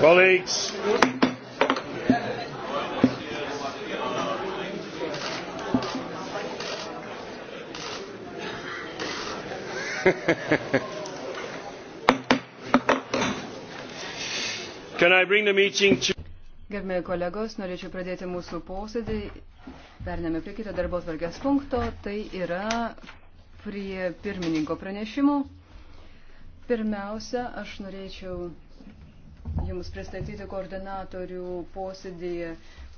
Colleagues, Can I bring the meeting to... Gerbėjai kolegos, norėčiau pradėti mūsų posėdį. Pernėme prie kito darbos vargės punkto, tai yra prie pirmininko pranešimų. Pirmiausia, aš norėčiau Jums pristatyti koordinatorių posėdį,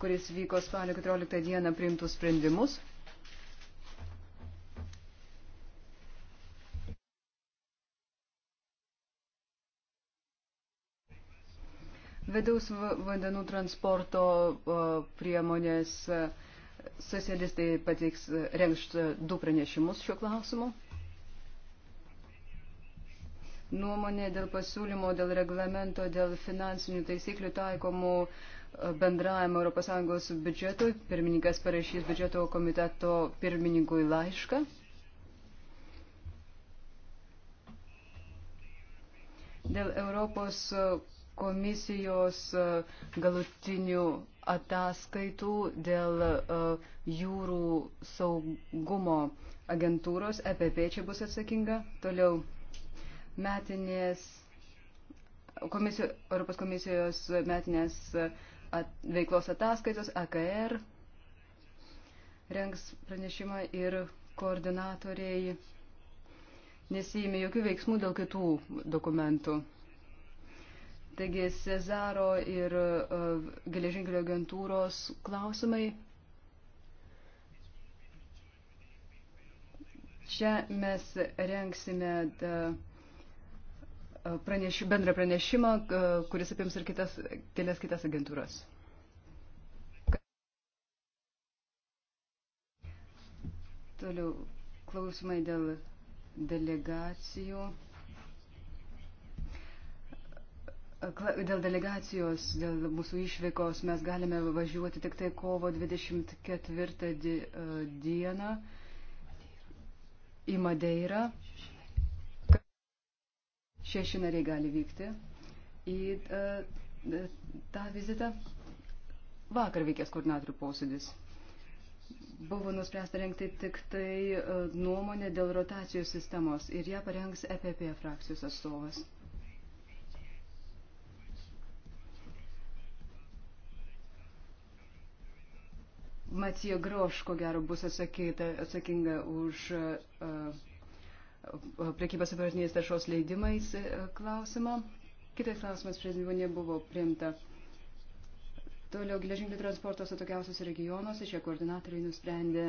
kuris vyko spalio 14 dieną priimtus sprendimus. Vidaus vandenų transporto priemonės e, socialistai pateiks, e, rengs e, du pranešimus šiuo klausimu nuomonė dėl pasiūlymo, dėl reglamento, dėl finansinių taisyklių taikomų e, bendravimo ES biudžetui. Pirmininkas parašys biudžeto komiteto pirmininkui laišką. dėl Europos komisijos e, galutinių ataskaitų dėl e, jūrų saugumo agentūros, EPP čia bus atsakinga. Toliau metinės komisijos, Europos komisijos metinės at, veiklos ataskaitos, AKR, rengs pranešimą ir koordinatoriai nesijimė jokių veiksmų dėl kitų dokumentų. Taigi Cezaro ir uh, geležinkelio agentūros klausimai. Čia mes rengsime. Uh, praneš, bendrą pranešimą, kuris apims ir kitas, kelias kitas agentūras. Toliau klausimai dėl delegacijų. Dėl delegacijos, dėl mūsų išvykos mes galime važiuoti tik tai kovo 24 e, dieną į Madeirą šeši nariai gali vykti į uh, tą vizitą. Vakar vykęs koordinatorių posėdis. Buvo nuspręsta rengti tik tai uh, nuomonę dėl rotacijos sistemos ir ją parengs EPP frakcijos atstovas. Matija Groš, ko gero, bus atsakyta, atsakinga už uh, priekybos apivartinės taršos leidimais e, klausimą. Kitas klausimas prie dviejų nebuvo priimta. Toliau geležinkelių transportos atokiausios regionuose šie koordinatoriai nusprendė,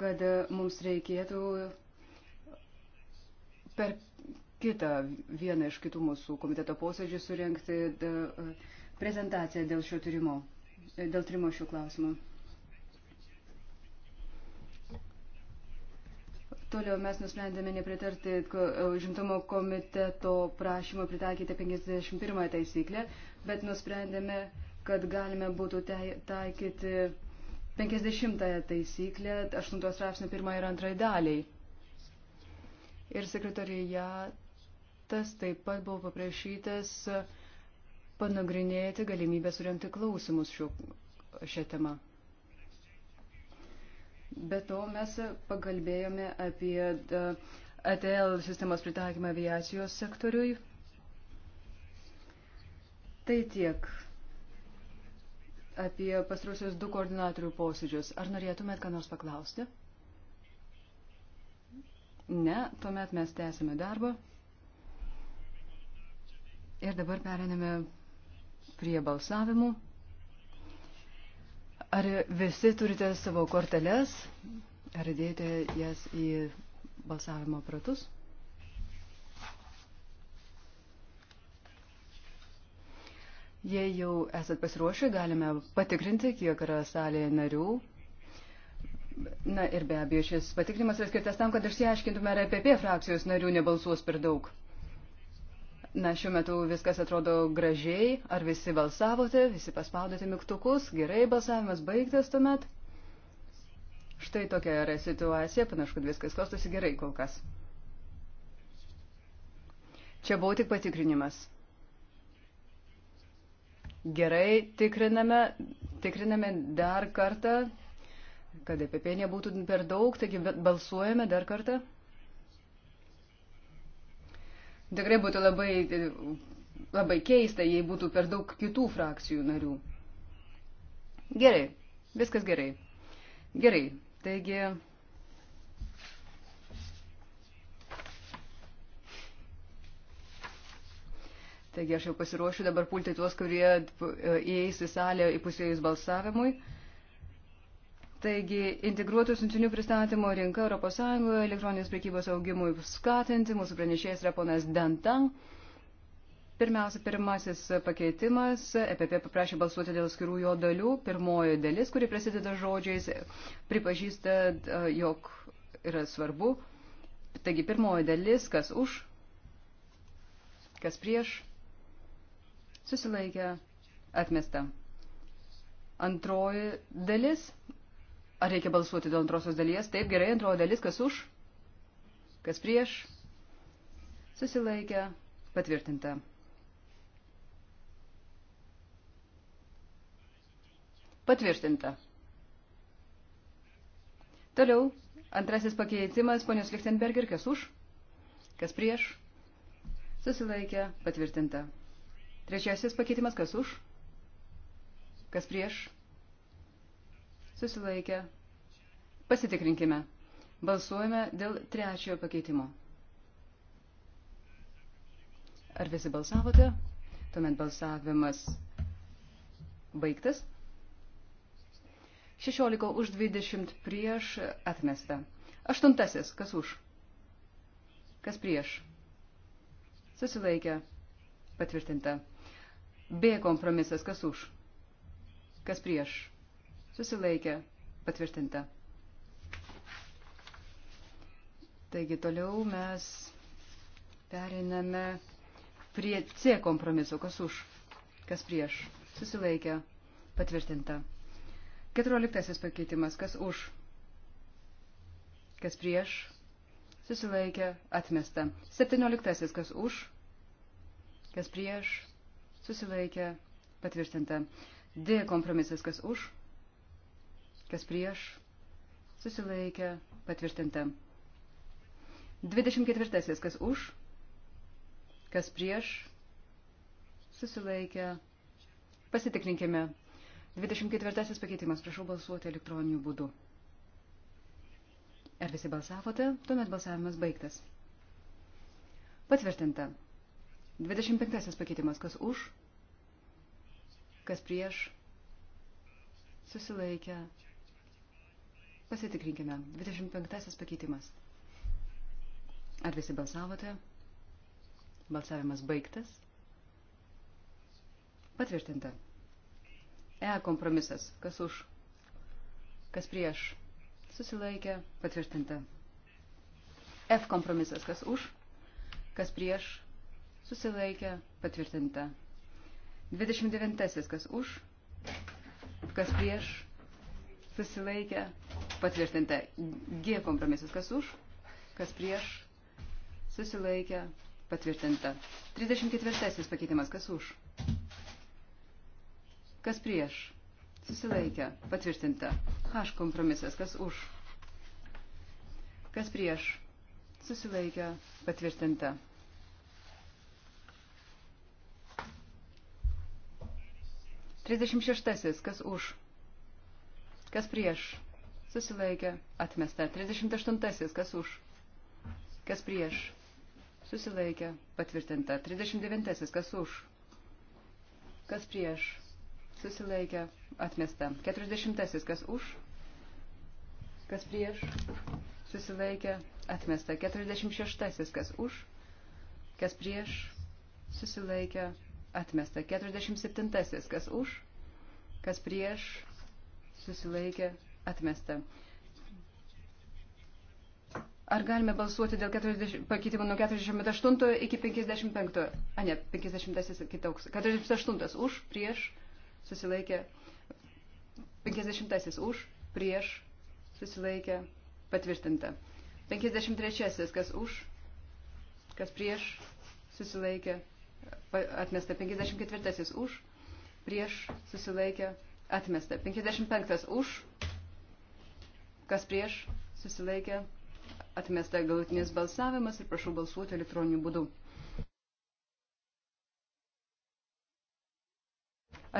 kad e, mums reikėtų per kitą vieną iš kitų mūsų komiteto posėdžių surenkti e, prezentaciją dėl šio tyrimo, dėl trimo šių klausimų. Toliau mes nusprendėme nepritarti žimtumo komiteto prašymą pritaikyti 51 taisyklę, bet nusprendėme, kad galime būtų taikyti 50 taisyklę 8 straipsnio 1 ir 2 daliai. Ir sekretariatas taip pat buvo paprašytas panagrinėti galimybę surinkti klausimus šią temą. Be to mes pagalbėjome apie e, ATL sistemos pritaikymą aviacijos sektoriui. Tai tiek apie pastrusius du koordinatorių posėdžius. Ar norėtumėt ką nors paklausti? Ne, tuomet mes tęsime darbą. Ir dabar periname prie balsavimų. Ar visi turite savo korteles? Ar dėjote jas į balsavimo pratus? Jei jau esat pasiruošę, galime patikrinti, kiek yra salėje narių. Na ir be abejo, šis patikrimas yra skirtas tam, kad išsiaiškintume, ar EPP frakcijos narių nebalsuos per daug. Na, šiuo metu viskas atrodo gražiai. Ar visi balsavote, visi paspaudote mygtukus? Gerai, balsavimas baigtas tuomet. Štai tokia yra situacija. Panašu, kad viskas klostosi gerai kol kas. Čia buvo tik patikrinimas. Gerai, tikriname, tikriname dar kartą, kad EPP nebūtų per daug, taigi balsuojame dar kartą. Tikrai būtų labai, labai keista, jei būtų per daug kitų frakcijų narių. Gerai, viskas gerai. Gerai, taigi. Taigi aš jau pasiruošiu dabar pulti tuos, kurie e, įeis į salę įpusėjus balsavimui. Taigi, integruotų siuntinių pristatymo rinka ES elektroninės prekybos augimui skatinti. Mūsų pranešėjas yra ponas Dantan. Pirmiausia, pirmasis pakeitimas. EPP paprašė balsuoti dėl skirų jo dalių. Pirmoji dalis, kuri prasideda žodžiais, pripažįsta, e, jog yra svarbu. Taigi, pirmoji dalis, kas už, kas prieš, susilaikė, atmesta. Antroji dalis Ar reikia balsuoti dėl antrosios dalies? Taip, gerai, antroji dalis, kas už, kas prieš, susilaikė, patvirtinta. Patvirtinta. Toliau, antrasis pakeitimas, ponios Lichtenberger, kas už, kas prieš, susilaikė, patvirtinta. Trečiasis pakeitimas, kas už, kas prieš, susilaikę. Pasitikrinkime. Balsuojame dėl trečiojo pakeitimo. Ar visi balsavote? Tuomet balsavimas baigtas. 16 už 20 prieš atmesta. Aštuntasis, kas už? Kas prieš? Susilaikė. Patvirtinta. B kompromisas, kas už? Kas prieš? Susilaikė. Patvirtinta. Taigi toliau mes periname prie C kompromiso. Kas už? Kas prieš? Susilaikė. Patvirtinta. Keturioliktasis pakeitimas. Kas už? Kas prieš? Susilaikė. Atmesta. Septynioliktasis. Kas už? Kas prieš? Susilaikė. Patvirtinta. D kompromisas. Kas už? kas prieš, susilaikė, patvirtinta. 24. Kas už, kas prieš, susilaikė, pasitikrinkime. 24. pakeitimas, prašau balsuoti elektroniniu būdu. Ar visi balsavote? Tuomet balsavimas baigtas. Patvirtinta. 25 pakeitimas. Kas už? Kas prieš? Susilaikę. Pasitikrinkime. 25 pakeitimas. Ar visi balsavote? Balsavimas baigtas. Patvirtinta. E kompromisas. Kas už? Kas prieš? Susilaikė. Patvirtinta. F kompromisas. Kas už? Kas prieš? Susilaikė. Patvirtinta. 29. Kas už? Kas prieš? Susilaikė patvirtinta. G kompromisas, kas už, kas prieš, susilaikė, patvirtinta. 34 pakeitimas, kas už, kas prieš, susilaikė, patvirtinta. H kompromisas, kas už, kas prieš, susilaikė, patvirtinta. Trisdešimt šeštasis, kas už, kas prieš, susilaikė, atmesta. 38. Kas už? Kas prieš? Susilaikė, patvirtinta. 39. Kas už? Kas prieš? Susilaikė, atmesta. 40. Kas už? Kas prieš? Susilaikė, atmesta. 46. Kas už? Kas prieš? Susilaikė, atmesta. 47. Kas už? Kas prieš? Susilaikė, atmesta. Ar galime balsuoti dėl 40, pakeitimų nuo 48 iki 55? A, ne, 50 kitoks. 48 už, prieš, susilaikė. 50 už, prieš, susilaikė, patvirtinta. 53 kas už, kas prieš, susilaikė, atmesta. 54 už, prieš, susilaikė, atmesta. 55 už, Kas prieš? Susilaikė. Atmesta galutinis balsavimas ir prašau balsuoti elektroniniu būdu.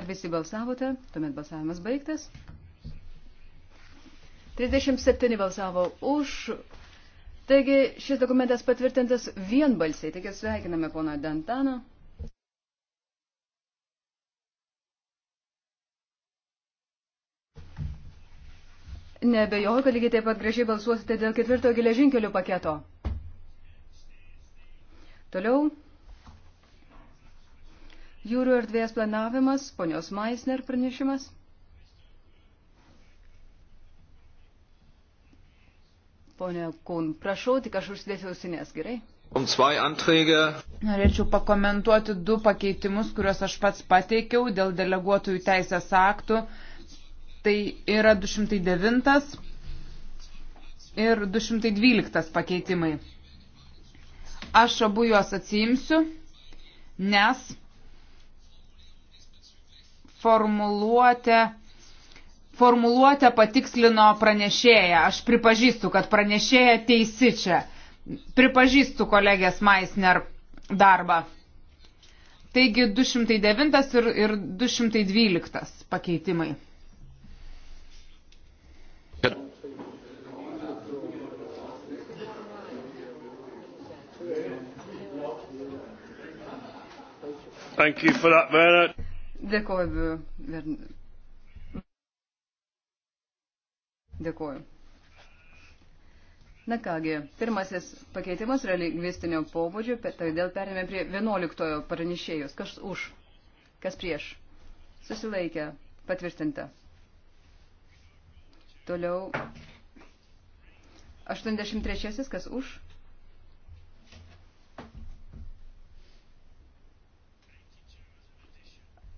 Ar visi balsavote? Tuomet balsavimas baigtas. 37 balsavo už. Taigi šis dokumentas patvirtintas vienbalsiai. Taigi sveikiname poną Dantaną. Nebejoju, kad lygiai taip pat gražiai balsuosite dėl ketvirtojo geležinkelių paketo. Toliau. Jūrų erdvės planavimas, ponios Maisner pranešimas. Pone Kun, prašau, tik aš užsidėsiu ausinės, gerai? Norėčiau pakomentuoti du pakeitimus, kuriuos aš pats pateikiau dėl deleguotųjų teisės aktų. Tai yra 209 ir 212 pakeitimai. Aš abu juos atsiimsiu, nes formuluotė formuluotę patikslino pranešėja. Aš pripažįstu, kad pranešėja teisi čia. Pripažįstu kolegės Maisner darbą. Taigi 209 ir, ir 212 pakeitimai. That, Dėkoju, Werner. Dėkoju. Na kągi, pirmasis pakeitimas yra lingvistinio pobūdžio, todėl perėmė prie 11 pranešėjus. Kas už, kas prieš. Susilaikė, patvirtinta. Toliau 83, kas už,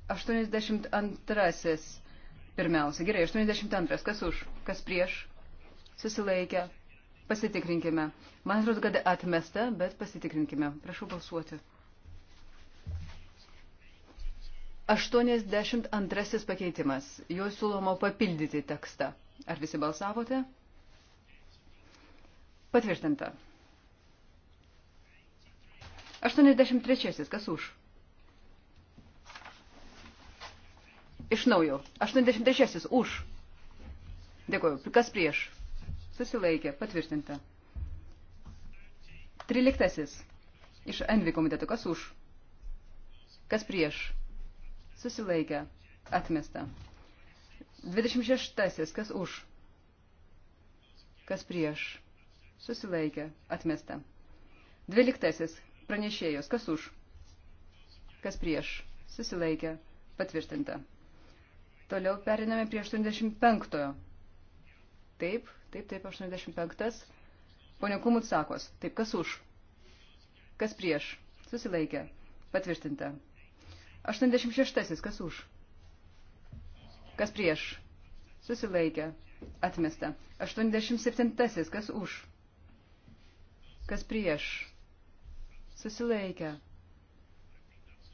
82. Pirmiausia, gerai, 82. Kas už, kas prieš? Susilaikę. Pasitikrinkime. Man atrodo, kad atmesta, bet pasitikrinkime. Prašau balsuoti. 82 pakeitimas. Jo siūloma papildyti tekstą. Ar visi balsavote? Patvirtinta. 83. Kas už? Iš naujo. 83 už. Dėkuoju. Kas prieš? Susilaikė. Patvirtinta. 13. Iš Envi komiteto. Kas už? Kas prieš? Susilaikė. Atmesta. 26. Kas už? Kas prieš? Susilaikė. Atmesta. 12. Pranešėjos. Kas už? Kas prieš? Susilaikė. Patvirtinta. Toliau periname prie 85-ojo. Taip, taip, taip, 85-as. Pone Kumut sakos. Taip, kas už? Kas prieš? Susilaikė. Patvirtinta. 86-asis, kas už? Kas prieš? Susilaikė. Atmesta. 87-asis, kas už? Kas prieš? Susilaikė.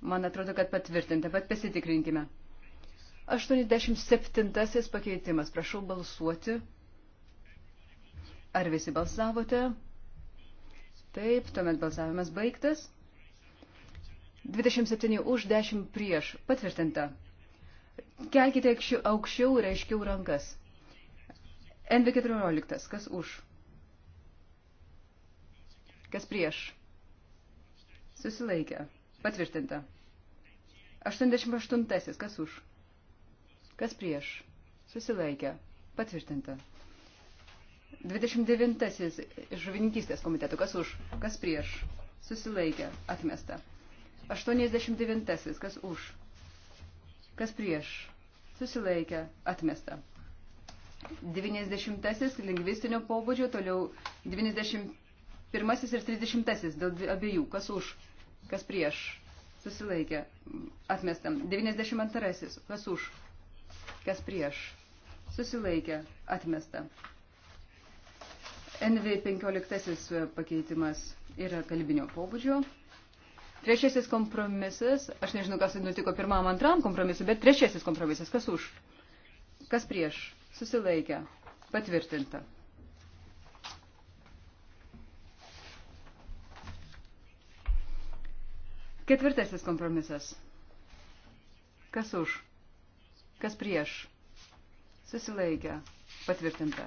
Man atrodo, kad patvirtinta, bet pasitikrinkime. 87 pakeitimas. Prašau balsuoti. Ar visi balsavote? Taip, tuomet balsavimas baigtas. 27 už 10 prieš. Patvirtinta. Kelkite aukščiau ir aiškiau rankas. NV14. Kas už? Kas prieš? Susilaikė. Patvirtinta. 88. Kas už? Kas prieš? Susilaikė. Patvirtinta. 29. Žuvininkystės komiteto. Kas už? Kas prieš? Susilaikė. Atmesta. 89. Kas už? Kas prieš? Susilaikė. Atmesta. 90. Lingvistinio pobūdžio. Toliau 91. ir 30. Dėl abiejų. Kas už? Kas prieš? Susilaikė. Atmesta. 92. Kas už? kas prieš, susilaikė, atmesta. NV15 pakeitimas yra kalbinio pobūdžio. Trečiasis kompromisas, aš nežinau, kas nutiko pirmam, antram kompromisui, bet trečiasis kompromisas, kas už, kas prieš, susilaikė, patvirtinta. Ketvirtasis kompromisas. Kas už? Kas prieš? Susilaikę. Patvirtinta.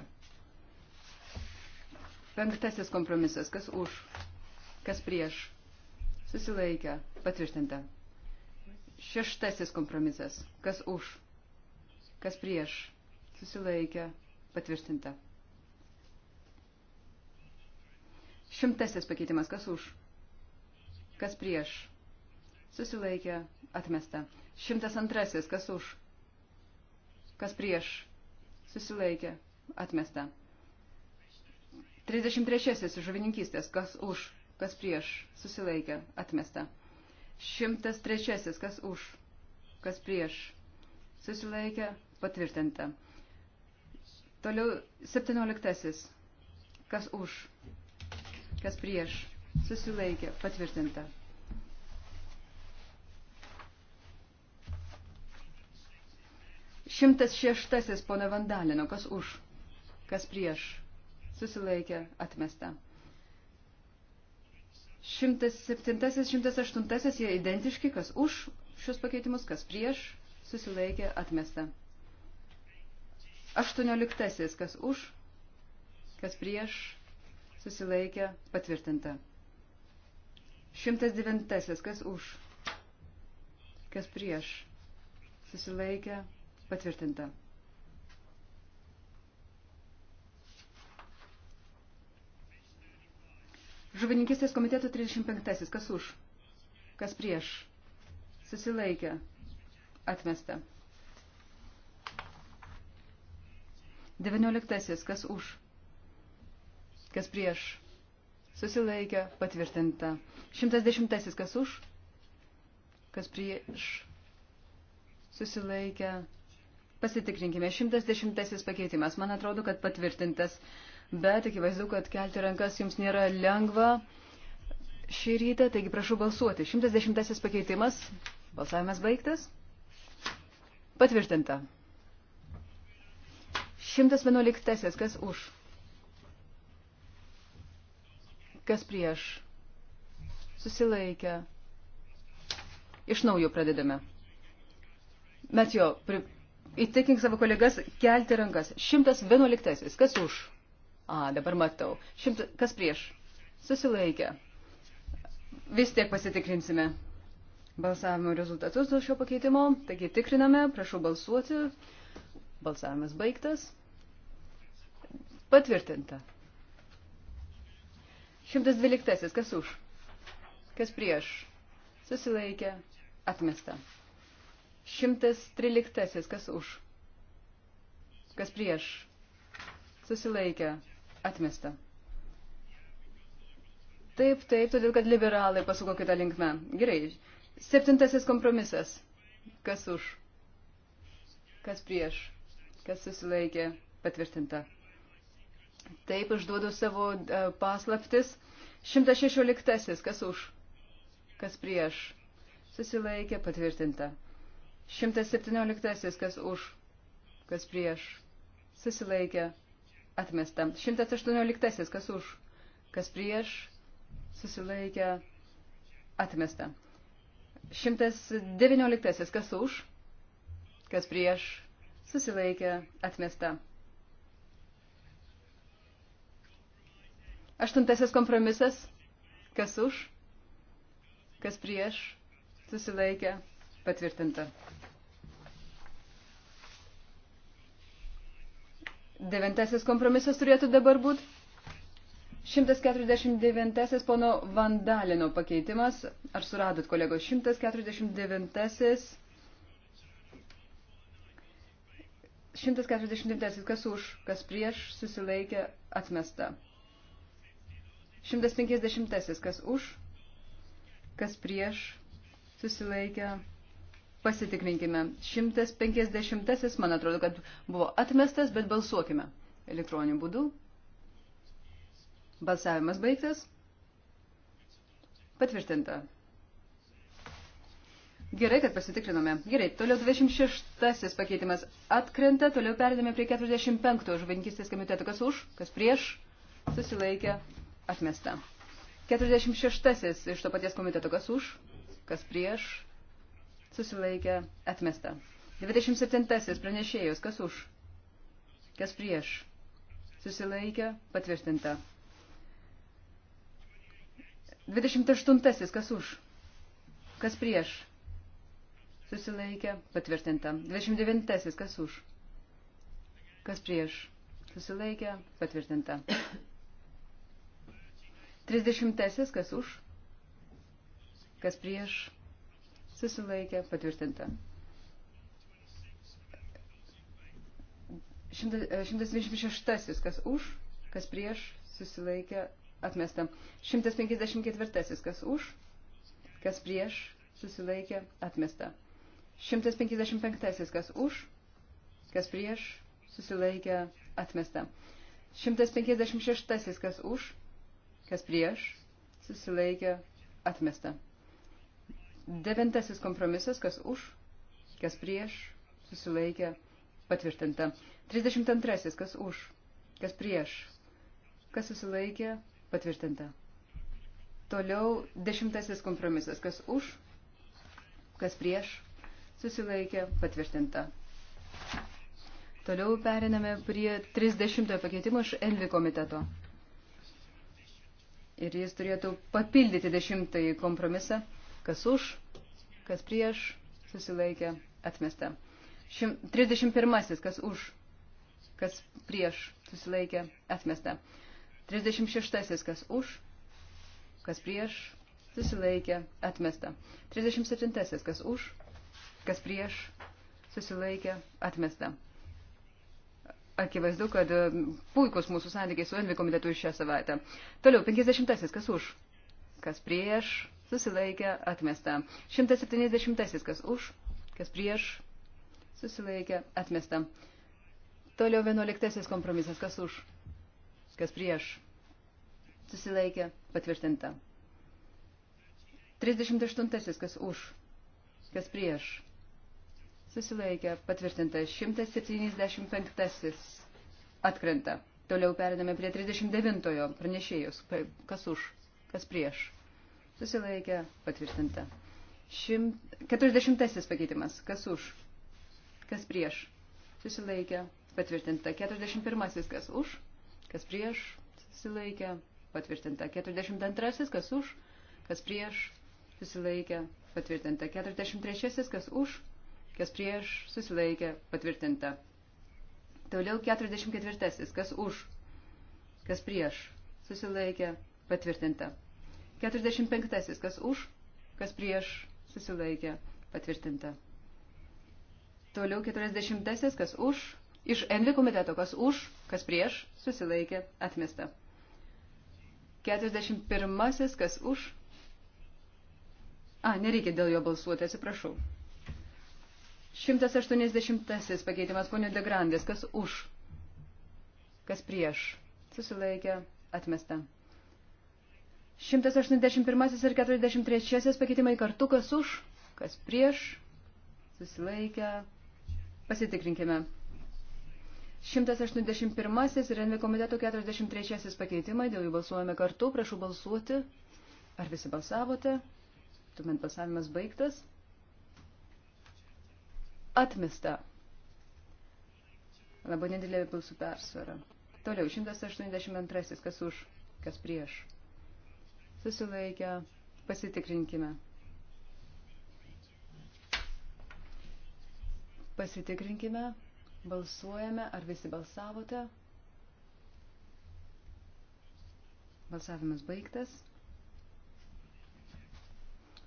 Penktasis kompromisas. Kas už? Kas prieš? Susilaikę. Patvirtinta. Šeštasis kompromisas. Kas už? Kas prieš? Susilaikę. Patvirtinta. Šimtasis pakeitimas. Kas už? Kas prieš? Susilaikė. Atmesta. Šimtas antrasis. Kas už? Kas prieš? Susilaikė. Atmesta. 33. Žuvininkystės. Kas už? Kas prieš? Susilaikė. Atmesta. 103. Kas už? Kas prieš? Susilaikė. Patvirtinta. Toliau 17. Kas už? Kas prieš? Susilaikė. Patvirtinta. Šimtas šeštasis pono Vandalino, kas už, kas prieš, susilaikė, atmesta. Šimtas septintasis, šimtas aštuntasis, jie identiški, kas už šios pakeitimus, kas prieš, susilaikė, atmesta. Aštuonioliktasis, kas už, kas prieš, susilaikė, patvirtinta. Šimtas devintasis, kas už, kas prieš, susilaikė, Patvirtinta. Žuvininkistės komiteto 35. Kas už? Kas prieš? Susilaikė. Atmesta. 19. Kas už? Kas prieš? Susilaikė. Patvirtinta. 110. Kas už? Kas prieš? Susilaikė. Pasitikrinkime. 110 pakeitimas. Man atrodo, kad patvirtintas. Bet akivaizdu, kad kelti rankas jums nėra lengva šį rytą, taigi prašau balsuoti. 110 pakeitimas. Balsavimas baigtas. Patvirtinta. 111. Kas už? Kas prieš? Susilaikę. Iš naujo pradedame. Mes jo pri, Įtikink savo kolegas kelti rankas. 111. Kas už? A, dabar matau. Šimt... Kas prieš? Susilaikę. Vis tiek pasitikrinsime balsavimo rezultatus dėl šio pakeitimo. Taigi tikriname, prašau balsuoti. Balsavimas baigtas. Patvirtinta. 112. Kas už? Kas prieš? Susilaikė. Atmesta. 113. Kas už? Kas prieš? Susilaikė. Atmesta. Taip, taip, todėl kad liberalai pasuko kitą linkmę. Gerai. Septintasis kompromisas. Kas už? Kas prieš? Kas susilaikė? Patvirtinta. Taip, išduodu savo uh, paslaptis. 116. Kas už? Kas prieš? Susilaikė patvirtinta. 117. Kas už, kas prieš, susilaikė, atmesta. 118. Kas už, kas prieš, susilaikė, atmesta. 119. Kas už, kas prieš, susilaikė, atmesta. Aštuntasis kompromisas. Kas už, kas prieš, susilaikė, atmesta Patvirtinta. Devintasis kompromisas turėtų dabar būti. 149 pono Vandalino pakeitimas. Ar suradot, kolegos? 149. 149. Kas už, kas prieš, susilaikė, atmesta. 150. Kas už, kas prieš, susilaikė, atmesta Pasitikrinkime. 150, man atrodo, kad buvo atmestas, bet balsuokime elektroniniu būdu. Balsavimas baigtas. Patvirtinta. Gerai, kad pasitikrinome. Gerai, toliau 26 pakeitimas atkrenta, toliau perėdame prie 45 žuvinkistės komiteto. Kas už, kas prieš, susilaikė, atmesta. 46 iš to paties komiteto. Kas už, kas prieš, susilaikė atmesta. 27. Pranešėjos, kas už, kas prieš, susilaikė patvirtinta. 28. Kas už, kas prieš, susilaikė patvirtinta. 29. Kas už, kas prieš, susilaikė patvirtinta. 30. Kas už, kas prieš, susilaikė, patvirtinta. 126, e, kas už, kas prieš, susilaikė, atmesta. 154, kas už, kas prieš, susilaikė, atmesta. 155, kas už, kas prieš, susilaikė, atmesta. 156, kas už, kas prieš, susilaikė, atmesta. Devintasis kompromisas, kas už, kas prieš, susilaikė, patvirtinta. 32. Kas už, kas prieš, kas susilaikė, patvirtinta. Toliau dešimtasis kompromisas, kas už, kas prieš, susilaikė, patvirtinta. Toliau periname prie 30 pakeitimo iš Envi komiteto. Ir jis turėtų papildyti dešimtąjį kompromisą Kas už, kas prieš, susilaikė, atmesta. 31. Kas už, kas prieš, susilaikė, atmesta. 36. Kas už, kas prieš, susilaikė, atmesta. 37. Kas už, kas prieš, susilaikė, atmesta. Akivaizdu, kad e, puikus mūsų santykiai su Envi komitetu šią savaitę. Toliau, 50. Kas už, kas prieš, susilaikė atmesta. 170 kas už, kas prieš, susilaikė atmesta. Toliau 11 kompromisas kas už, kas prieš, susilaikė patvirtinta. 38 kas už, kas prieš, susilaikė patvirtinta. 175 atkrenta. Toliau periname prie 39 pranešėjus. Kas už, kas prieš susilaikė patvirtinta. 40 pakeitimas, kas už, kas prieš, susilaikė patvirtinta. 41 kas už, kas prieš, susilaikė patvirtinta. 42 kas už, kas prieš, susilaikė patvirtinta. 43 kas už, kas prieš, susilaikė patvirtinta. Toliau 44. Kas už, kas prieš, susilaikė, patvirtinta. 45. Kas už, kas prieš susilaikė patvirtinta. Toliau 40. Kas už, iš Envi komiteto, kas už, kas prieš susilaikė atmesta. 41. Kas už. A, nereikia dėl jo balsuoti, atsiprašau. 180 pakeitimas ponio Degrandės, kas už, kas prieš, susilaikė, atmesta. 181 ir 43 pakeitimai kartu, kas už, kas prieš, susilaikę, pasitikrinkime. 181 ir NV komiteto 43 pakeitimai, dėl jų balsuojame kartu, prašau balsuoti. Ar visi balsavote? Tuomet balsavimas baigtas. Atmesta. Labai nedidelė balsų persvara. Toliau, 182, kas už, kas prieš susilaikę, pasitikrinkime. Pasitikrinkime, balsuojame, ar visi balsavote. Balsavimas baigtas.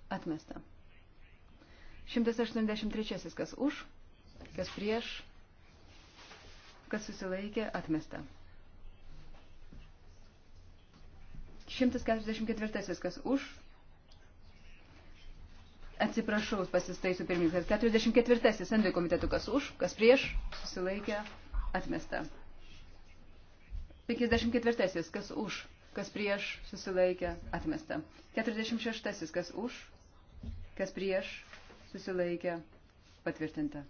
Atmesta. 183. Kas už, kas prieš, kas susilaikė, atmesta. 144. Kas už? Atsiprašau, pasistaisiu pirmininkas. 44. Sendai komitetų kas už, kas prieš, susilaikė, atmesta. 54. Kas už, kas prieš, susilaikė, atmesta. 46. Kas už, kas prieš, susilaikė, patvirtinta.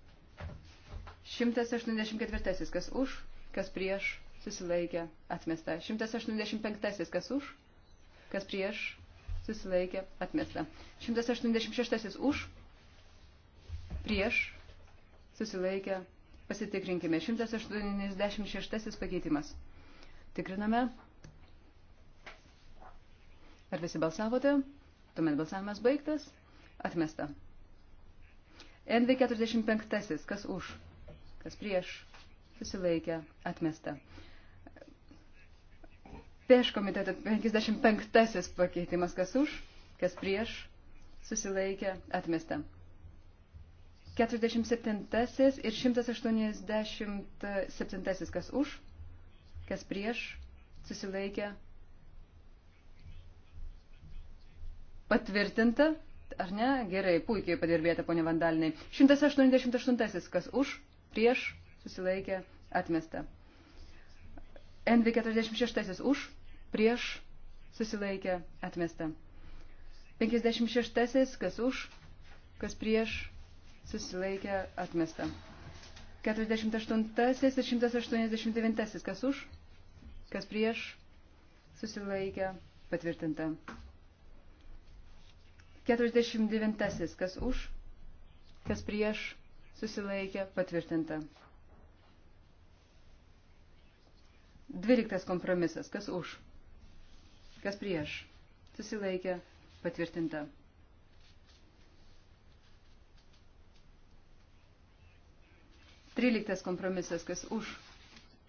184. Kas už, kas prieš, susilaikė, atmesta. 185. Kas už, kas prieš, susilaikė, atmesta. 186 už, prieš, susilaikė, pasitikrinkime. 186 pakeitimas. Tikriname. Ar visi balsavote? Tuomet balsavimas baigtas. Atmesta. NV45. Kas už? Kas prieš? Susilaikė. Atmesta. Peš komiteto 55 pakeitimas, kas už, kas prieš, susilaikė, atmesta. 47 ir 187, kas už, kas prieš, susilaikė, patvirtinta, ar ne? Gerai, puikiai padirbėta, ponia Vandalinai. 188, kas už, prieš, susilaikė, atmesta. NV46 už, prieš, susilaikė, atmesta. 56. Kas už, kas prieš, susilaikė, atmesta. 48. ir 189. Kas už, kas prieš, susilaikė, patvirtinta. 49. Kas už, kas prieš, susilaikė, patvirtinta. 12. Kompromisas. Kas už? Kas prieš? Susilaikė. Patvirtinta. Tryliktas kompromisas, kas už,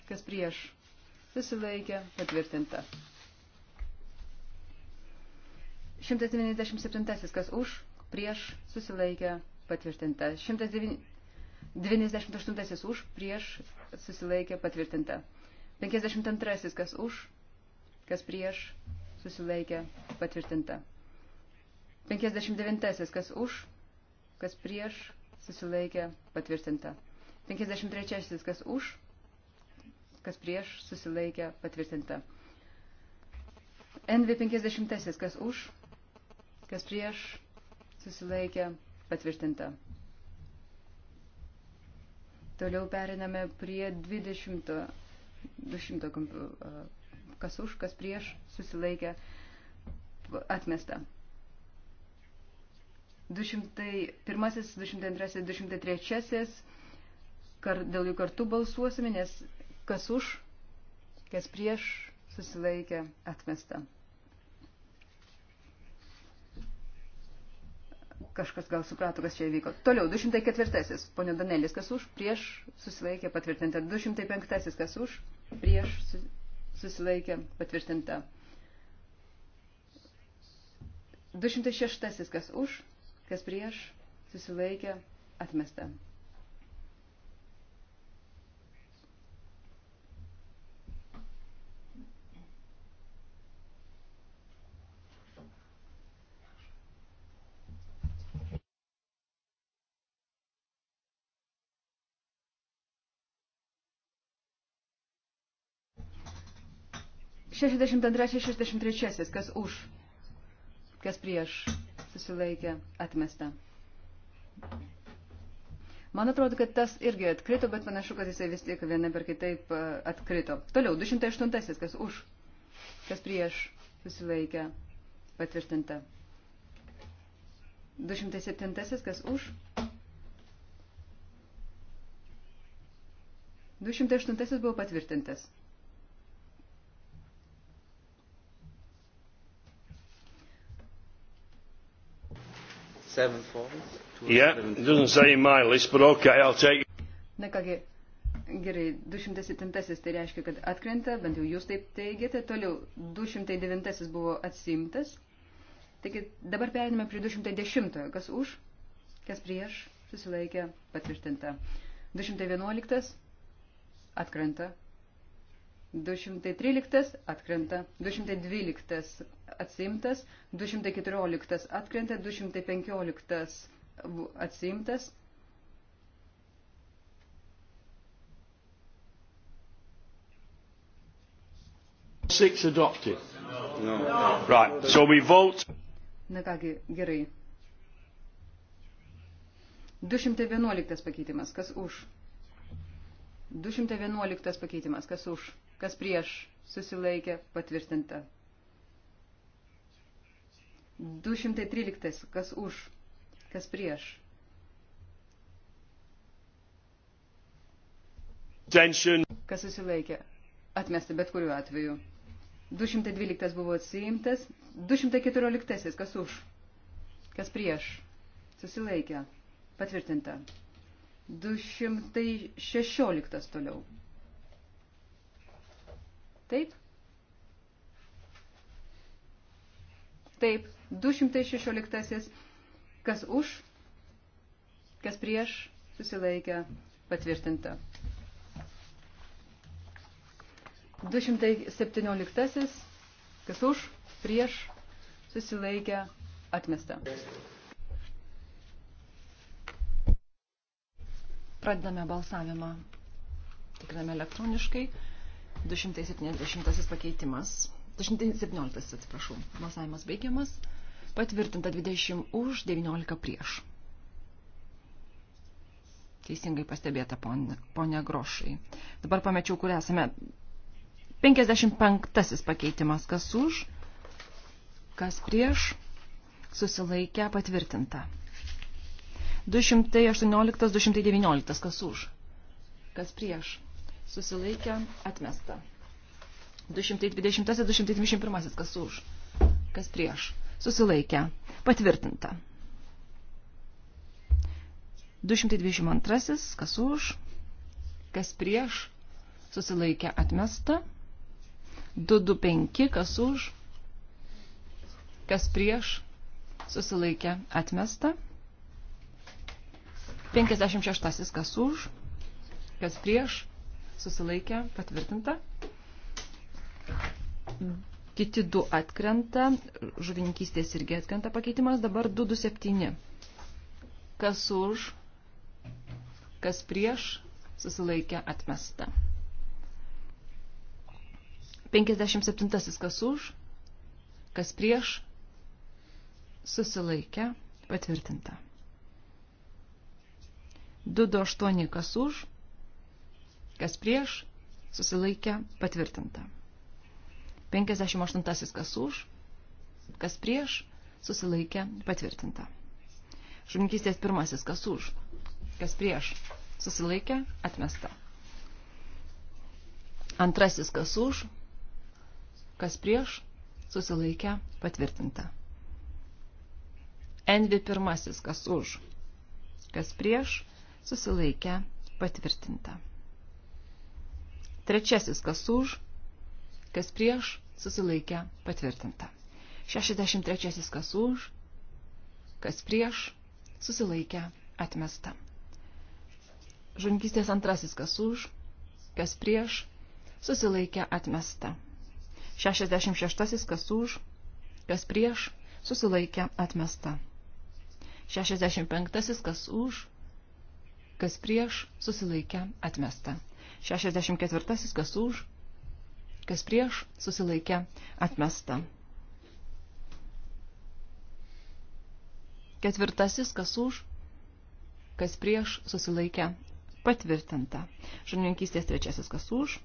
kas prieš. Susilaikė. Patvirtinta. 197, kas už, prieš, susilaikė, patvirtinta. 198 už, prieš, susilaikė, patvirtinta. 52, kas už, kas prieš, susilaikė patvirtinta. 59. Kas už, kas prieš, susilaikė patvirtinta. 53. Kas už, kas prieš, susilaikė patvirtinta. NV 50. Kas už, kas prieš, susilaikė patvirtinta. Toliau periname prie 20, 200 komp, uh, kas už, kas prieš, susilaikė, atmesta. 201, 202, 203, kar, dėl jų kartų balsuosime, nes kas už, kas prieš, susilaikė, atmesta. kažkas gal suprato, kas čia įvyko. Toliau, 204. Pone Danelis, kas už, prieš, susilaikė patvirtinti. 205. kas už, prieš, susilaikė, patvirtinta. 206. Kas už, kas prieš, susilaikė, atmesta. 62-63, kas už, kas prieš, susilaikė, atmesta. Man atrodo, kad tas irgi atkrito, bet panašu, kad jisai vis tiek viena per kitaip e, atkrito. Toliau, 208, kas už, kas prieš, susilaikė, patvirtinta. 207, kas už. 208 buvo patvirtintas. seven forms. Yeah, doesn't say in my list, but okay, I'll take. Na kągi, gerai, 207 tai reiškia, kad atkrenta, bent jau jūs taip teigiate. Toliau, 209 buvo atsimtas. Taigi dabar perėdame prie 210. Kas už, kas prieš, susilaikė, patvirtinta. 211 atkrenta. 213 atkrenta. 212 atsimtas, 214 atkrenta, 215 atsimtas. Six adopted. No. No. Right. So we vote. Na kągi, gerai. 211 pakeitimas. Kas už? 211 pakeitimas. Kas už? Kas prieš? Susilaikė. Patvirtinta. 213. Kas už? Kas prieš? Tension. Kas susilaikė? Atmesta bet kuriuo atveju. 212 buvo atsiimtas. 214. Kas už? Kas prieš? Susilaikė. Patvirtinta. 216 toliau. Taip? Taip, 216. Kas už, kas prieš, susilaikė patvirtinta. 217. Kas už, prieš, susilaikė atmesta. Pradedame balsavimą. Tikriname elektroniškai. 270 pakeitimas. 217, atsiprašau. Balsavimas baigiamas. Patvirtinta 20 už, 19 prieš. Teisingai pastebėta, ponė, ponė Grošai. Dabar pamečiau, kur esame. 55 pakeitimas. Kas už, kas prieš, susilaikę patvirtinta. 218, 219. Kas už, kas prieš, susilaikę atmesta. 220-221, kas už, kas prieš. Susilaikę. Patvirtinta. 222, kas už, kas prieš. Susilaikę atmesta. 225, kas už, kas prieš. Susilaikę atmesta. 56, kas už, kas prieš. Susilaikę patvirtinta kiti du atkrenta, žuvininkystės irgi atkrenta pakeitimas, dabar 227. Kas už, kas prieš, susilaikė atmesta. 57. Kas už, kas prieš, susilaikė patvirtinta. 228. Kas už, kas prieš, susilaikė patvirtinta. 58 kas už, kas prieš, susilaikė, patvirtinta. Žuvininkystės pirmasis kas už, kas prieš, susilaikė, atmesta. Antrasis kas už, kas prieš, susilaikė, patvirtinta. Envi pirmasis kas už, kas prieš, susilaikė, patvirtinta. Trečiasis kas už, kas prieš, susilaikė, patvirtinta. 63 kas už, kas prieš, susilaikė, atmesta. Žunkystės antrasis kas už, kas prieš, susilaikė, atmesta. 66 kas už, kas prieš, susilaikė, atmesta. 65 kas už, kas prieš, susilaikė, atmesta. 64 kas už, kas prieš, susilaikė, atmesta. Ketvirtasis, kas už, kas prieš, susilaikė, patvirtinta. Žuvininkystės trečiasis, kas už,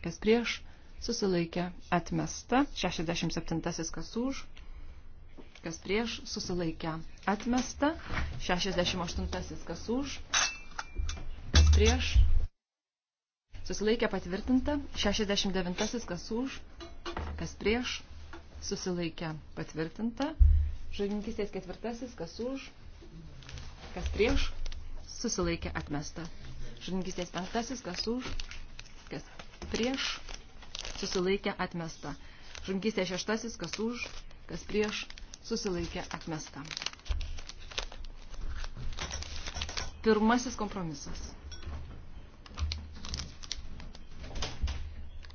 kas prieš, susilaikė, atmesta. 67 kas už, kas prieš, susilaikė, atmesta. 68 kas už, kas prieš, Susilaikė patvirtinta. 69. Kas už, kas prieš. Susilaikė patvirtinta. Žodininkistės ketvirtasis. Kas už, kas prieš. Susilaikė atmesta. Žodininkistės penktasis. Kas už, kas prieš. Susilaikė atmesta. Žodininkistės šeštasis. Kas už, kas prieš. Susilaikė atmesta. Pirmasis kompromisas.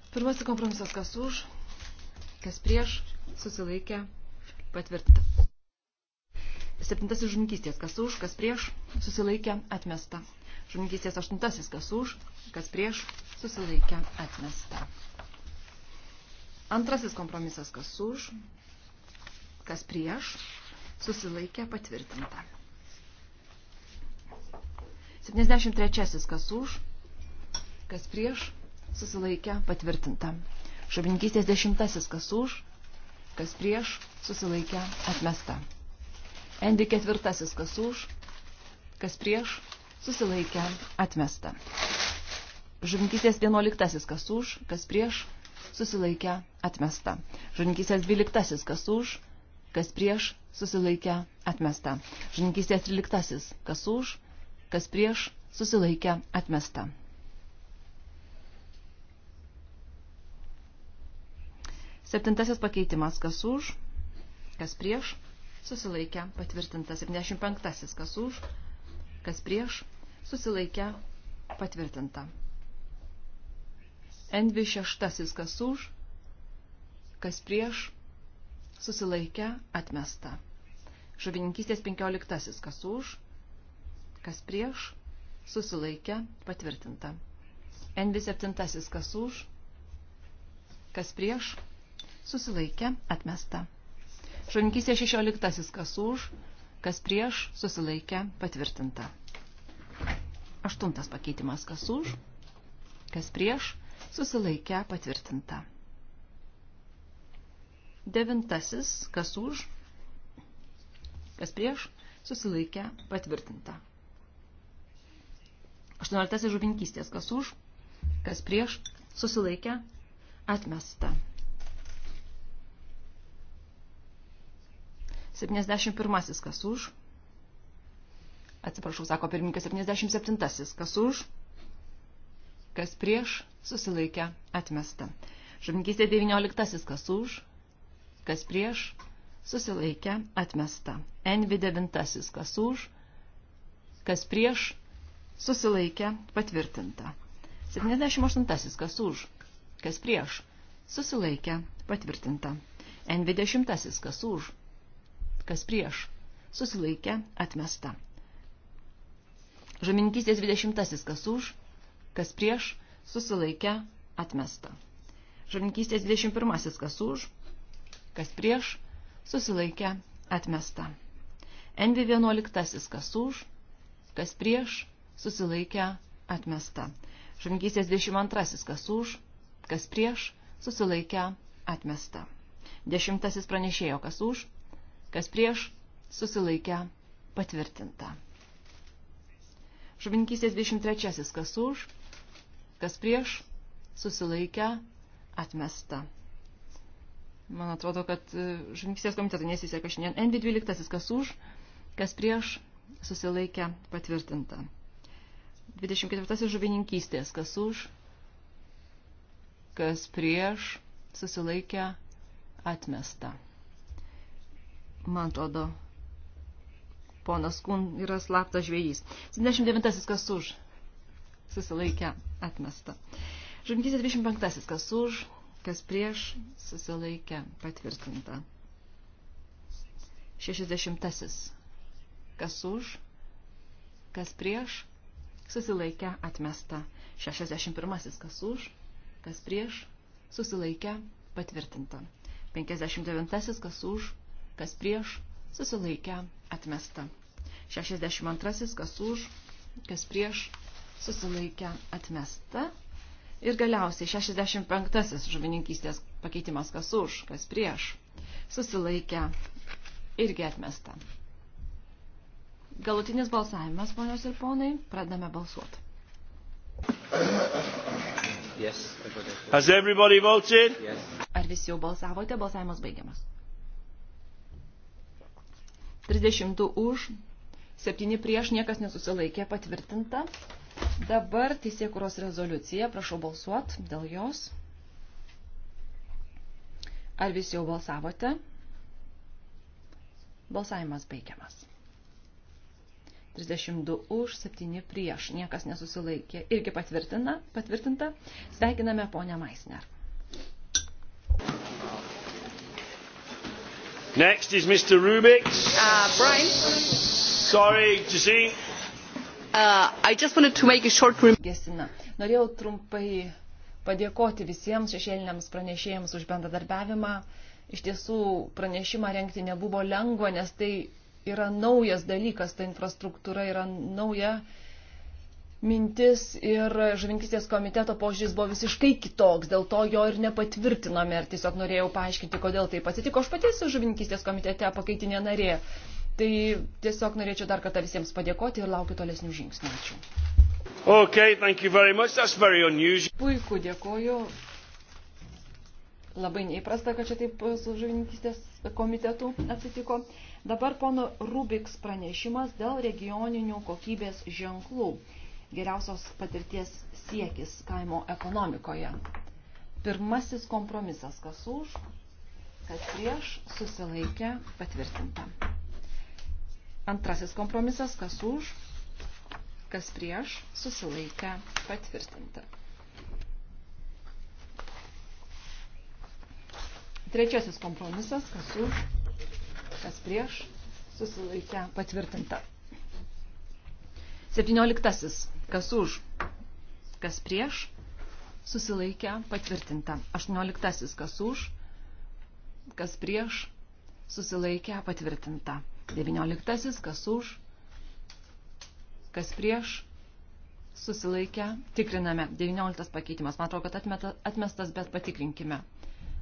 Pirmasis kompromisas, kas už, kas prieš, susilaikė, patvirtinta. Septintasis žunkystės, kas už, kas prieš, susilaikė, atmesta. Žunkystės aštuntasis, kas už, kas prieš, susilaikė, atmesta. Antrasis kompromisas, kas už, kas prieš, susilaikė, patvirtinta. 73. kas už, kas prieš, susilaikę, patvirtinta. Šabininkystės dešimtasis, kas už, kas prieš, susilaikę, atmesta. Endi ketvirtasis, kas už, kas prieš, susilaikę, atmesta. Žuvininkystės vienuoliktasis, kas už, kas prieš, susilaikę, atmesta. Žuvininkystės dvyliktasis, kas už, kas prieš, susilaikę, atmesta. Žuvininkystės tryliktasis, kas už, kas prieš, susilaikę, atmesta. Septintasis pakeitimas, kas už, kas prieš, susilaikę, patvirtinta. 75. kas už, kas prieš, susilaikę, patvirtinta. Envi šeštasis, kas už, kas prieš, susilaikę, atmesta. Žuvininkystės penkioliktasis, kas už, kas prieš, susilaikę, patvirtinta. Envi septintasis, kas už, kas prieš, susilaikė, atmesta. Šunkysė 16 kas už, kas prieš, susilaikė, patvirtinta. Aštuntas pakeitimas kas už, kas prieš, susilaikė, patvirtinta. Devintasis kas už, kas prieš, susilaikė, patvirtinta. Aštuonioliktasis žuvinkystės kas už, kas prieš, susilaikė, atmesta. 71 kas už. Atsiprašau, sako pirmininkas 77 kas už. Kas prieš susilaikė atmesta. Žuvininkystė 19 kas už. Kas prieš susilaikė atmesta. Envi 9 kas už. Kas prieš susilaikė patvirtinta. 78 kas už. Kas prieš susilaikė patvirtinta. N20 kas už kas prieš, susilaikė, atmesta. Žemininkystės 20, kas už, kas prieš, susilaikė, atmesta. Žemininkystės 21, kas už, kas prieš, susilaikė, atmesta. Envi 11, kas už, kas prieš, susilaikė, atmesta. Žemininkystės 22, kas už, kas prieš, susilaikė, atmesta. Dešimtasis pranešėjo, kas už, kas prieš, susilaikę, patvirtinta. Žuvinkystės 23. Kas už, kas prieš, susilaikę, atmesta. Man atrodo, kad e, žuvinkystės komiteto nesiseka šiandien. NB12. Kas už, kas prieš, susilaikę, patvirtinta. 24. Žuvininkystės. Kas už, kas prieš, susilaikę, atmesta. Man atrodo, ponas Kun yra slaptas žvėjys. 79 kas už. Susilaikę atmesta. Žungysė 25 kas už, kas prieš, susilaikę patvirtinta. 60 kas už, kas prieš, susilaikę atmesta. 61 kas už, kas prieš, susilaikę patvirtinta. 59 kas už, kas prieš, susilaikę, atmesta. 62, kas už, kas prieš, susilaikę, atmesta. Ir galiausiai 65 žuvininkystės pakeitimas, kas už, kas prieš, susilaikę, irgi atmesta. Galutinis balsavimas, ponios ir ponai, pradame balsuoti. Yes, Has everybody voted? Yes. Ar visi jau balsavote? Balsavimas baigiamas. 32 už, 7 prieš, niekas nesusilaikė, patvirtinta. Dabar teisėkuros rezoliucija, prašau balsuot dėl jos. Ar visi jau balsavote? Balsavimas baigiamas. 32 už, 7 prieš, niekas nesusilaikė. Irgi patvirtina, patvirtinta. Sveikiname ponę Maisner. Next is Mr. Rubik. Uh, Brian. Sorry, Jazeen. Uh, I just wanted to make a short Gesina. Norėjau trumpai padėkoti visiems šešėliniams pranešėjams už bendradarbiavimą. Iš tiesų, pranešimą renkti nebuvo lengva, nes tai yra naujas dalykas, ta infrastruktūra yra nauja mintis ir žuvinkistės komiteto požiūris buvo visiškai kitoks, dėl to jo ir nepatvirtinome ir tiesiog norėjau paaiškinti, kodėl taip atsitiko. Aš pati esu žuvinkistės komitete pakaitinė narė. Tai tiesiog norėčiau dar kartą visiems padėkoti ir laukiu tolesnių žingsnių. Ačiū. Okay, thank you very much. That's very unusual. Puiku, dėkoju. Labai neįprasta, kad čia taip su žuvininkistės komitetu atsitiko. Dabar pono Rubiks pranešimas dėl regioninių kokybės ženklų geriausios patirties siekis kaimo ekonomikoje. Pirmasis kompromisas, kas už, kas prieš, susilaikė patvirtinta. Antrasis kompromisas, kas už, kas prieš, susilaikė patvirtinta. Trečiasis kompromisas, kas už, kas prieš, susilaikę patvirtinta. Septynioliktasis Kas už? Kas prieš? Susilaikę patvirtinta. 18. Kas už? Kas prieš? Susilaikę patvirtinta. 19. Kas už? Kas prieš? Susilaikę. Tikriname. 19 pakeitimas. Man atrodo, kad atmestas, bet patikrinkime.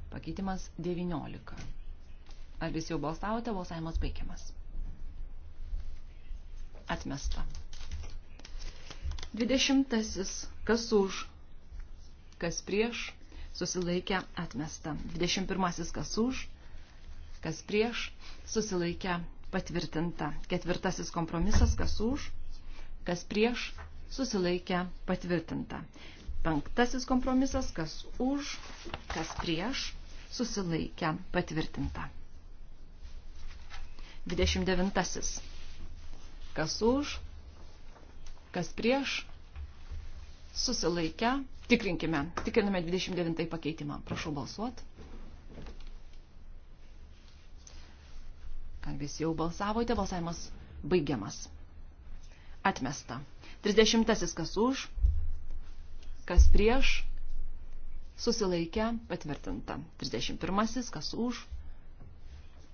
Pakeitimas 19. Ar visi jau balsavote? Balsavimas baigiamas. Atmesta. Dvidešimtasis. Kas už? Kas prieš? Susilaikę atmesta. Dvidešimt pirmasis. Kas už? Kas prieš? Susilaikę patvirtinta. Ketvirtasis kompromisas. Kas už? Kas prieš? Susilaikę patvirtinta. Penktasis kompromisas. Kas už? Kas prieš? Susilaikę patvirtinta. 29. Kas už, kas prieš, susilaikę, tikrinkime, tikriname 29 pakeitimą. Prašau balsuot. Ar visi jau balsavote, balsavimas baigiamas. Atmesta. 30 kas už, kas prieš, susilaikę, patvirtinta. 31 kas už,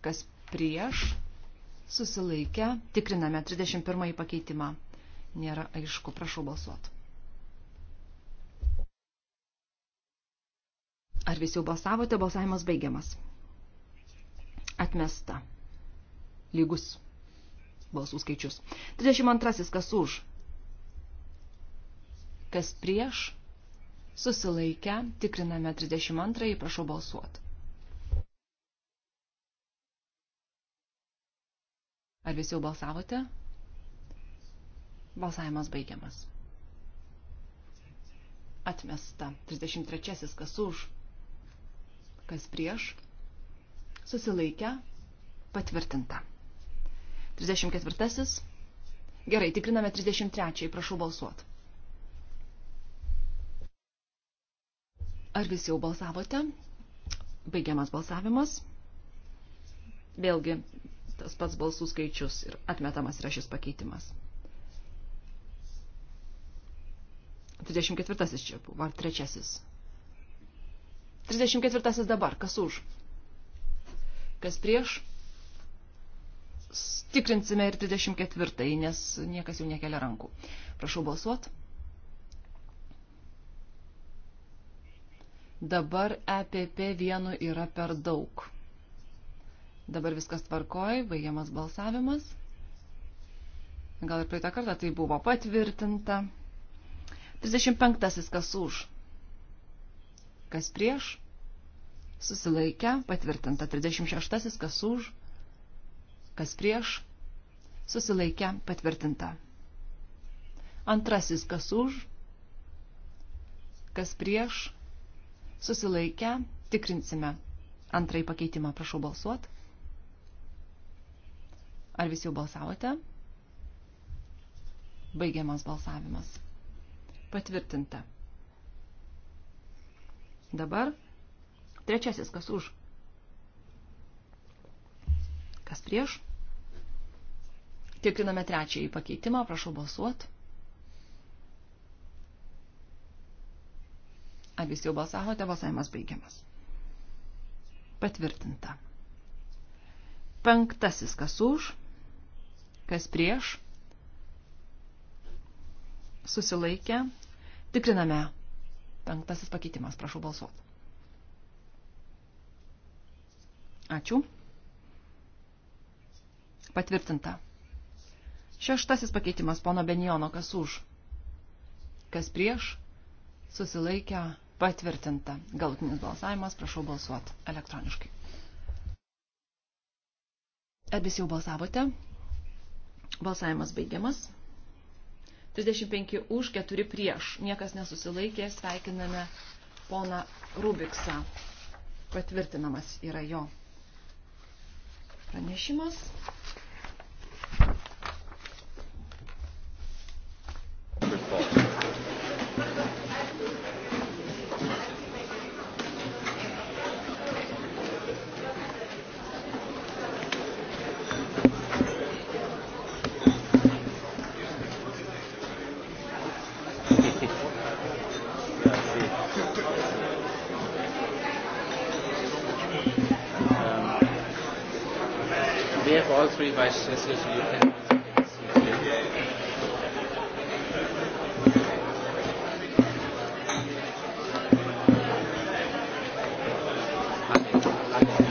kas prieš, susilaikę, tikriname 31 pakeitimą nėra aišku. Prašau balsuot. Ar visi jau balsavote? Balsavimas baigiamas. Atmesta. Lygus balsų skaičius. 32. Kas už? Kas prieš? Susilaikę. Tikriname 32. Prašau balsuoti. Ar visi jau balsavote? Balsavimas baigiamas. Atmesta. 33. Kas už? Kas prieš? Susilaikę. Patvirtinta. 34. Gerai, tikriname 33. Prašau balsuot. Ar visi jau balsavote? Baigiamas balsavimas. Vėlgi, tas pats balsų skaičius ir atmetamas yra šis pakeitimas. 34 čia buvo, ar trečiasis. 34 dabar, kas už? Kas prieš? Tikrinsime ir 24, nes niekas jau nekelia rankų. Prašau balsuot. Dabar EPP vienu yra per daug. Dabar viskas tvarkoj, baigiamas balsavimas. Gal ir praeitą kartą tai buvo patvirtinta. 35 kas už, kas prieš, susilaikę, patvirtinta. 36 kas už, kas prieš, susilaikę, patvirtinta. Antrasis kas už, kas prieš, susilaikę, tikrinsime. Antrąjį pakeitimą prašau balsuoti. Ar visi jau balsavote? Baigiamas balsavimas. Patvirtinta. Dabar trečiasis, kas už. Kas prieš? Tikriname trečiąjį pakeitimą, prašau balsuot. Ar visi jau balsavote, balsavimas baigiamas. Patvirtinta. Penktasis, kas už, kas prieš, susilaikė, Tikriname. Penktasis pakeitimas. Prašau balsuoti. Ačiū. Patvirtinta. Šeštasis pakeitimas pono Benijono, kas už, kas prieš, susilaikę, patvirtinta. Galutinis balsavimas, prašau balsuoti elektroniškai. Ar visi jau balsavote? Balsavimas baigiamas. 35 už, 4 prieš. Niekas nesusilaikė, sveikiname poną Rubiksą. Patvirtinamas yra jo pranešimas. Yes, yes, yes, you can.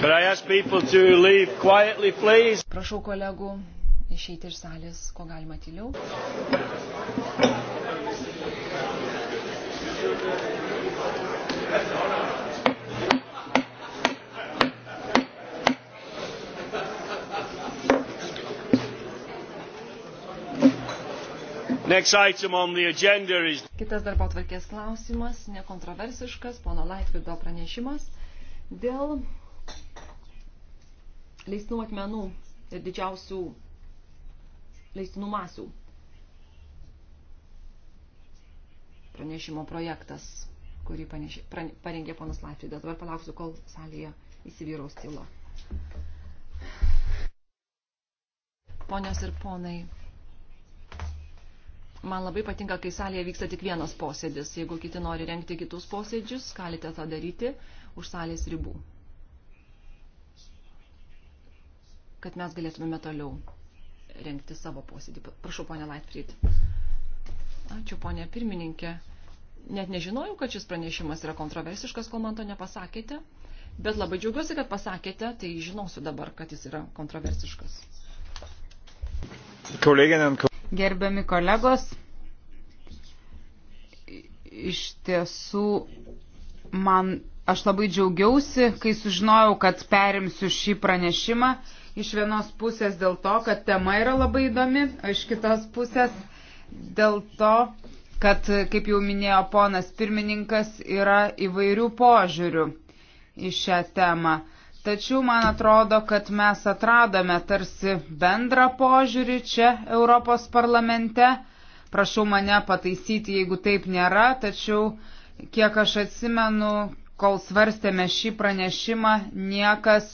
Could I ask people to leave quietly, please? Prašau kolegų išeiti iš salės, ko galima tyliau. Thank you. Is... Kitas darbo tvarkės klausimas, nekontroversiškas, pono Laitvido pranešimas dėl leistinų atmenų ir didžiausių leistinų masių. Pranešimo projektas, kurį panešė, prane, parengė ponas Laitvidas. Dabar palauksiu, kol salėje įsivyraus tyla. Ponios ir ponai, man labai patinka, kai salėje vyksta tik vienas posėdis. Jeigu kiti nori renkti kitus posėdžius, galite tą daryti už salės ribų. Kad mes galėtumėme toliau renkti savo posėdį. Prašau, ponė Lightfried. Ačiū, ponė pirmininkė. Net nežinojau, kad šis pranešimas yra kontroversiškas, kol man to nepasakėte. Bet labai džiaugiuosi, kad pasakėte, tai žinosiu dabar, kad jis yra kontroversiškas. Kolegė, Gerbiami kolegos, iš tiesų man aš labai džiaugiausi, kai sužinojau, kad perimsiu šį pranešimą. Iš vienos pusės dėl to, kad tema yra labai įdomi, o iš kitos pusės dėl to, kad, kaip jau minėjo ponas pirmininkas, yra įvairių požiūrių į šią temą. Tačiau man atrodo, kad mes atradome tarsi bendrą požiūrį čia Europos parlamente. Prašau mane pataisyti, jeigu taip nėra, tačiau, kiek aš atsimenu, kol svarstėme šį pranešimą, niekas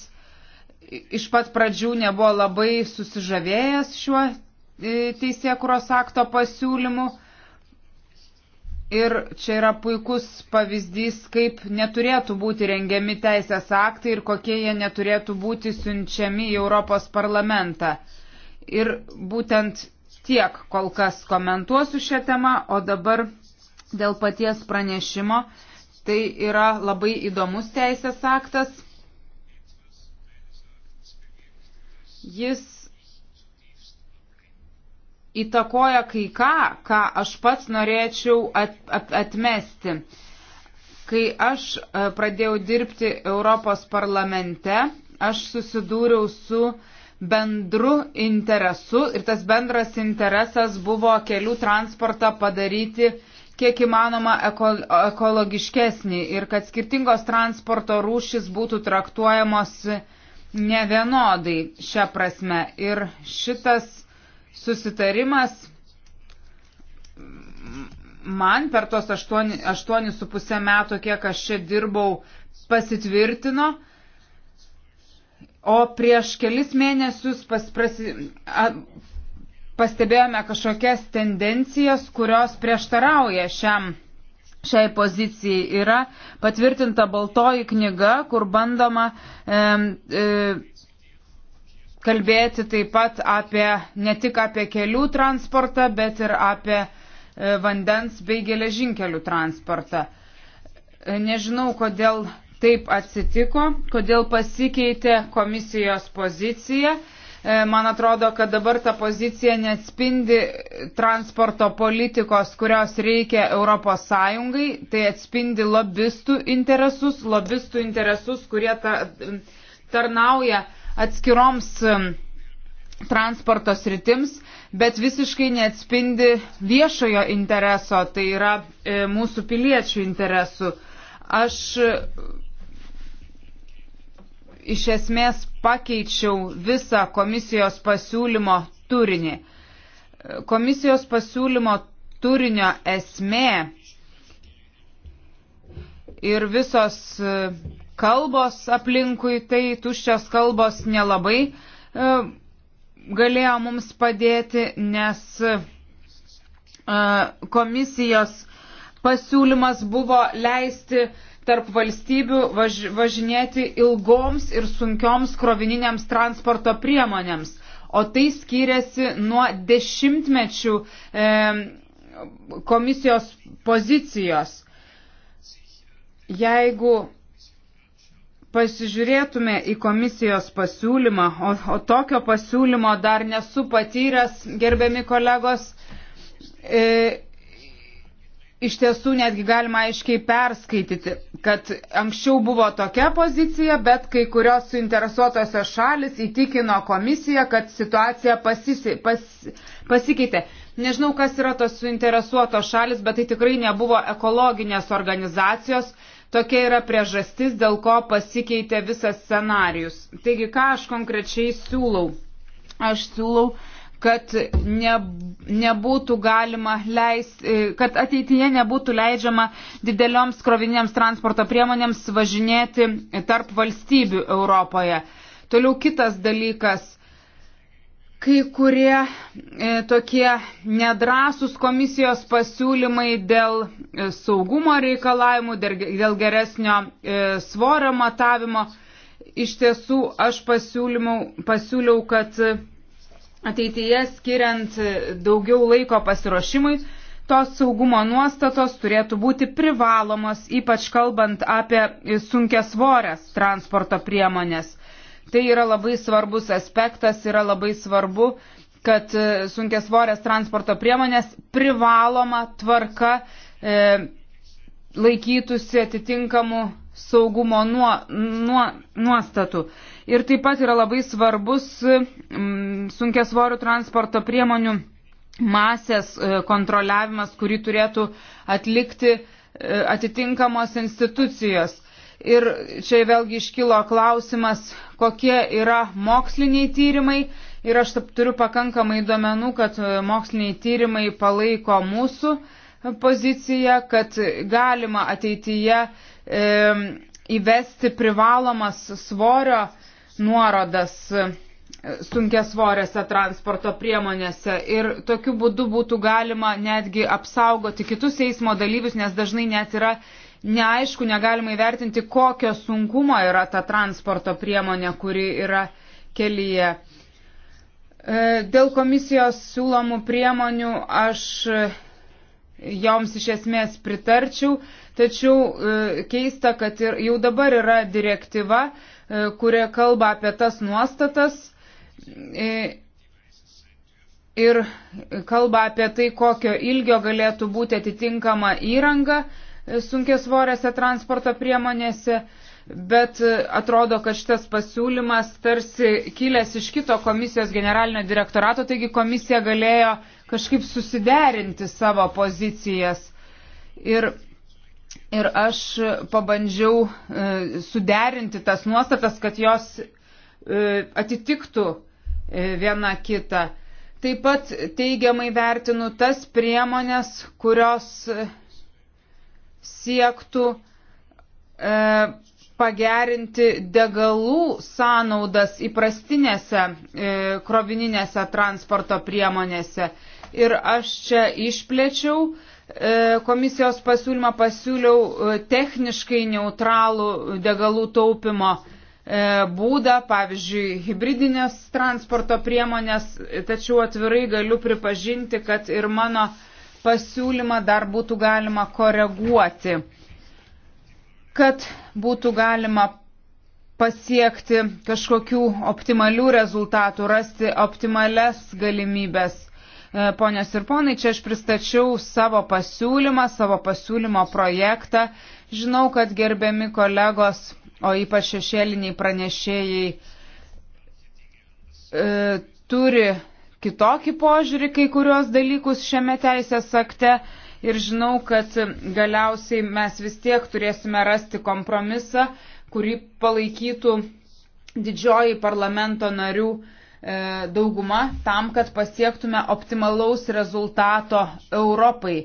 iš pat pradžių nebuvo labai susižavėjęs šiuo e, teisėkuros akto pasiūlymu. Ir čia yra puikus pavyzdys, kaip neturėtų būti rengiami teisės aktai ir kokie jie neturėtų būti siunčiami į Europos parlamentą. Ir būtent tiek kol kas komentuosiu šią temą, o dabar dėl paties pranešimo. Tai yra labai įdomus teisės aktas. Jis įtakoja kai ką, ką aš pats norėčiau at, at, atmesti. Kai aš e, pradėjau dirbti Europos parlamente, aš susidūriau su bendru interesu ir tas bendras interesas buvo kelių transportą padaryti kiek įmanoma eko, ekologiškesnį ir kad skirtingos transporto rūšis būtų traktuojamos nevienodai šią prasme. Ir šitas susitarimas man per tos 8,5 metų, kiek aš čia dirbau, pasitvirtino. O prieš kelis mėnesius pas, prasi, a, pastebėjome kažkokias tendencijas, kurios prieštarauja šiam, šiai pozicijai. Yra patvirtinta baltoji knyga, kur bandoma e, e, kalbėti taip pat apie, ne tik apie kelių transportą, bet ir apie e, vandens bei geležinkelių transportą. E, nežinau, kodėl taip atsitiko, kodėl pasikeitė komisijos pozicija. E, man atrodo, kad dabar ta pozicija neatspindi transporto politikos, kurios reikia Europos Sąjungai, tai atspindi lobistų interesus, lobistų interesus, kurie ta, tarnauja uh, atskiroms transporto sritims, bet visiškai neatspindi viešojo intereso, tai yra e, mūsų piliečių interesų. Aš e, iš esmės pakeičiau visą komisijos pasiūlymo turinį. Komisijos pasiūlymo turinio esmė ir visos e, kalbos aplinkui, tai tuščios kalbos nelabai e, galėjo mums padėti, nes e, komisijos pasiūlymas buvo leisti tarp valstybių važ, važinėti ilgoms ir sunkioms krovininiams transporto priemonėms. O tai skiriasi nuo dešimtmečių e, komisijos pozicijos. Jeigu pasižiūrėtume į komisijos pasiūlymą, o, o tokio pasiūlymo dar nesu patyręs, gerbiami kolegos, e, iš tiesų netgi galima aiškiai perskaityti, kad anksčiau buvo tokia pozicija, bet kai kurios suinteresuotosios šalis įtikino komisiją, kad situacija pasisi, pas, pasikeitė. Nežinau, kas yra tos suinteresuotos šalis, bet tai tikrai nebuvo ekologinės organizacijos Tokia yra priežastis, dėl ko pasikeitė visas scenarius. Taigi, ką aš konkrečiai siūlau? Aš siūlau kad ne, nebūtų galima leisti, e, kad ateityje nebūtų leidžiama didelioms krovinėms transporto priemonėms važinėti tarp valstybių Europoje. Toliau kitas dalykas kai kurie e, tokie nedrasus komisijos pasiūlymai dėl e, saugumo reikalavimų, dėl geresnio e, svorio matavimo. Iš tiesų aš pasiūliau, kad ateityje skiriant daugiau laiko pasiruošimui, tos saugumo nuostatos turėtų būti privalomos, ypač kalbant apie sunkias svorės transporto priemonės. Tai yra labai svarbus aspektas, yra labai svarbu, kad e, sunkiasvorės transporto priemonės privaloma tvarka e, laikytųsi atitinkamų saugumo nuo, nuo, nuostatų. Ir taip pat yra labai svarbus mm, sunkiasvorių transporto priemonių masės e, kontroliavimas, kurį turėtų atlikti e, atitinkamos institucijos. Ir čia vėlgi iškilo klausimas, kokie yra moksliniai tyrimai. Ir aš turiu pakankamai duomenų, kad moksliniai tyrimai palaiko mūsų poziciją, kad galima ateityje e, įvesti privalomas svorio nuorodas e, sunkia svorėse transporto priemonėse ir tokiu būdu būtų galima netgi apsaugoti kitus eismo dalyvius, nes dažnai net yra neaišku, negalima įvertinti, kokio sunkumo yra ta transporto priemonė, kuri yra kelyje. E, dėl komisijos siūlomų priemonių aš e, joms iš esmės pritarčiau, tačiau e, keista, kad ir, jau dabar yra direktyva, kurie kalba apie tas nuostatas ir kalba apie tai, kokio ilgio galėtų būti atitinkama įranga sunkia svorėse transporto priemonėse, bet atrodo, kad šitas pasiūlymas tarsi kilęs iš kito komisijos generalinio direktorato, taigi komisija galėjo kažkaip susiderinti savo pozicijas. Ir Ir aš pabandžiau e, suderinti tas nuostatas, kad jos e, atitiktų e, viena kitą. Taip pat teigiamai vertinu tas priemonės, kurios siektų e, pagerinti degalų sąnaudas įprastinėse e, krovininėse transporto priemonėse. Ir aš čia išplėčiau e, komisijos pasiūlymą, pasiūliau e, techniškai neutralų degalų taupimo e, būdą, pavyzdžiui, hybridinės transporto priemonės, tačiau atvirai galiu pripažinti, kad ir mano e, pasiūlymą dar būtų galima koreguoti, kad būtų galima pasiekti kažkokių optimalių rezultatų, rasti optimales galimybės. E, ponios ir ponai, čia aš pristačiau savo pasiūlymą, savo pasiūlymo projektą. Žinau, kad gerbiami kolegos, o ypač šešėliniai pranešėjai, e, turi kitokį požiūrį kai kurios dalykus šiame teisės akte ir žinau, kad galiausiai mes vis tiek turėsime rasti kompromisą, kurį palaikytų didžioji parlamento narių e, dauguma tam, kad pasiektume optimalaus rezultato Europai.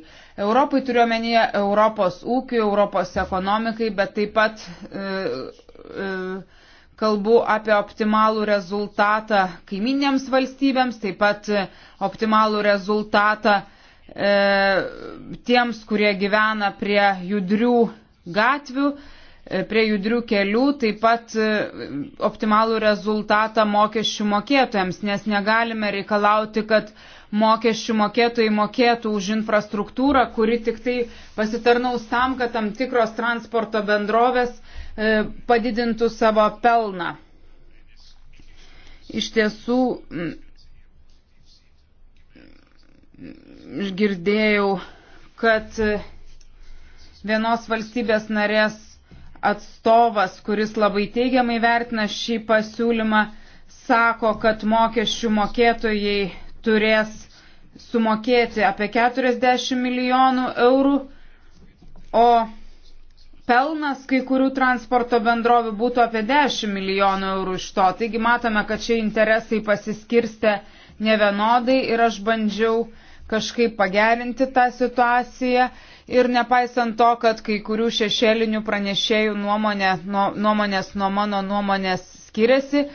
Europai turiuomenyje Europos ūkiui, Europos ekonomikai, bet taip pat e, e, kalbu apie optimalų rezultatą kaiminėms valstybėms, taip pat optimalų rezultatą e, tiems, kurie gyvena prie judrių gatvių, e, prie judrių kelių, taip pat e, optimalų rezultatą mokesčių mokėtojams, nes negalime reikalauti, kad mokesčių mokėtojai mokėtų už infrastruktūrą, kuri tik tai pasitarnaus tam, kad tam tikros transporto bendrovės E, padidintų savo pelną. Iš tiesų, girdėjau, kad vienos valstybės narės atstovas, kuris labai teigiamai vertina šį pasiūlymą, sako, kad mokesčių mokėtojai turės sumokėti apie 40 milijonų eurų, o Pelnas kai kurių transporto bendrovių būtų apie 10 milijonų eurų iš to. Taigi matome, kad šie interesai pasiskirstė nevienodai ir aš bandžiau kažkaip pagerinti tą situaciją. Ir nepaisant to, kad kai kurių šešėlinių pranešėjų nuomonė, nuo, nuomonės nuo mano nuomonės skiriasi,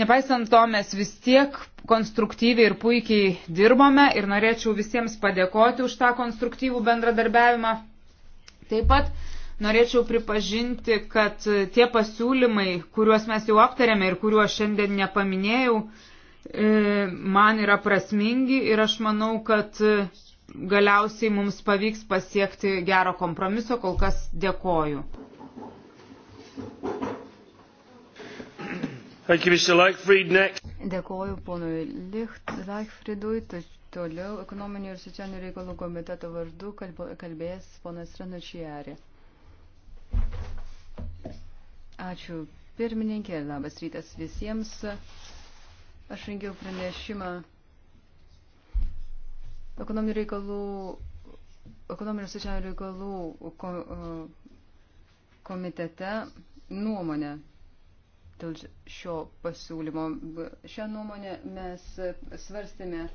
nepaisant to mes vis tiek konstruktyviai ir puikiai dirbome ir norėčiau visiems padėkoti už tą konstruktyvų bendradarbiavimą. Taip pat norėčiau pripažinti, kad tie pasiūlymai, kuriuos mes jau aptarėme ir kuriuos šiandien nepaminėjau, e, man yra prasmingi ir aš manau, kad galiausiai mums pavyks pasiekti gero kompromiso, kol kas dėkoju. Dėkoju ponui Leichfriedui, toliau ekonominio ir socialinio reikalų komiteto vardu kalbės ponas Ranučiarė. Ačiū pirmininkė, labas rytas visiems. Aš rengiau pranešimą ekonominių reikalų, ekonominių socialinių reikalų e, komitete nuomonę dėl šio pasiūlymo. Šią nuomonę mes svarstėme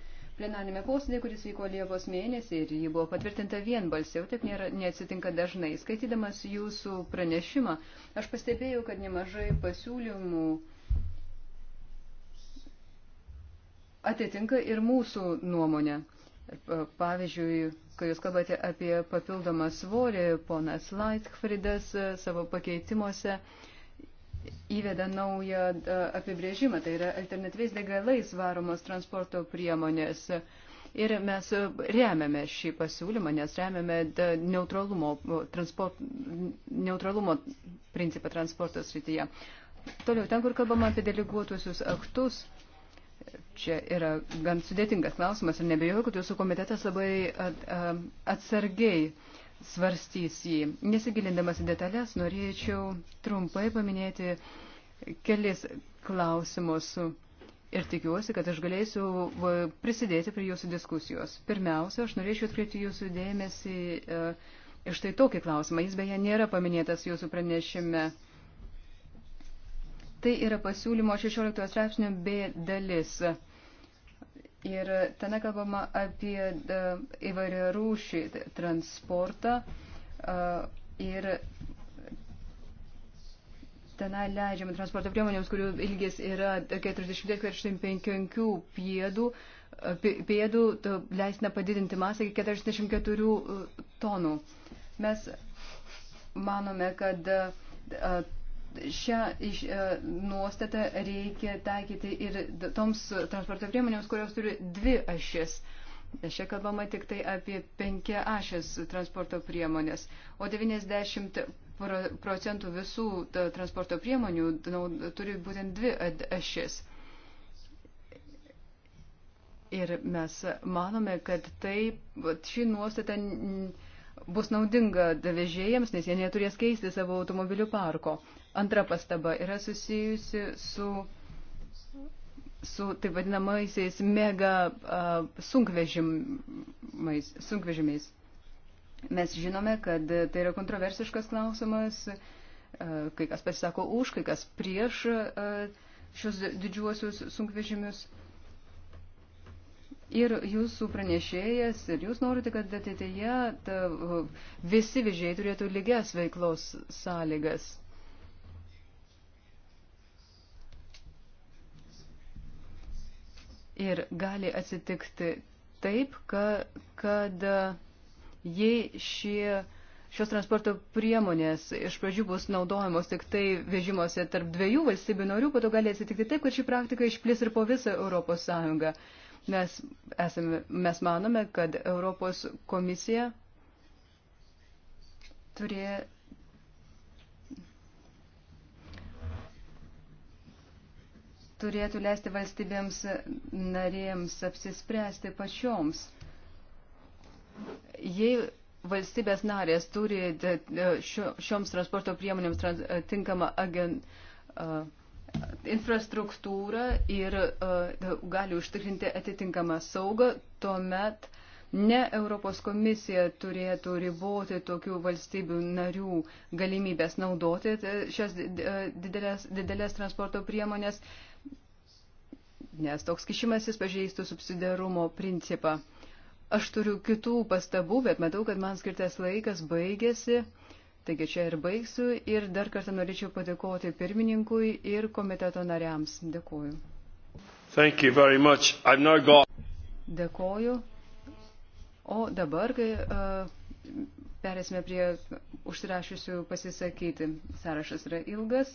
plenarinėme posėdėje, kuris vyko Liepos mėnesį ir jį buvo patvirtinta vienbalsiai, taip nėra, neatsitinka dažnai. Skaitydamas jūsų pranešimą, aš pastebėjau, kad nemažai pasiūlymų atitinka ir mūsų nuomonę. Pavyzdžiui, kai jūs kalbate apie papildomą svorį, ponas Leitfridas e, savo pakeitimuose uh, įveda naują e, apibrėžimą, tai yra alternatyviais degalais varomos transporto priemonės. Ir mes remiame šį pasiūlymą, nes remiame e, neutralumo, transport, neutralumo principą transporto srityje. Toliau, ten, kur kalbama apie deleguotusius aktus, čia yra gan sudėtingas klausimas ir nebejoju, kad jūsų komitetas labai atsargiai at, at, svarstys jį. Nesigilindamas į detalės, norėčiau trumpai paminėti kelis klausimus ir tikiuosi, kad aš galėsiu prisidėti prie jūsų diskusijos. Pirmiausia, aš norėčiau atkreipti jūsų dėmesį iš e, tai tokį klausimą. Jis beje nėra paminėtas jūsų pranešime. Tai yra pasiūlymo 16 straipsnio B dalis. Ir ten kalbama apie e, įvairią rūšį transportą e, ir ten leidžiama transporto priemonėms, kurių ilgis yra 40-45 pėdų, pėdų leisina padidinti masę iki 44 e, tonų. Mes manome, kad šią iš, e, nuostatą reikia taikyti ir toms transporto priemonėms, kurios turi dvi ašis. Šia kalbama tik tai apie penkia ašės transporto priemonės, o 90 procentų visų transporto priemonių turi būtent dvi ašis. Ir mes manome, kad tai, ši nuostata bus naudinga vežėjams, nes jie neturės keisti savo automobilių parko. Antra pastaba yra susijusi su, su taip vadinamaisiais mega uh, sunkvežimais, sunkvežimiais. Mes žinome, kad tai yra kontroversiškas klausimas, uh, kai kas pasisako už, kai kas prieš uh, šios didžiuosius sunkvežimius. Ir jūsų pranešėjas, ir jūs norite, kad ateityje visi vežėjai turėtų lygias veiklos sąlygas. Ir gali atsitikti taip, kad, kad jei šie, šios transporto priemonės iš pradžių bus naudojamos tik tai vežimuose tarp dviejų valstybių norių, po to gali atsitikti taip, kad ši praktika išplis ir po visą Europos Sąjungą. Mes, esame, mes manome, kad Europos komisija turė, turėtų leisti valstybėms narėms apsispręsti pačioms. Jei valstybės narės turi šioms transporto priemonėms e, tinkamą agent, e, infrastruktūrą ir e, gali užtikrinti atitinkamą saugą, tuomet ne Europos komisija turėtų riboti tokių valstybių narių galimybės naudoti šias didelės, didelės transporto priemonės nes toks kišimasis pažeistų subsidiarumo principą. Aš turiu kitų pastabų, bet matau, kad man skirtas laikas baigėsi. Taigi čia ir baigsiu ir dar kartą norėčiau padėkoti pirmininkui ir komiteto nariams. Dėkuoju. Got... Dėkuoju. O dabar, kai uh, perėsime prie užsirašysiu pasisakyti, sąrašas yra ilgas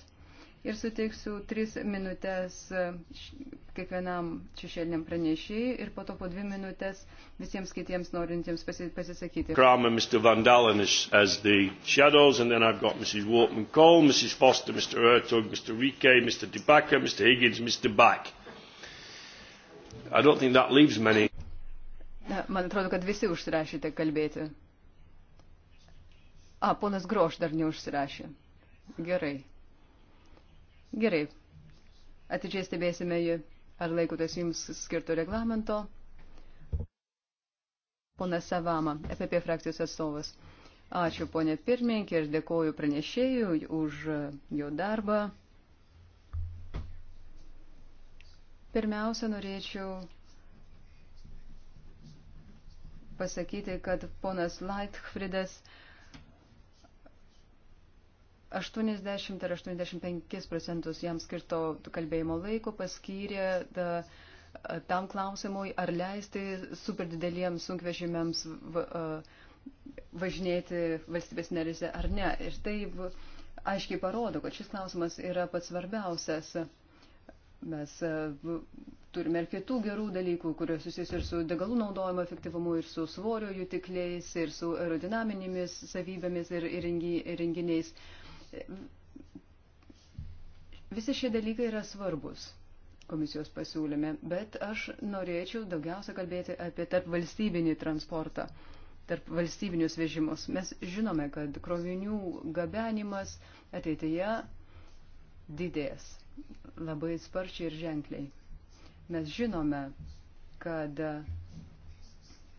ir suteiksiu tris minutės e, kiekvienam šešėliniam pranešėjai ir po to po dvi minutės visiems kitiems norintiems pasi pasisakyti. Kramer, Mr. Van Dalen as, as the shadows, and then I've got Mrs. Waltman Cole, Mrs. Foster, Mr. Ertug, Mr. Rike, Mr. DeBacker, Mr. Higgins, Mr. Back. I don't think that leaves many. Na, man atrodo, kad visi užsirašėte kalbėti. A, ponas Groš dar neužsirašė. Gerai. Gerai, atidžiai stebėsime jį, ar laikotės jums skirto reglamento. Pona Savama, EPP frakcijos atstovas. Ačiū, ponė pirmininkė, ir dėkoju pranešėjui už jo darbą. Pirmiausia, norėčiau pasakyti, kad ponas Leitfridas uh, 80 ar 85 procentus jam skirto kalbėjimo laiko paskyrė da, tam klausimui, ar leisti super dideliems sunkvežimiams važinėti valstybės narėse ar ne. Ir tai aiškiai parodo, kad šis klausimas yra pats svarbiausias. Mes turime ir kitų gerų dalykų, kurios susijęs ir su degalų naudojimo efektyvumu, ir su svorio jutikliais, ir su aerodinaminėmis savybėmis ir įrenginiais. Rengi, Visi šie dalykai yra svarbus komisijos pasiūlyme, bet aš norėčiau daugiausia kalbėti apie tarp valstybinį transportą, tarp valstybinius vežimus. Mes žinome, kad krovinių gabenimas ateityje didės labai sparčiai ir ženkliai. Mes žinome, kad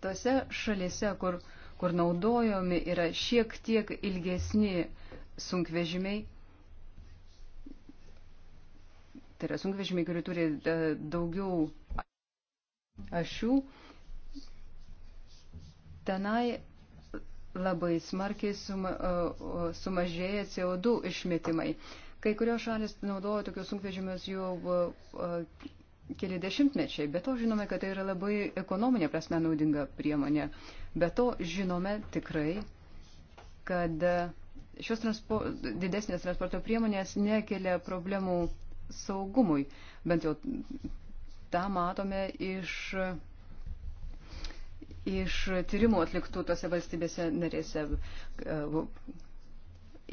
tose šalise, kur, kur naudojami yra šiek tiek ilgesni sunkvežimiai. Tai yra sunkvežimiai, kurie turi e, daugiau ašių. Tenai labai smarkiai suma, e, sumažėja CO2 išmetimai. Kai kurios šalis naudoja tokius sunkvežimius jau e, keli dešimtmečiai. Be to žinome, kad tai yra labai ekonominė prasme naudinga priemonė. Be to žinome tikrai, kad šios transpo, didesnės transporto priemonės nekelia problemų saugumui. Bent jau tą matome iš, iš tyrimų atliktų tose valstybėse narėse.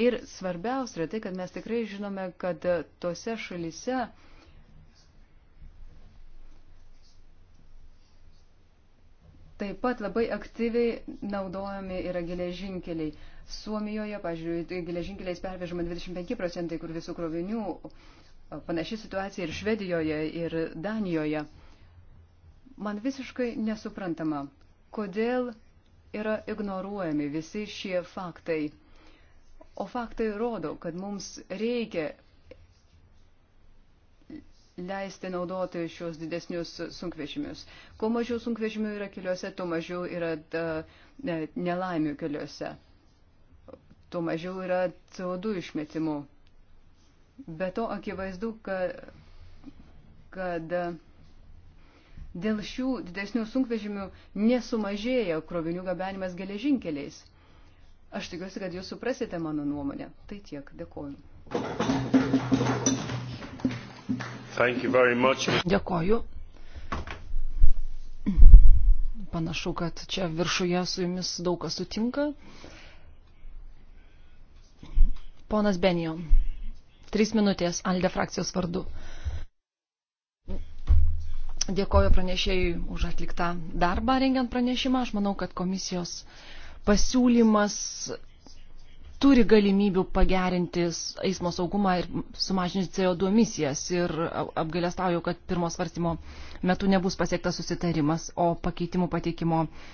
Ir svarbiausia yra tai, kad mes tikrai žinome, kad tose šalise taip pat labai aktyviai naudojami yra geležinkeliai Suomijoje, pažiūrėjau, tai geležinkeliais pervežama 25 procentai kur visų krovinių. Panaši situacija ir Švedijoje, ir Danijoje. Man visiškai nesuprantama, kodėl yra ignoruojami visi šie faktai. O faktai rodo, kad mums reikia leisti naudoti šios didesnius sunkvežimius. Kuo mažiau sunkvežimių yra keliuose, tuo mažiau yra nelaimių keliuose tuo mažiau yra CO2 išmetimų. Be to akivaizdu, kad, kad dėl šių didesnių sunkvežimių nesumažėjo krovinių gabenimas geležinkeliais. Aš tikiuosi, kad jūs suprasite mano nuomonę. Tai tiek, dėkoju. Dėkoju. Panašu, kad čia viršuje su jumis daug kas sutinka. Ponas Benijom, trys minutės Alde frakcijos vardu. Dėkoju pranešėjui už atliktą darbą rengiant pranešimą. Aš manau, kad komisijos pasiūlymas turi galimybių pagerinti eismo saugumą ir sumažinti CO2 emisijas. Ir apgailestauju, kad pirmo svarstymo metu nebus pasiektas susitarimas, o pakeitimų pateikimo uh,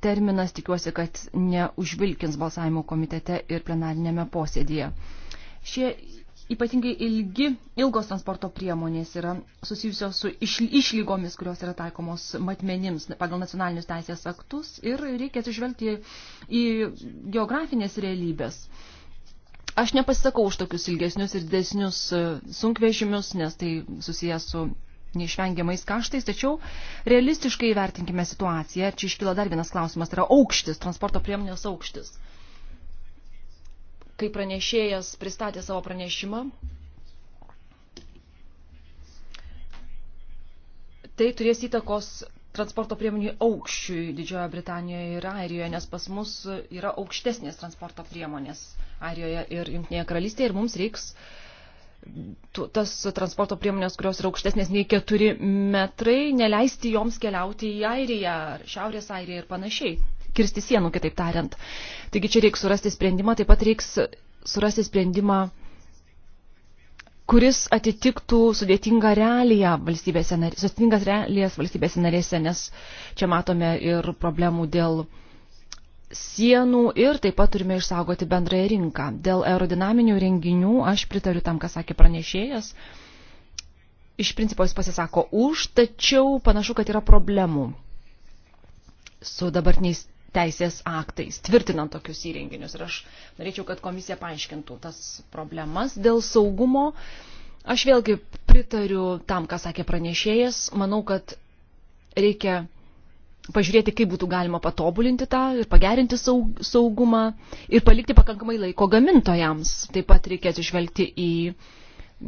terminas. Tikiuosi, kad neužvilkins balsavimo komitete ir plenarinėme posėdėje. Šie ypatingai ilgi, ilgos transporto priemonės yra susijusios su iš, išlygomis, kurios yra taikomos matmenims pagal nacionalinius teisės aktus ir reikia atsižvelgti į geografinės realybės. Aš nepasisakau už tokius ilgesnius ir didesnius sunkvežimius, nes tai susijęs su neišvengiamais kaštais, tačiau realistiškai vertinkime situaciją. Čia iškyla dar vienas klausimas, tai yra aukštis, transporto priemonės aukštis. Kai pranešėjas pristatė savo pranešimą, tai turės įtakos transporto priemonių aukščiui Didžiojo Britanijoje ir Airijoje, nes pas mus yra aukštesnės transporto priemonės Airijoje ir Junktinėje karalystėje ir mums reiks uh, tas transporto priemonės, kurios yra aukštesnės nei 4 metrai, neleisti joms keliauti į Airiją, Šiaurės Airiją ir panašiai. Kirsti sienų, kitaip tariant. Taigi čia reiks surasti sprendimą, taip pat reiks surasti sprendimą, kuris atitiktų sudėtingą realiją valstybėse, sudėtingas realijas valstybėse narėse, nes čia matome ir problemų dėl uh, sienų ir taip pat turime išsaugoti bendrąją rinką. Dėl aerodinaminių renginių aš pritariu tam, ką sakė pranešėjas. Iš principo jis pasisako už, tačiau panašu, kad yra problemų su dabartiniais teisės aktais, tvirtinant tokius įrenginius. Ir aš norėčiau, kad komisija paaiškintų tas problemas dėl saugumo. Aš vėlgi pritariu tam, ką sakė pranešėjas. Manau, kad reikia pažiūrėti, kaip būtų galima patobulinti tą ir pagerinti saug, saugumą ir palikti pakankamai laiko gamintojams. Taip pat reikia atsižvelgti į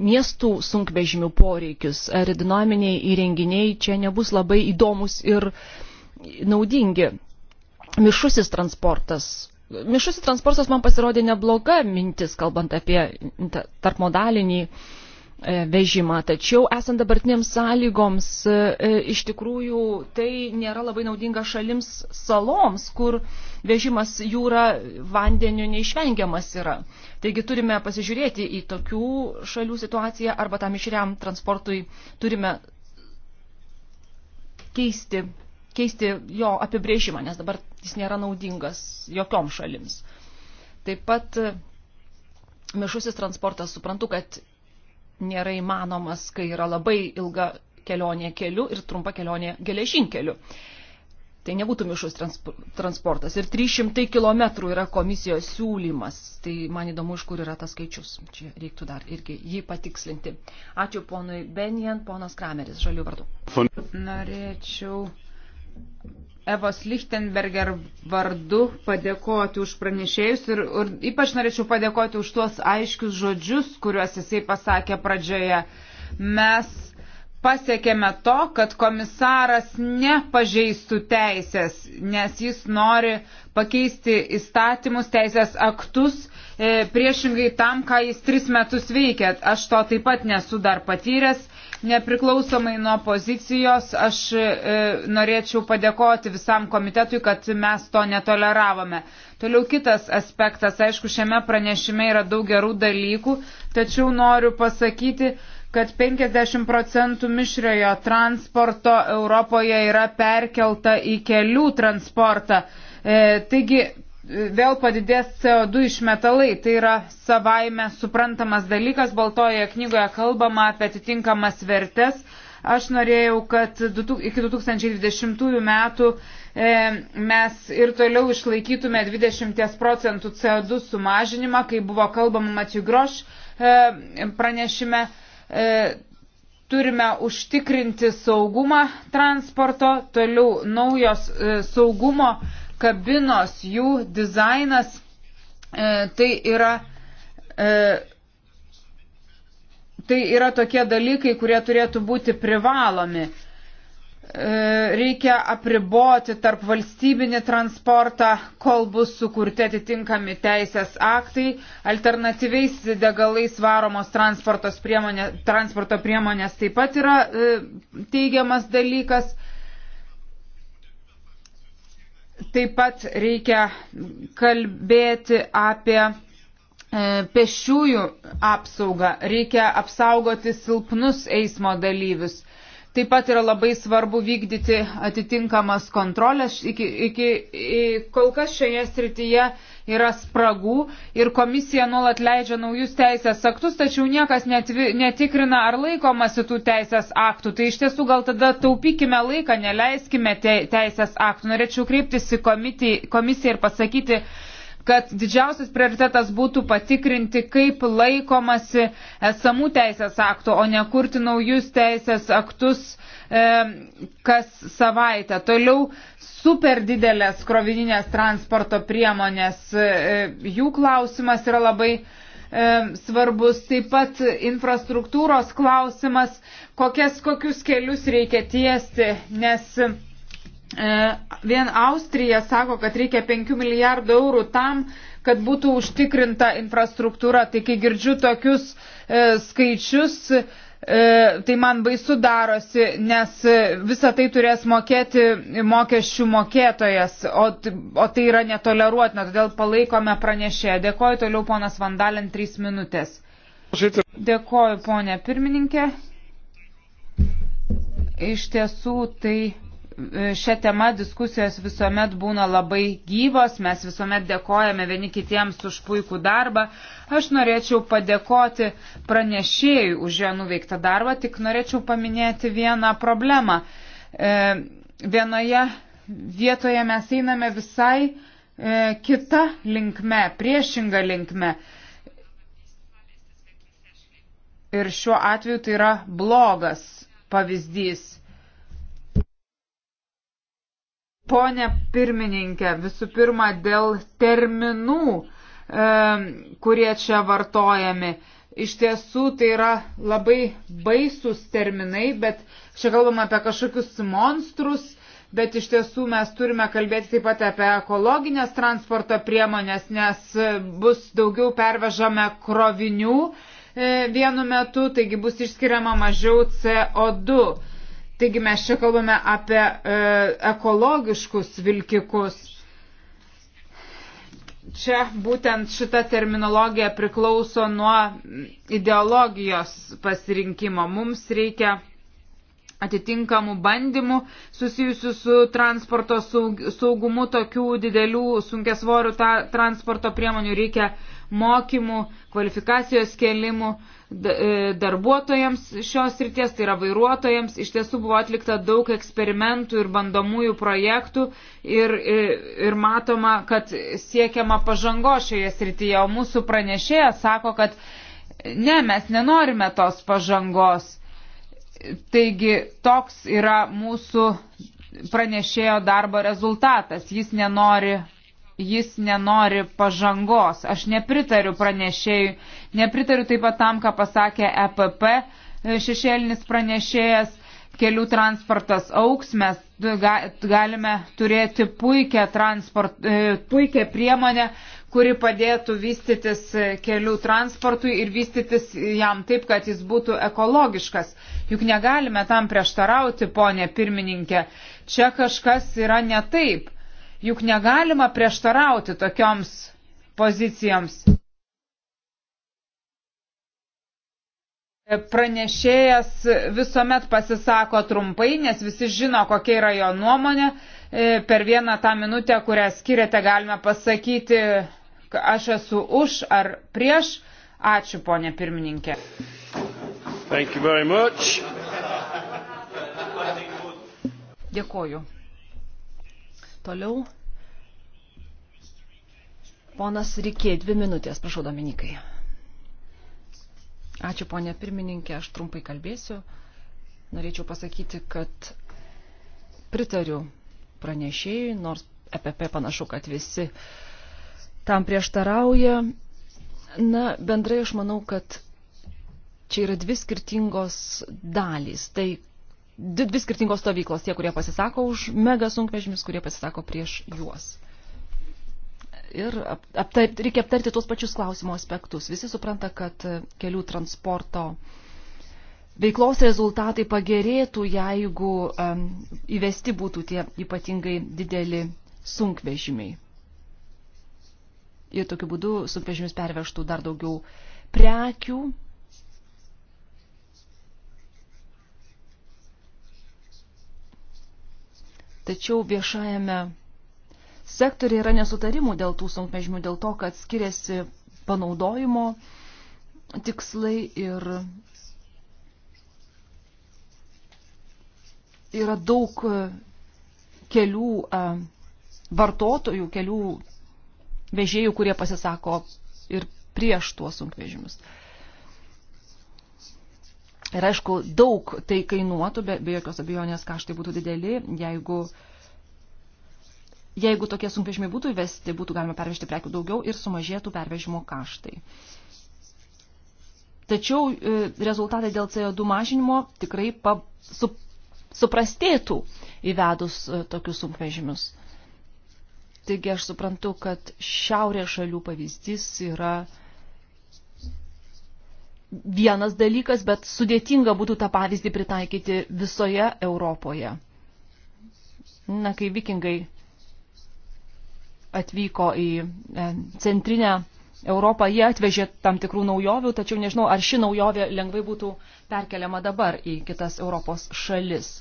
miestų sunkvežimių poreikius. Aerodinaminiai įrenginiai čia nebus labai įdomus ir naudingi. Mišusis transportas. Mišusis transportas man pasirodė nebloga mintis, kalbant apie tarpmodalinį uh, E, vežimą. Tačiau esant dabartiniams sąlygoms, e, e, iš tikrųjų tai nėra labai naudinga šalims saloms, kur vežimas jūra vandeniu neišvengiamas yra. Taigi turime pasižiūrėti į tokių šalių situaciją arba tam išriam transportui turime keisti, keisti jo apibrėžimą, nes dabar jis nėra naudingas jokiom šalims. Taip pat mišusis transportas, suprantu, kad nėra įmanomas, kai yra labai ilga kelionė keliu ir trumpa kelionė geležinkeliu. Tai nebūtų mišus transportas. Ir 300 km yra komisijos siūlymas. Tai man įdomu, iš kur yra tas skaičius. Čia reiktų dar irgi jį patikslinti. Ačiū ponui Benjan, ponas Krameris, žalių vardu. Norėčiau Evos Lichtenberger vardu padėkoti už pranešėjus ir, ir ypač norėčiau padėkoti už tuos aiškius žodžius, kuriuos jisai pasakė pradžioje. Mes pasiekėme to, kad komisaras nepažeistų teisės, nes jis nori pakeisti įstatymus, teisės aktus e, priešingai tam, ką jis tris metus veikė. Aš to taip pat nesu dar patyręs Nepriklausomai nuo pozicijos, aš e, norėčiau padėkoti visam komitetui, kad mes to netoleravome. Toliau kitas aspektas, aišku, šiame pranešime yra daug gerų dalykų, tačiau noriu pasakyti, kad 50 procentų mišriojo transporto Europoje yra perkelta į kelių transportą. E, taigi vėl padidės CO2 išmetalai. Tai yra savaime suprantamas dalykas. Baltojoje knygoje kalbama apie atitinkamas vertes. Aš norėjau, kad iki 2020 metų e, mes ir toliau išlaikytume 20 procentų CO2 sumažinimą, kai buvo kalbama Matiu Groš e, pranešime. E, turime užtikrinti saugumą transporto, toliau naujos saugumo kabinos, jų dizainas, e, tai yra. E, Tai yra tokie dalykai, kurie turėtų būti privalomi. E, reikia apriboti tarp valstybinį transportą, kol bus sukurti atitinkami teisės aktai. Alternatyviais degalais varomos priemonė, transporto priemonės taip pat yra e, teigiamas dalykas Taip pat reikia kalbėti apie e, pešiųjų apsaugą, reikia apsaugoti silpnus eismo dalyvius. Taip pat yra labai svarbu vykdyti atitinkamas kontrolės. Iki, iki, kol kas šioje srityje yra spragų ir komisija nuolat leidžia naujus teisės aktus, tačiau niekas netvi, netikrina, ar laikomasi tų teisės aktų. Tai iš tiesų gal tada taupykime laiką, neleiskime te, teisės aktų. Norėčiau kreiptis į komitį, komisiją ir pasakyti, kad didžiausias prioritetas būtų patikrinti, kaip laikomasi esamų teisės aktų, o ne kurti naujus teisės aktus e, kas savaitę. Toliau super didelės krovininės transporto priemonės, e, jų klausimas yra labai e, svarbus. Taip pat infrastruktūros klausimas, kokias, kokius kelius reikia tiesti, nes E, vien Austrija sako, kad reikia 5 milijardų eurų tam, kad būtų užtikrinta infrastruktūra. Tai kai girdžiu tokius e, skaičius, e, tai man baisu darosi, nes visą tai turės mokėti mokesčių mokėtojas, o, o tai yra netoleruotina. Todėl palaikome pranešėją. Dėkoju toliau ponas Vandalin 3 minutės. Dėkoju ponė pirmininkė. Iš tiesų tai šią temą diskusijos visuomet būna labai gyvos, mes visuomet dėkojame vieni kitiems už puikų darbą. Aš norėčiau padėkoti pranešėjui už jo nuveiktą darbą, tik norėčiau paminėti vieną problemą. E, vienoje vietoje mes einame visai e, kita linkme, priešinga linkme. Ir šiuo atveju tai yra blogas pavyzdys Pone pirmininkė, visų pirma, dėl terminų, e, kurie čia vartojami. Iš tiesų tai yra labai baisus terminai, bet čia kalbam apie kažkokius monstrus, bet iš tiesų mes turime kalbėti taip pat apie ekologinės transporto priemonės, nes bus daugiau pervežame krovinių e, vienu metu, taigi bus išskiriama mažiau CO2. Taigi mes čia kalbame apie e, ekologiškus vilkikus. Čia būtent šita terminologija priklauso nuo ideologijos pasirinkimo. Mums reikia atitinkamų bandymų susijusių su transporto saugumu, tokių didelių sunkesvorių transporto priemonių reikia mokymų, kvalifikacijos kelimų. E, E, darbuotojams šios ryties, tai yra vairuotojams. Iš tiesų buvo atlikta daug eksperimentų ir bandomųjų projektų ir, ir, e, ir matoma, kad siekiama pažango šioje srityje, o mūsų pranešėjas sako, kad e, ne, mes nenorime tos pažangos. Taigi toks yra mūsų pranešėjo darbo rezultatas. Jis nenori jis nenori pažangos. Aš nepritariu pranešėjui, nepritariu taip pat tam, ką pasakė EPP e, šešėlinis pranešėjas. Kelių transportas auks, mes galime turėti puikią, transport, e, puikią priemonę, kuri padėtų vystytis kelių transportui ir vystytis jam taip, kad jis būtų ekologiškas. Juk negalime tam prieštarauti, ponė pirmininkė. Čia kažkas yra ne taip. Juk negalima prieštarauti tokioms pozicijoms. Pranešėjas visuomet pasisako trumpai, nes visi žino, kokia yra jo nuomonė. E, per vieną tą minutę, kurią skiriate, galime pasakyti, aš esu už ar prieš. Ačiū, ponė pirmininkė. Dėkuoju. Toliau. Ponas Rikė, dvi minutės, prašau, Dominikai. Ačiū, ponė pirmininkė, aš trumpai kalbėsiu. Norėčiau pasakyti, kad pritariu pranešėjui, nors EPP panašu, kad visi tam prieštarauja. Na, bendrai aš manau, kad čia yra dvi skirtingos dalys. Tai, dvi, dvi skirtingos stovyklos, tie, kurie pasisako už mega sunkvežimius, kurie pasisako prieš juos. Ir aptar, reikia aptarti tuos pačius klausimo aspektus. Visi supranta, kad e, kelių transporto veiklos rezultatai pagerėtų, jeigu um, įvesti būtų tie ypatingai dideli sunkvežimiai. Ir tokiu būdu sunkvežimis pervežtų dar daugiau prekių Tačiau viešajame sektoriai yra nesutarimų dėl tų sunkvežimių, dėl to, kad skiriasi panaudojimo tikslai ir yra daug kelių e, vartotojų, kelių vežėjų, kurie pasisako ir prieš tuos sunkvežimius. Ir aišku, daug tai kainuotų, be, be jokios abejonės kaštai būtų dideli, jeigu, jeigu tokie sunkvežimiai būtų įvesti, būtų galima pervežti prekių daugiau ir sumažėtų pervežimo kaštai. Tačiau e, rezultatai dėl CO2 mažinimo tikrai pa, su, suprastėtų įvedus e, tokius sunkvežimius. Taigi aš suprantu, kad šiaurės šalių pavyzdys yra uh, vienas dalykas, bet sudėtinga būtų tą pavyzdį pritaikyti visoje Europoje. Na, kai vikingai atvyko į e, centrinę Europą, jie atvežė tam tikrų naujovių, tačiau nežinau, ar ši naujovė lengvai būtų perkeliama dabar į kitas Europos šalis.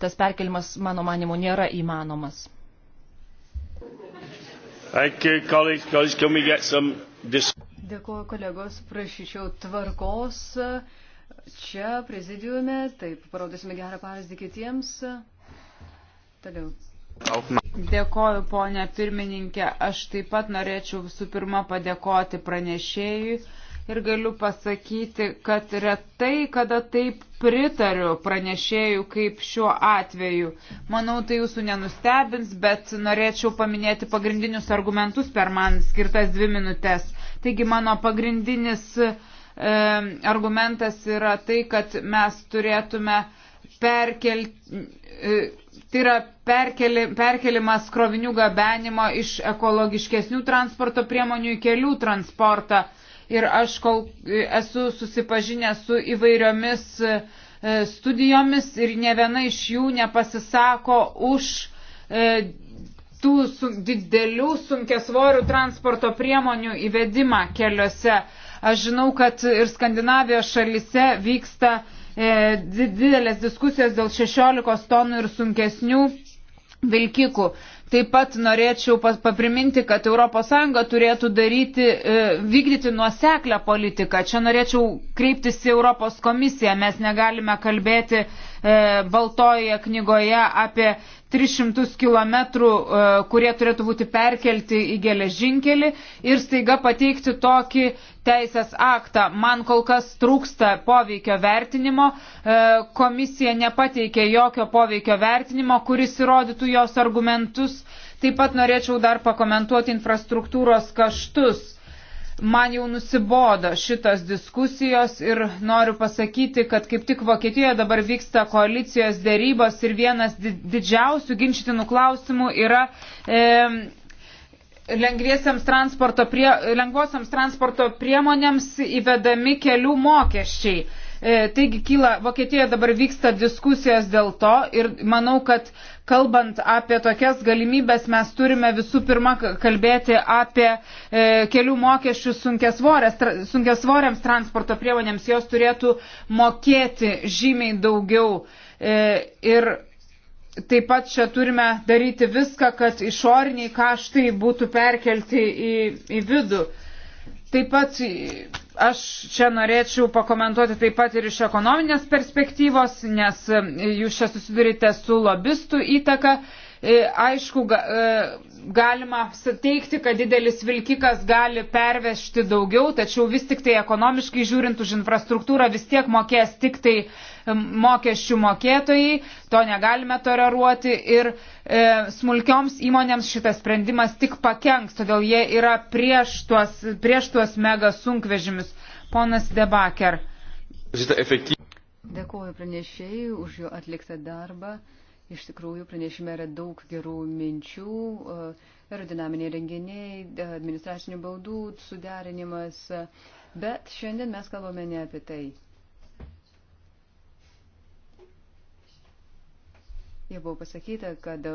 Tas perkelimas, mano manimu, nėra įmanomas. Thank you, colleagues. Colleagues, can we get some discussion? Dėkuoju kolegos, prašyčiau tvarkos čia prezidiume, taip parodysime gerą pavyzdį kitiems. Toliau. Dėkoju, ponė pirmininkė. Aš taip pat norėčiau visų pirma padėkoti pranešėjui ir galiu pasakyti, kad retai, kada taip pritariu pranešėjų kaip šiuo atveju. Manau, tai jūsų nenustebins, bet norėčiau paminėti pagrindinius argumentus per man skirtas dvi minutės. Taigi mano pagrindinis e, argumentas yra tai, kad mes turėtume perkelti. E, Tai yra perkeli, perkelimas krovinių gabenimo iš ekologiškesnių transporto priemonių į kelių transportą. Ir aš kol e, esu susipažinęs su įvairiomis e, studijomis ir ne viena iš jų nepasisako už e, tų su, didelių sunkesvorių transporto priemonių įvedimą keliuose. Aš žinau, kad ir Skandinavijos šalise vyksta e, didelės diskusijos dėl 16 tonų ir sunkesnių vilkikų. Taip pat norėčiau papriminti, kad ES turėtų daryti, e, vykdyti nuoseklę politiką. Čia norėčiau kreiptis į Europos komisiją. Mes negalime kalbėti e, baltoje knygoje apie 300 km, e, kurie turėtų būti perkelti į geležinkelį ir staiga pateikti tokį teisės aktą. Man kol kas trūksta poveikio vertinimo. E, komisija nepateikė jokio poveikio vertinimo, kuris įrodytų jos argumentus. Taip pat norėčiau dar pakomentuoti infrastruktūros kaštus man jau nusibodo šitos diskusijos ir noriu pasakyti, kad kaip tik Vokietijoje dabar vyksta koalicijos dėrybos ir vienas didžiausių ginčytinų klausimų yra. E, Lengviesiams transporto prie, lengvosiams transporto priemonėms įvedami kelių mokesčiai. E, taigi kyla, Vokietijoje dabar vyksta diskusijos dėl to ir manau, kad kalbant apie tokias galimybės, mes turime visų pirma kalbėti apie e, kelių mokesčių sunkesvoriams transporto priemonėms. Jos turėtų mokėti žymiai daugiau. E, ir taip pat čia turime daryti viską, kad išoriniai kaštai būtų perkelti į, į vidų. E, Taip pat aš čia norėčiau pakomentuoti taip pat ir iš ekonominės perspektyvos, nes e, jūs čia susidurite su lobistų įtaka. E, E, aišku, e, galima suteikti, kad didelis vilkikas gali pervežti daugiau, tačiau vis tik tai ekonomiškai žiūrint už infrastruktūrą vis tiek mokės tik tai e, mokesčių mokėtojai, to negalime toleruoti ir e, smulkioms įmonėms šitas sprendimas tik pakenks, todėl jie yra prieš tuos, prieš tuos mega sunkvežimius. Ponas Debaker. Dėkuoju pranešėjai už jo atliktą darbą. Iš tikrųjų, pranešime yra daug gerų minčių, e, aerodinaminiai renginiai, e, administracinių baudų suderinimas, bet šiandien mes kalbame ne apie tai. Jau buvo pasakyta, kad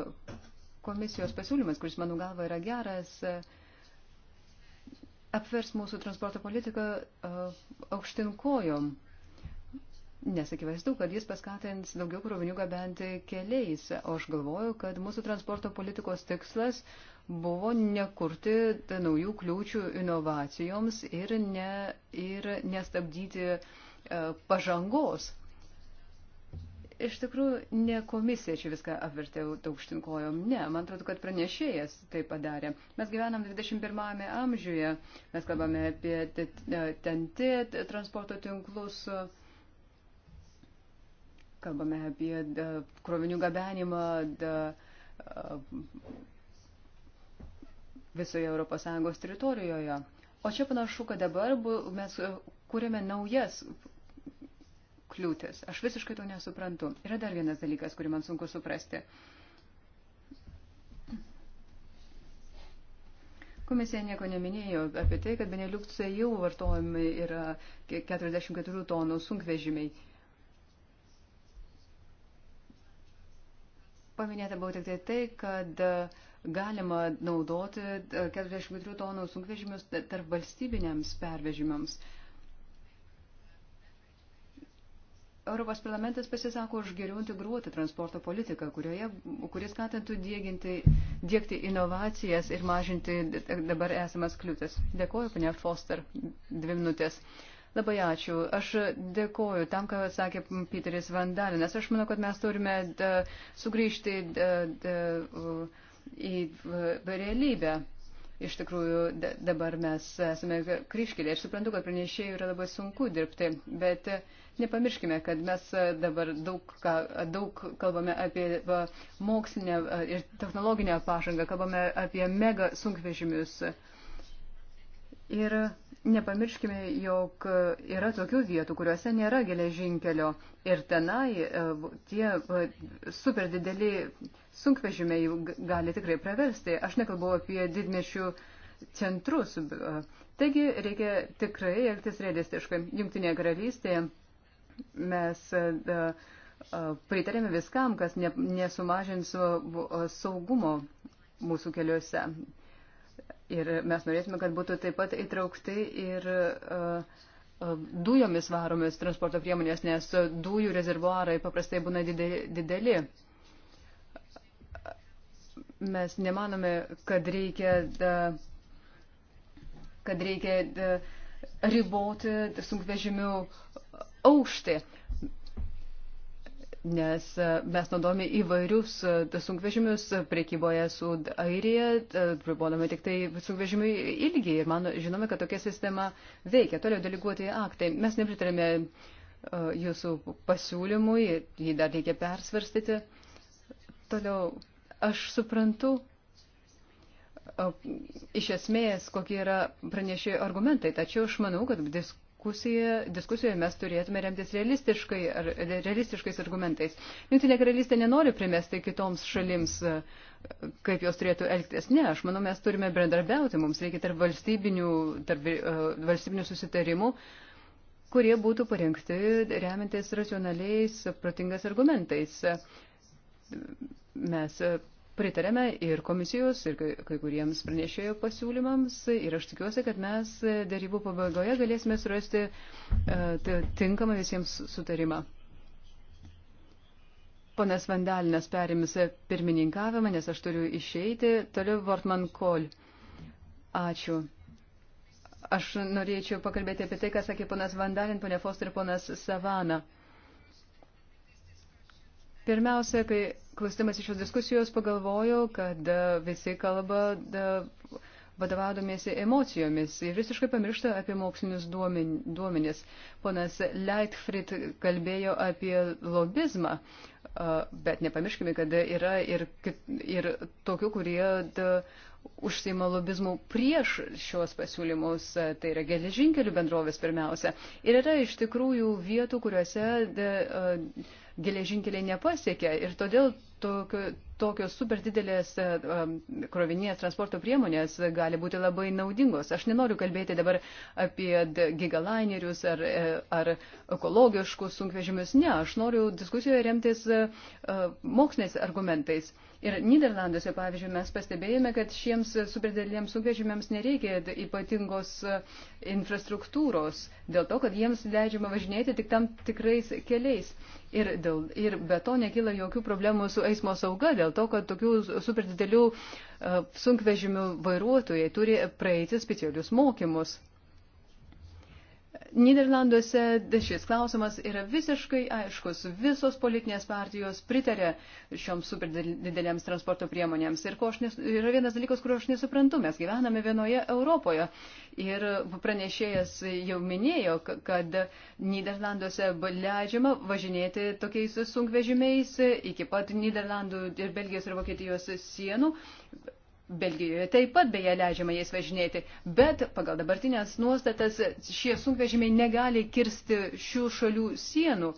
komisijos pasiūlymas, kuris mano galva yra geras, e, apvers mūsų transporto politiką aukštinkojom. kojom Nes akivaizdu, kad jis paskatins daugiau krovinių gabenti keliais. O aš galvoju, kad mūsų transporto politikos tikslas buvo nekurti naujų kliūčių inovacijoms ir, ne, ir nestabdyti e, pažangos. Iš tikrųjų, ne komisija čia viską apvertė aukštinkojom, ne, man atrodo, kad pranešėjas tai padarė. Mes gyvenam 21 amžiuje, mes kalbame apie TNT e, transporto tinklus. E, Kalbame apie da, e, krovinių gabenimą da, e, visoje ES teritorijoje. O čia panašu, kad dabar bu, mes e, kūrėme naujas kliūtis. Aš visiškai to nesuprantu. Yra dar vienas dalykas, kurį man sunku suprasti. Komisija nieko neminėjo apie tai, kad Beneliukse jau vartojami yra 44 tonų sunkvežimiai. Paminėta buvo tik tai tai, kad e, galima naudoti 43 e, tonų sunkvežimius tarp valstybiniams pervežimams. Europos parlamentas pasisako už geriau integruotą transporto politiką, kurioje, kuris skatintų dėginti, dėkti inovacijas ir mažinti dabar esamas kliūtis. Dėkuoju, ponia Foster, dvi minutės. Uh, Labai ačiū. Aš dėkoju tam, ką sakė Piteris Vandalinas. Aš manau, kad mes turime da, e, sugrįžti da, e, da, e, į realybę. Iš tikrųjų, dabar mes esame kryškeliai. Aš suprantu, kad pranešėjai yra labai sunku dirbti, bet nepamirškime, kad mes dabar daug, ką, daug kalbame apie mokslinę ir technologinę pažangą, kalbame apie mega sunkvežimius. Ir Nepamirškime, jog e, yra tokių vietų, kuriuose nėra geležinkelio ir tenai e, tie e, super dideli sunkvežimiai gali tikrai praversti. Aš nekalbu apie didmešių centrus. Taigi reikia tikrai elgtis realistiškai. Jungtinėje karalystėje mes pritarėme viskam, kas nesumažins saugumo mūsų keliuose. Ir mes norėtume, kad būtų taip pat įtraukti ir e, e, dujomis varomis transporto priemonės, nes dujų rezervuarai paprastai būna dideli. Mes nemanome, kad reikia, e, kad reikia riboti sunkvežimių aukštį nes e, mes naudojame įvairius e, sunkvežimius priekyboje su Airija, e, pribodame tik tai sunkvežimių ilgį ir man žinome, kad tokia sistema veikia. Toliau deleguoti aktai. Mes nepritarėme jūsų pasiūlymui, jį dar reikia persvarstyti. Toliau, aš suprantu, iš esmės, kokie yra pranešėjų argumentai, tačiau aš manau, kad diskusija diskusijoje mes turėtume remtis realistiškai, ar, realistiškais argumentais. Jungtinė karalystė nenori primesti kitoms šalims, kaip jos turėtų elgtis. Ne, aš manau, mes turime bendradarbiauti, mums reikia tarp valstybinių, tarp, uh, valstybinių susitarimų kurie būtų parengti remiantis racionaliais, protingas argumentais. Mes pritarėme ir komisijos, ir kai kuriems pranešėjo pasiūlymams. Ir aš tikiuosi, kad mes darybų pabaigoje galėsime surasti e, tinkamą visiems sutarimą. Ponas Vandalinas perėmis pirmininkavimą, nes aš turiu išeiti. Toliau Vortman Kol. Ačiū. Aš norėčiau pakalbėti apie tai, ką sakė ponas Vandalin, ponė Foster ir ponas Savana. Pirmiausia, kai klausimas iš šios diskusijos pagalvojau, kad e, visi kalba e, vadovaudomėsi emocijomis ir visiškai pamiršta apie mokslinius duomenis. Ponas Leitfried kalbėjo apie lobizmą, e, bet nepamirškime, kad yra ir, ir tokių, kurie užsima lobizmų prieš šios pasiūlymus, e, tai yra geležinkelių bendrovės pirmiausia. Ir yra iš tikrųjų vietų, kuriuose de, uh, geležinkeliai nepasiekia ir todėl tokio, tokios super didelės uh, e, krovinės transporto priemonės gali būti labai naudingos. Aš nenoriu kalbėti dabar apie gigalainerius ar, ar ekologiškus sunkvežimius, ne, aš noriu diskusijoje remtis uh, moksliniais argumentais. Uh, Ir Niderlanduose, pavyzdžiui, mes pastebėjome, kad šiems superdideliems sunkvežimiams nereikia ypatingos e, infrastruktūros, dėl to, kad jiems leidžiama važinėti tik tam tikrais keliais. Ir, dėl, ir be to nekyla jokių problemų su eismo sauga, dėl to, kad tokių superdidelių e, sunkvežimių vairuotojai turi praeiti specialius mokymus. Niderlanduose tai šis klausimas yra visiškai aiškus. Visos politinės partijos pritarė šioms super didelėms transporto priemonėms. Ir nes, yra vienas dalykas, kurio aš nesuprantu. Mes gyvename vienoje Europoje. Ir pranešėjas jau minėjo, kad Niderlanduose leidžiama važinėti tokiais sunkvežimiais iki pat Niderlandų ir Belgijos ir Vokietijos sienų. Belgijoje taip pat beje leidžiama jais važinėti, bet pagal dabartinės nuostatas šie sunkvežimiai negali kirsti šių šalių sienų.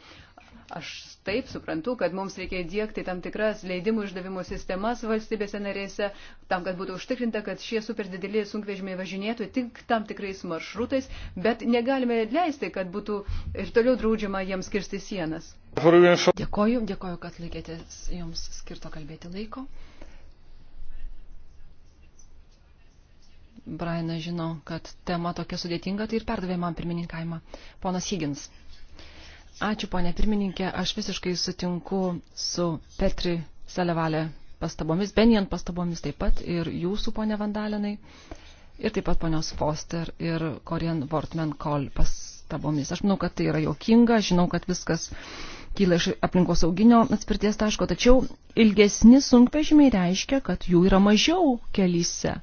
Aš taip suprantu, kad mums reikia įdėkti tam tikras leidimų išdavimo sistemas valstybėse narėse, tam, kad būtų užtikrinta, kad šie super dideliai sunkvežimiai važinėtų tik tam tikrais maršrutais, bet negalime leisti, kad būtų ir toliau draudžiama jiems kirsti sienas. Dėkoju, dėkoju, kad laikėtės jums skirto kalbėti laiko. Brianas žino, kad tema tokia sudėtinga, tai ir perdavė man pirmininkavimą. Ponas Higgins. Ačiū, ponė pirmininkė, aš visiškai sutinku su Petri Selevalė pastabomis, Benjan pastabomis taip pat ir jūsų, ponė Vandalinai, ir taip pat ponios Foster ir Korien Wortman Kol pastabomis. Aš manau, kad tai yra jokinga, žinau, kad viskas kyla iš aplinkos sauginio atspirties taško, tačiau ilgesni sunkvežimiai reiškia, kad jų yra mažiau kelyse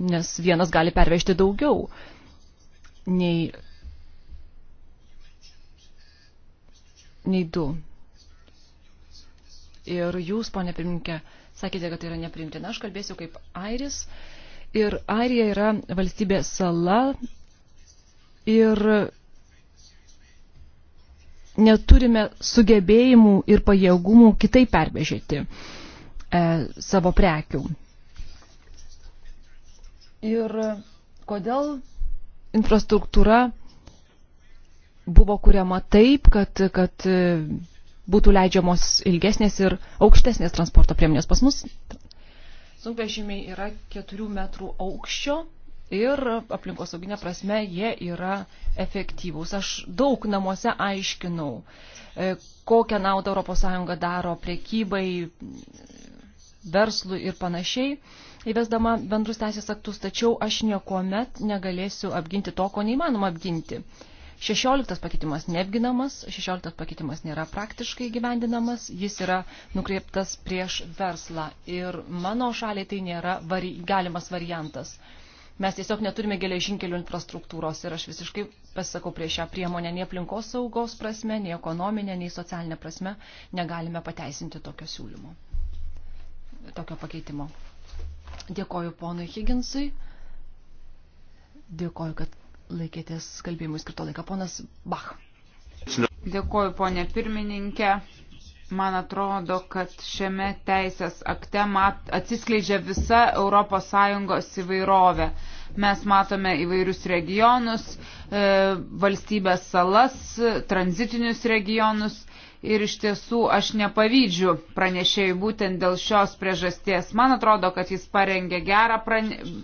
nes vienas gali pervežti daugiau nei, nei du. Ir jūs, ponė pirminkė, sakėte, kad tai yra neprimtina. Aš kalbėsiu kaip airis. Ir Airija yra valstybė sala ir neturime sugebėjimų ir pajėgumų kitai pervežėti e, savo prekių ir kodėl infrastruktūra buvo kuriama taip, kad, kad e, būtų leidžiamos ilgesnės ir aukštesnės transporto priemonės. Pas mus sunkvežimiai yra 4 metrų aukščio ir aplinkosauginė prasme jie yra efektyvūs. Aš daug namuose aiškinau, e, kokią naudą ES daro priekybai, verslui ir panašiai įvesdama bendrus teisės aktus, tačiau aš niekuomet negalėsiu apginti to, ko neįmanoma apginti. 16 pakeitimas neapginamas, 16 pakeitimas nėra praktiškai gyvendinamas, jis yra nukreiptas prieš verslą ir mano šaliai tai nėra vari, galimas variantas. Mes tiesiog neturime geležinkelių infrastruktūros ir aš visiškai pasisakau prieš šią priemonę nei aplinkos saugos prasme, nei ekonominė, nei socialinė prasme negalime pateisinti tokio siūlymo, tokio pakeitimo. Dėkoju ponui Higginsui. Dėkoju, kad laikėtės kalbėjimui skirto laiką. Ponas Bach. Dėkoju, ponė pirmininkė. Man atrodo, kad šiame teisės akte mat, atsiskleidžia visa ES įvairovė. Mes matome įvairius regionus, e, valstybės salas, tranzitinius regionus. E, ir iš tiesų aš nepavydžiu pranešėjui būtent dėl šios priežasties. Man atrodo, kad jis parengė gerą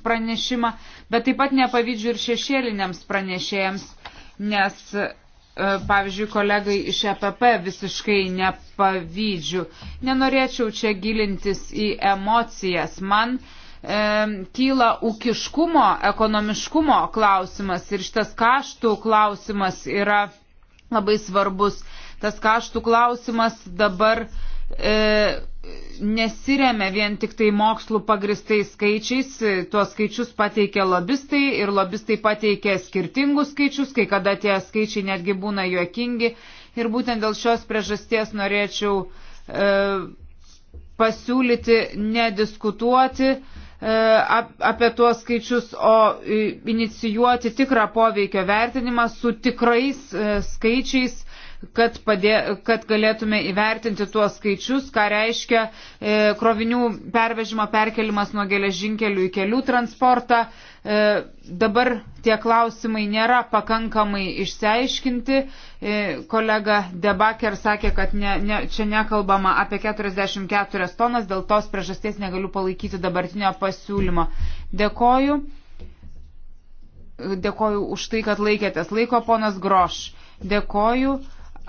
pranešimą, bet taip pat nepavydžiu ir šešėliniams pranešėjams, nes, e, pavyzdžiui, kolegai iš EPP visiškai nepavydžiu. Nenorėčiau čia gilintis į emocijas. Man e, kyla ūkiškumo, ekonomiškumo klausimas ir šitas kaštų klausimas yra labai svarbus tas kaštų klausimas dabar e, nesiremia vien tik tai mokslų pagristais skaičiais, tuos skaičius pateikia lobistai ir lobistai pateikia skirtingus skaičius, kai kada tie skaičiai netgi būna juokingi. Ir būtent dėl šios priežasties norėčiau e, pasiūlyti nediskutuoti e, apie tuos skaičius, o inicijuoti tikrą poveikio vertinimą su tikrais e, skaičiais kad, padė, kad galėtume įvertinti tuos skaičius, ką reiškia e, krovinių pervežimo perkelimas nuo geležinkelių į kelių transportą. E, dabar tie klausimai nėra pakankamai išsiaiškinti. E, kolega Debaker sakė, kad ne, ne, čia nekalbama apie 44 tonas, dėl tos priežasties negaliu palaikyti dabartinio pasiūlymo. Dėkoju. Dėkoju už tai, kad laikėtės laiko, ponas Groš. Dėkoju.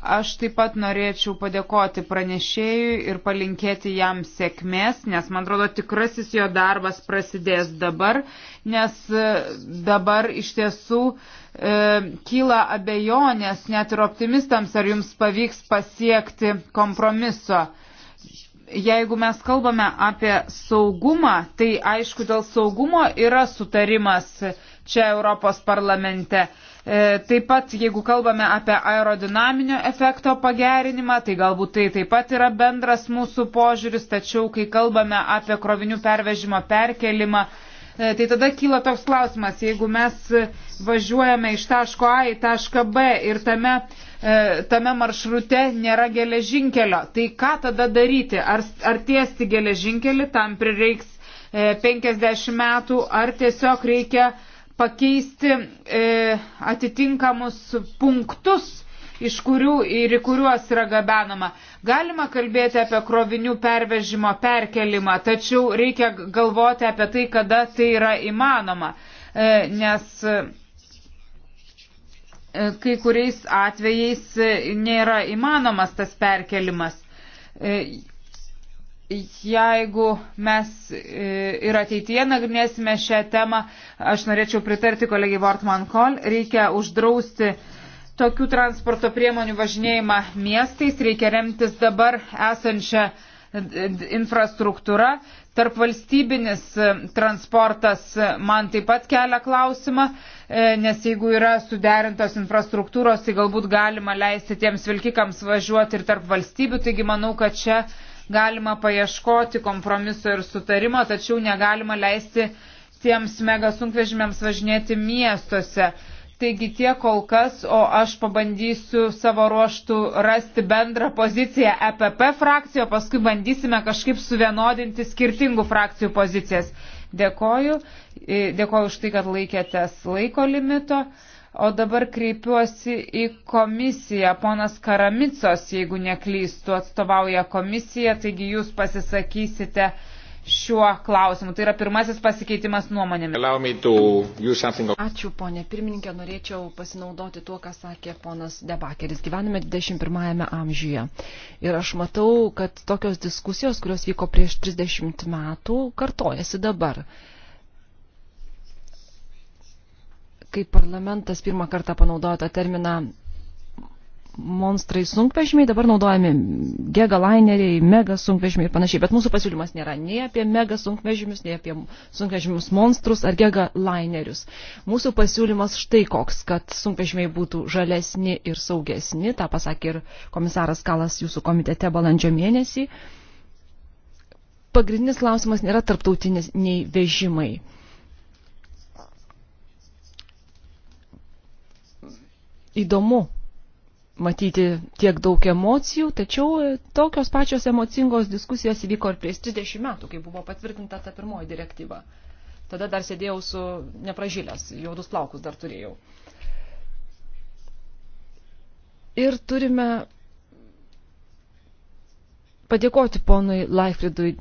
Aš taip pat norėčiau padėkoti pranešėjui ir palinkėti jam sėkmės, nes man atrodo tikrasis jo darbas prasidės dabar, nes e, dabar iš tiesų e, kyla abejonės net ir optimistams, ar jums pavyks pasiekti kompromiso. Jeigu mes kalbame apie saugumą, tai aišku, dėl saugumo yra sutarimas čia Europos parlamente. E, taip pat, jeigu kalbame apie aerodinaminio efekto pagerinimą, tai galbūt tai taip pat yra bendras mūsų požiūris, tačiau kai kalbame apie krovinių pervežimo perkelimą, e, Tai tada kyla toks klausimas, jeigu mes važiuojame iš taško A į tašką B ir tame, e, tame maršrute nėra geležinkelio, tai ką tada daryti? Ar, ar tiesti geležinkelį, tam prireiks 50 metų, ar tiesiog reikia pakeisti e, atitinkamus punktus, iš kurių ir į kuriuos yra gabenama. Galima kalbėti apie krovinių pervežimo perkelimą, tačiau reikia galvoti apie tai, kada tai yra įmanoma, e, nes e, kai kuriais atvejais e, nėra įmanomas tas perkelimas. E, jeigu mes e, ir ateityje nagrinėsime šią temą, aš norėčiau pritarti kolegiai Vortman Kol, reikia uždrausti tokių transporto priemonių važinėjimą miestais, reikia remtis dabar esančią infrastruktūrą. Tarp valstybinis e, transportas man taip pat kelia klausimą, e, nes jeigu yra suderintos infrastruktūros, tai galbūt galima leisti tiems vilkikams važiuoti ir tarp valstybių, taigi manau, kad čia galima paieškoti kompromiso ir sutarimo, tačiau negalima leisti tiems mega sunkvežimiams važinėti miestuose. Taigi tie kol kas, o aš pabandysiu savo ruoštų rasti bendrą poziciją EPP frakcijo, paskui bandysime kažkaip suvienodinti skirtingų frakcijų pozicijas. Dėkoju, dėkoju už tai, kad laikėtės laiko limito. O dabar kreipiuosi į komisiją. Ponas Karamicos, jeigu neklystų, atstovauja komisiją, taigi jūs pasisakysite šiuo klausimu. Tai yra pirmasis pasikeitimas nuomonėmis. Ačiū, ponė pirmininkė, norėčiau pasinaudoti tuo, ką sakė ponas Debakeris. Gyvename 21 amžiuje. Ir aš matau, kad tokios diskusijos, kurios vyko prieš 30 metų, kartojasi dabar. kai parlamentas pirmą kartą panaudojo tą terminą monstrai sunkvežimiai, dabar naudojami gegalaineriai, mega sunkvežimiai ir panašiai. Bet mūsų pasiūlymas nėra nei apie mega sunkvežimius, nei apie sunkvežimius monstrus ar gegalainerius. Mūsų pasiūlymas štai koks, kad sunkvežimiai būtų žalesni ir saugesni, tą pasakė ir komisaras Kalas jūsų komitete balandžio mėnesį. Pagrindinis klausimas nėra tarptautinis nei vežimai įdomu matyti tiek daug emocijų, tačiau e, tokios pačios emocingos diskusijos įvyko ir prieš 30 metų, kai buvo patvirtinta ta pirmoji direktyva. Tada dar sėdėjau su nepražylės, jaudus plaukus dar turėjau. Ir turime padėkoti ponui Laifridui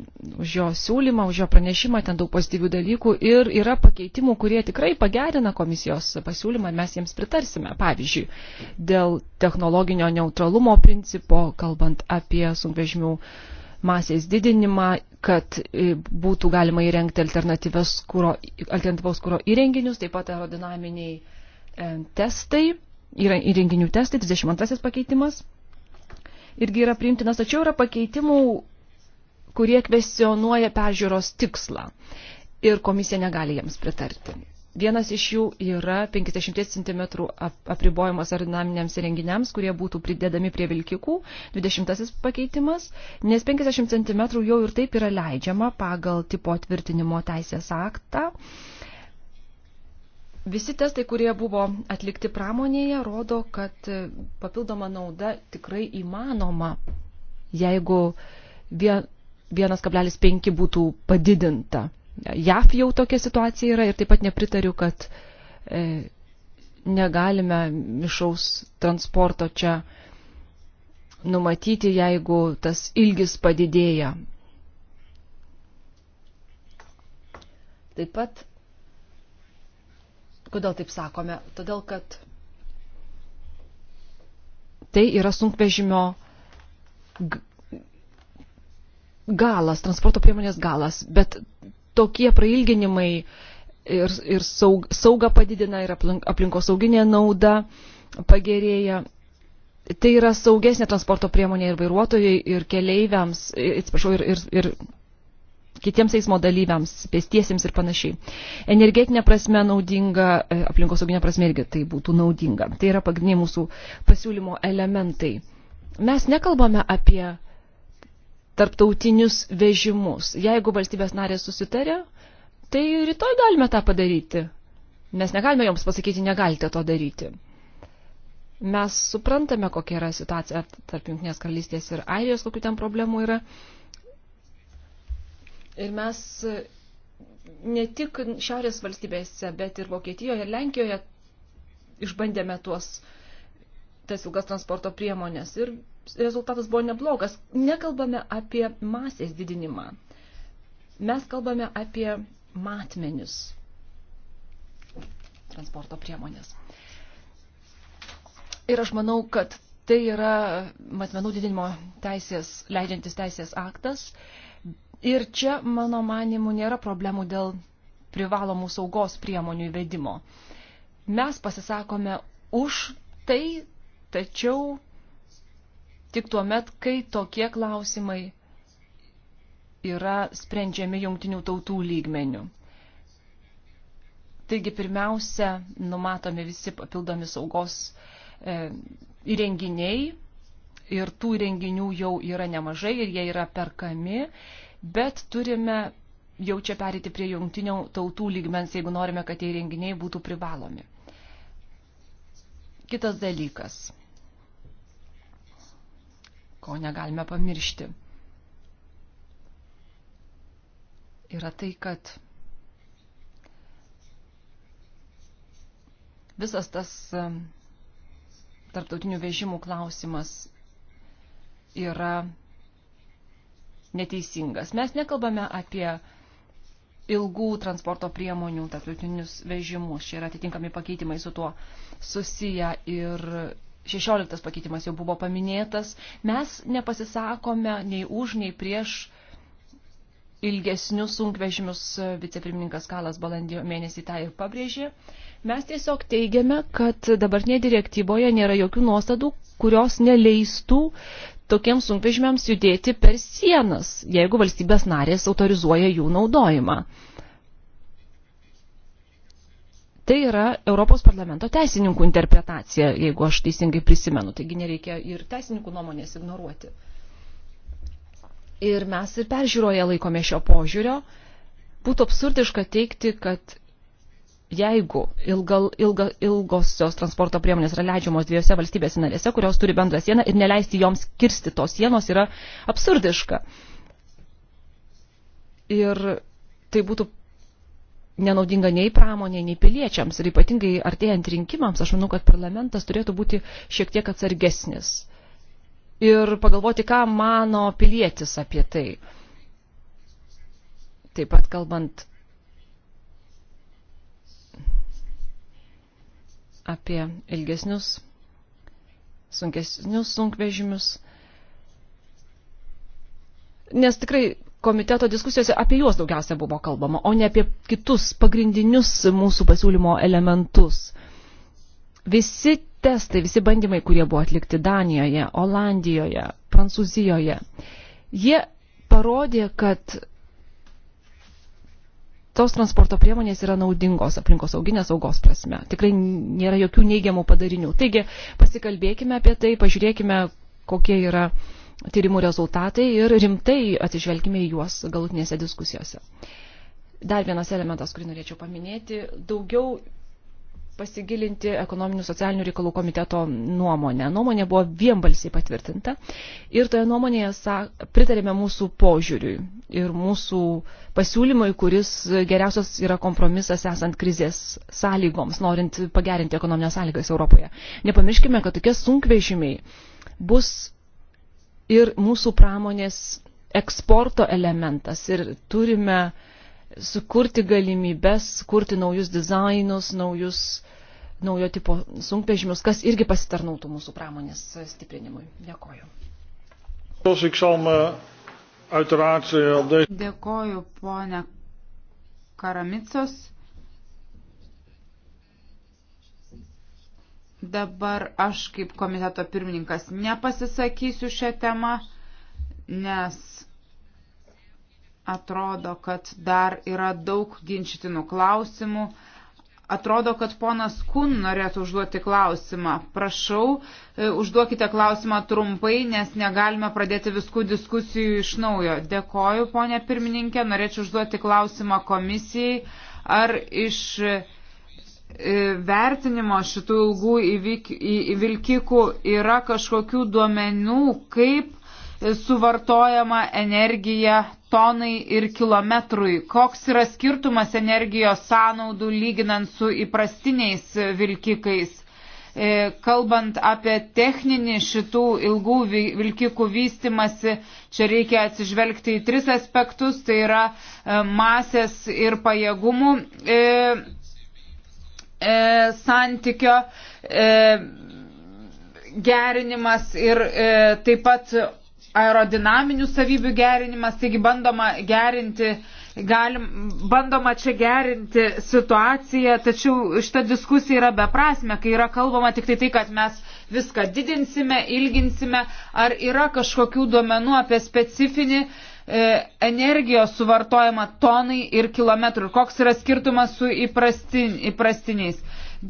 už jo siūlymą, už jo pranešimą, ten daug pozityvių dalykų ir yra pakeitimų, kurie tikrai pagerina komisijos pasiūlymą ir mes jiems pritarsime. Pavyzdžiui, dėl technologinio neutralumo principo, kalbant apie sunkvežimių masės didinimą, kad e, būtų galima įrengti alternatyvos kūro, alternatyvos kūro įrenginius, taip pat aerodinaminiai e, testai, įrenginių testai, 22 pakeitimas irgi yra priimtinas, tačiau yra pakeitimų, kurie kvestionuoja peržiūros tikslą ir komisija negali jiems pritarti. Vienas iš jų yra 50 cm apribojimas aerodinaminiams įrenginiams, kurie būtų pridedami prie vilkikų, 20 pakeitimas, nes 50 cm jau ir taip yra leidžiama pagal tipo tvirtinimo teisės aktą. Visi testai, kurie buvo atlikti pramonėje, rodo, kad e, papildoma nauda tikrai įmanoma, jeigu 1,5 būtų padidinta. JAF jau tokia situacija yra ir taip pat nepritariu, kad e, negalime mišaus transporto čia numatyti, jeigu tas ilgis padidėja. Taip pat Kodėl taip sakome? Todėl, kad tai yra sunkvežimio galas, transporto priemonės galas, bet tokie prailginimai ir, ir saug, sauga padidina ir aplink, aplinkosauginė nauda pagerėja. Tai yra saugesnė transporto priemonė ir vairuotojai, ir keleiviams, atsiprašau, ir, ir, ir kitiems eismo dalyviams, pėstiesiems ir panašiai. Energetinė prasme naudinga, e, aplinkosauginė prasme irgi tai būtų naudinga. Tai yra pagrindiniai mūsų pasiūlymo elementai. Mes nekalbame apie tarptautinius vežimus. Jeigu valstybės narės susitarė, tai rytoj galime tą padaryti. Mes negalime joms pasakyti, negalite to daryti. Mes suprantame, kokia yra situacija tarp Junktinės karalystės ir Airijos, kokiu ten problemu yra. Ir mes e, ne tik šiaurės valstybėse, bet ir Vokietijoje ir Lenkijoje išbandėme tuos tas ilgas transporto priemonės ir rezultatas buvo neblogas. Nekalbame apie masės didinimą. Mes kalbame apie matmenis transporto priemonės. Ir aš manau, kad tai yra matmenų didinimo teisės, leidžiantis teisės aktas. Uh, Ir čia, mano manimu, nėra problemų dėl privalomų saugos priemonių įvedimo. Mes pasisakome už tai, tačiau tik tuo met, kai tokie klausimai yra sprendžiami jungtinių tautų lygmenių. Taigi pirmiausia, numatomi visi papildomi saugos e, įrenginiai ir tų įrenginių jau yra nemažai ir jie yra perkami bet turime jau čia perėti prie jungtinių tautų lygmens, jeigu norime, kad tie renginiai būtų privalomi. Kitas dalykas, ko negalime pamiršti, yra tai, kad visas tas um, tarptautinių vežimų klausimas yra neteisingas. Mes nekalbame apie ilgų transporto priemonių, tarptautinius vežimus. Čia yra atitinkami pakeitimai su tuo susiję ir 16 pakeitimas jau buvo paminėtas. Mes nepasisakome nei už, nei prieš ilgesnius sunkvežimius vicepirmininkas Kalas balandį mėnesį tą ir pabrėžė. Mes tiesiog teigiame, kad dabartinėje direktyvoje nėra jokių nuostadų, kurios neleistų tokiems sunkvežimiams judėti per sienas, jeigu valstybės narės autorizuoja jų naudojimą. Tai yra Europos parlamento teisininkų interpretacija, jeigu aš teisingai prisimenu, taigi nereikia ir teisininkų nuomonės ignoruoti. Ir mes ir peržiūroje laikome šio požiūrio. Būtų absurdiška teikti, kad jeigu ilgal, ilga, ilgosios transporto priemonės yra leidžiamos dviejose valstybėse narėse, kurios turi bendrą sieną ir neleisti joms kirsti tos sienos yra absurdiška. Ir tai būtų nenaudinga nei pramonė, nei piliečiams. Ir ypatingai artėjant rinkimams, aš manau, kad parlamentas turėtų būti šiek tiek atsargesnis. Ir pagalvoti, ką mano pilietis apie tai. Taip pat kalbant apie ilgesnius, sunkesnius sunkvežimius. Nes tikrai komiteto diskusijose apie juos daugiausia buvo kalbama, o ne apie kitus pagrindinius mūsų pasiūlymo elementus. Visi testai, visi bandymai, kurie buvo atlikti Danijoje, Olandijoje, Prancūzijoje, jie parodė, kad tos transporto priemonės yra naudingos aplinkos sauginės saugos prasme. Tikrai nėra jokių neigiamų padarinių. Taigi pasikalbėkime apie tai, pažiūrėkime, kokie yra tyrimų rezultatai ir rimtai atsižvelgime į juos galutinėse diskusijose. Dar vienas elementas, kurį norėčiau paminėti, daugiau pasigilinti ekonominių socialinių reikalų komiteto nuomonę. Nuomonė buvo vienbalsiai patvirtinta ir toje nuomonėje sak, pritarėme mūsų požiūriui ir mūsų pasiūlymui, kuris geriausias yra kompromisas esant krizės sąlygoms, norint pagerinti ekonominės sąlygas Europoje. Nepamirškime, kad tokie sunkvežimiai bus ir mūsų pramonės eksporto elementas ir turime uh, sukurti galimybes, sukurti naujus dizainus, naujus, naujo tipo sunkvežimius, kas irgi pasitarnautų mūsų pramonės stiprinimui. Dėkoju. Eh, Dėkoju, ponia Karamicos. Dabar aš kaip komiteto pirmininkas nepasisakysiu šią temą, nes Atrodo, kad dar yra daug ginčytinų klausimų. Atrodo, kad ponas Kun norėtų užduoti klausimą. Prašau, e, užduokite klausimą trumpai, nes negalime pradėti viskų diskusijų iš naujo. Dėkoju, ponė pirmininkė. Norėčiau užduoti klausimą komisijai. Ar iš e, vertinimo šitų ilgų įvyk, į, į vilkikų yra kažkokių duomenų, kaip suvartojama energija tonai ir kilometrui. Koks yra skirtumas energijos sąnaudų lyginant su įprastiniais vilkikais? E, kalbant apie techninį šitų ilgų vilkikų vystimasi, čia reikia atsižvelgti į tris aspektus, tai yra e, masės ir pajėgumų e, e, santykio e, gerinimas ir e, taip pat aerodinaminių savybių gerinimas, taigi bandoma gerinti, galim, bandoma čia gerinti situaciją, tačiau šita diskusija yra beprasme, kai yra kalbama tik tai tai, kad mes viską didinsime, ilginsime, ar yra kažkokių duomenų apie specifinį e, energijos suvartojimą tonai ir kilometrų ir koks yra skirtumas su įprastin, įprastiniais.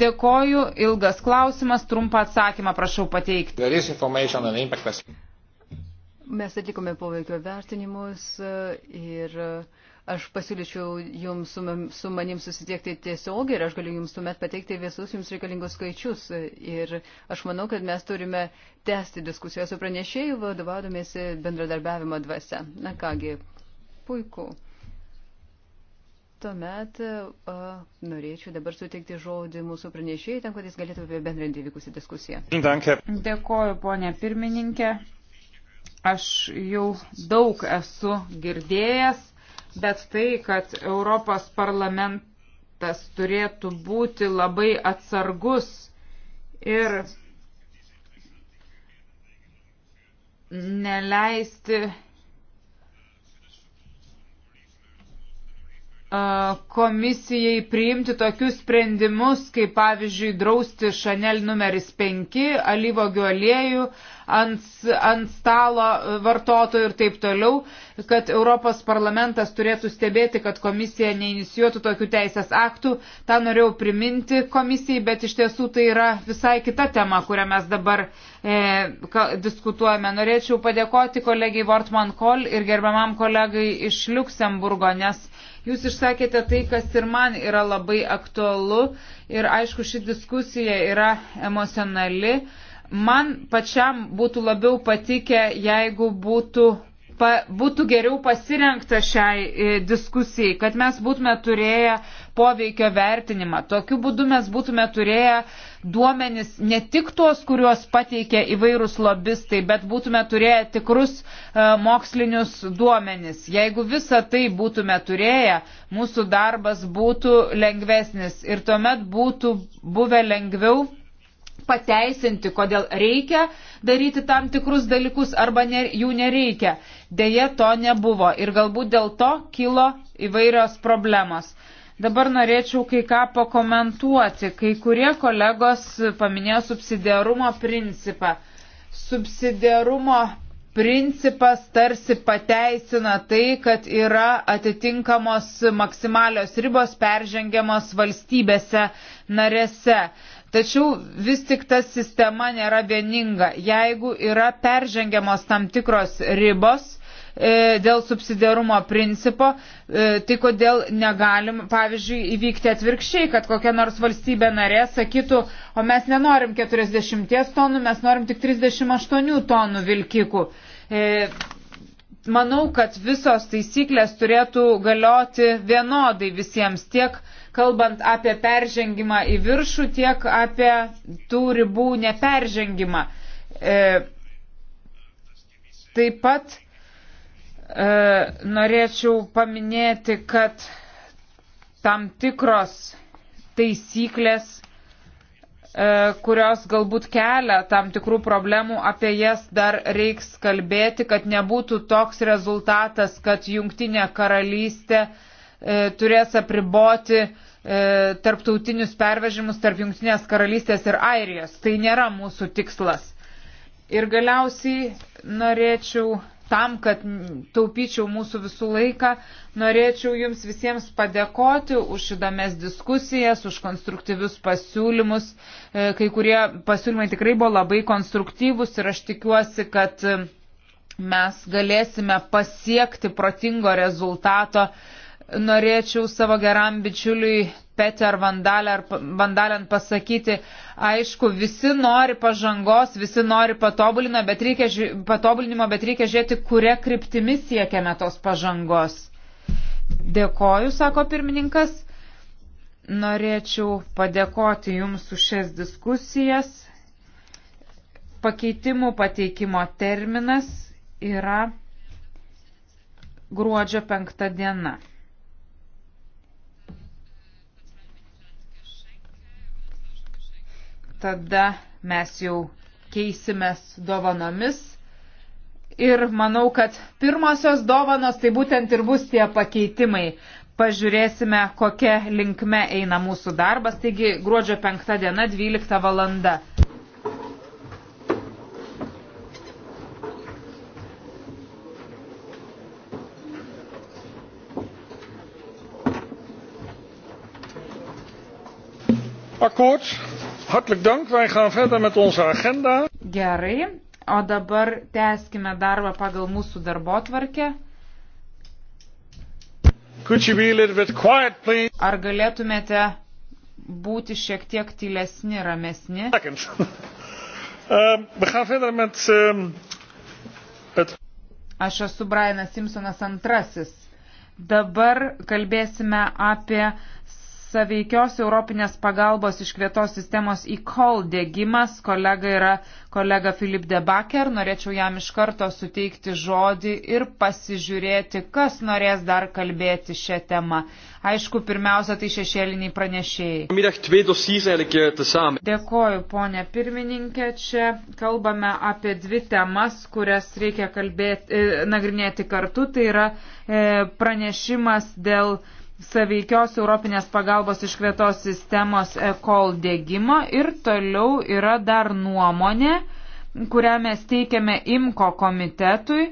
Dėkoju, ilgas klausimas, trumpą atsakymą prašau pateikti. Mes atlikome poveikio vertinimus e, ir e, aš pasiūlyčiau jums su, su manim susitiekti tiesiogiai ir aš galiu jums tuomet pateikti visus jums reikalingus skaičius. Ir aš manau, kad mes turime tęsti diskusiją su pranešėjų, vadovaudomėsi bendradarbiavimo dvasia. Na kągi, puiku. Tuomet a, e, norėčiau dabar suteikti žodį mūsų pranešėjai, tam, kad jis galėtų apibendrinti vykusią diskusiją. Dėkoju, ponė pirmininkė. Aš jau daug esu girdėjęs, bet tai, kad Europos parlamentas turėtų būti labai atsargus ir neleisti komisijai priimti tokius sprendimus, kaip pavyzdžiui drausti Chanel numeris 5, alyvogių aliejų ant, ant stalo vartotojų ir taip toliau, kad Europos parlamentas turėtų stebėti, kad komisija neinicijuotų tokių teisės aktų. Ta norėjau priminti komisijai, bet iš tiesų tai yra visai kita tema, kurią mes dabar e, ka, diskutuojame. Norėčiau padėkoti kolegiai Wortman Kol ir gerbiamam kolegai iš Luksemburgo, nes Jūs išsakėte tai, kas ir man yra labai aktualu ir aišku, ši diskusija yra emocionali. Man pačiam būtų labiau patikę, jeigu būtų pa, būtų geriau pasirengta šiai e, diskusijai, kad mes būtume turėję poveikio vertinimą. Tokiu būdu mes būtume turėję duomenis ne tik tuos, kuriuos pateikė įvairūs lobistai, bet būtume turėję tikrus e, mokslinius duomenis. Jeigu visą tai būtume turėję, mūsų darbas būtų lengvesnis ir tuomet būtų buvę lengviau pateisinti, kodėl reikia daryti tam tikrus dalykus arba ne, jų nereikia. Deja, to nebuvo ir galbūt dėl to kilo įvairios problemos. Dabar norėčiau kai ką pakomentuoti. Kai kurie kolegos paminėjo subsidiarumo principą. Subsidiarumo principas tarsi pateisina tai, kad yra atitinkamos maksimalios ribos peržengiamos valstybėse narėse. Tačiau vis tik ta sistema nėra vieninga. Jeigu yra peržengiamos tam tikros ribos, E, dėl subsidiarumo principo, e, tai kodėl negalim, pavyzdžiui, įvykti atvirkščiai, kad kokia nors valstybė narė sakytų, o mes nenorim 40 tonų, mes norim tik 38 tonų vilkikų. E, manau, kad visos taisyklės turėtų galioti vienodai visiems tiek kalbant apie peržengimą į viršų, tiek apie tų ribų neperžengimą. E, taip pat E, norėčiau paminėti, kad tam tikros taisyklės, e, kurios galbūt kelia tam tikrų problemų, apie jas dar reiks kalbėti, kad nebūtų toks rezultatas, kad jungtinė karalystė e, turės apriboti tarptautinius pervežimus tarp jungtinės karalystės ir Airijos. Tai nėra mūsų tikslas. Ir galiausiai norėčiau tam, kad taupyčiau mūsų visų laiką, norėčiau Jums visiems padėkoti už įdomias diskusijas, už konstruktyvius pasiūlymus. E, kai kurie pasiūlymai tikrai buvo labai konstruktyvus ir aš tikiuosi, kad e, mes galėsime pasiekti protingo rezultato norėčiau savo geram bičiuliui Peter Vandalen pasakyti, aišku, visi nori pažangos, visi nori patobulinimo, bet reikia, patobulinimo, bet reikia žiūrėti, kuria kryptimi siekiame tos pažangos. Dėkoju, sako pirmininkas. Norėčiau padėkoti Jums už šias diskusijas. Pakeitimų pateikimo terminas yra gruodžio penktą dieną. tada mes jau keisimės dovanomis. Ir manau, kad pirmosios dovanos tai būtent ir bus tie pakeitimai. Pažiūrėsime, kokia linkme eina mūsų darbas. Taigi gruodžio 5 diena, 12 valanda. akkoord. Hartelijk dank, wij gaan verder met onze agenda. Gerai, o dabar tęskime darbą pagal mūsų darbo tvarkę. Quiet, Ar galėtumėte būti šiek tiek tylesni, ramesni? Um, um, Aš esu Brianas Simpsonas antrasis. Dabar kalbėsime apie saveikios Europinės pagalbos iškvietos sistemos e-call dėgymas. Kolega yra kolega Filip Debaker. Norėčiau jam iš karto suteikti žodį ir pasižiūrėti, kas norės dar kalbėti šią temą. Aišku, pirmiausia, tai šešėliniai pranešėjai. Eh, Dėkoju, ponė pirmininkė. Čia kalbame apie dvi temas, kurias reikia kalbėti, eh, nagrinėti kartu. Tai yra eh, pranešimas dėl saveikios Europinės pagalbos iškvietos sistemos ECOL dėgymo ir toliau yra dar nuomonė, kurią mes teikiame IMKO komitetui.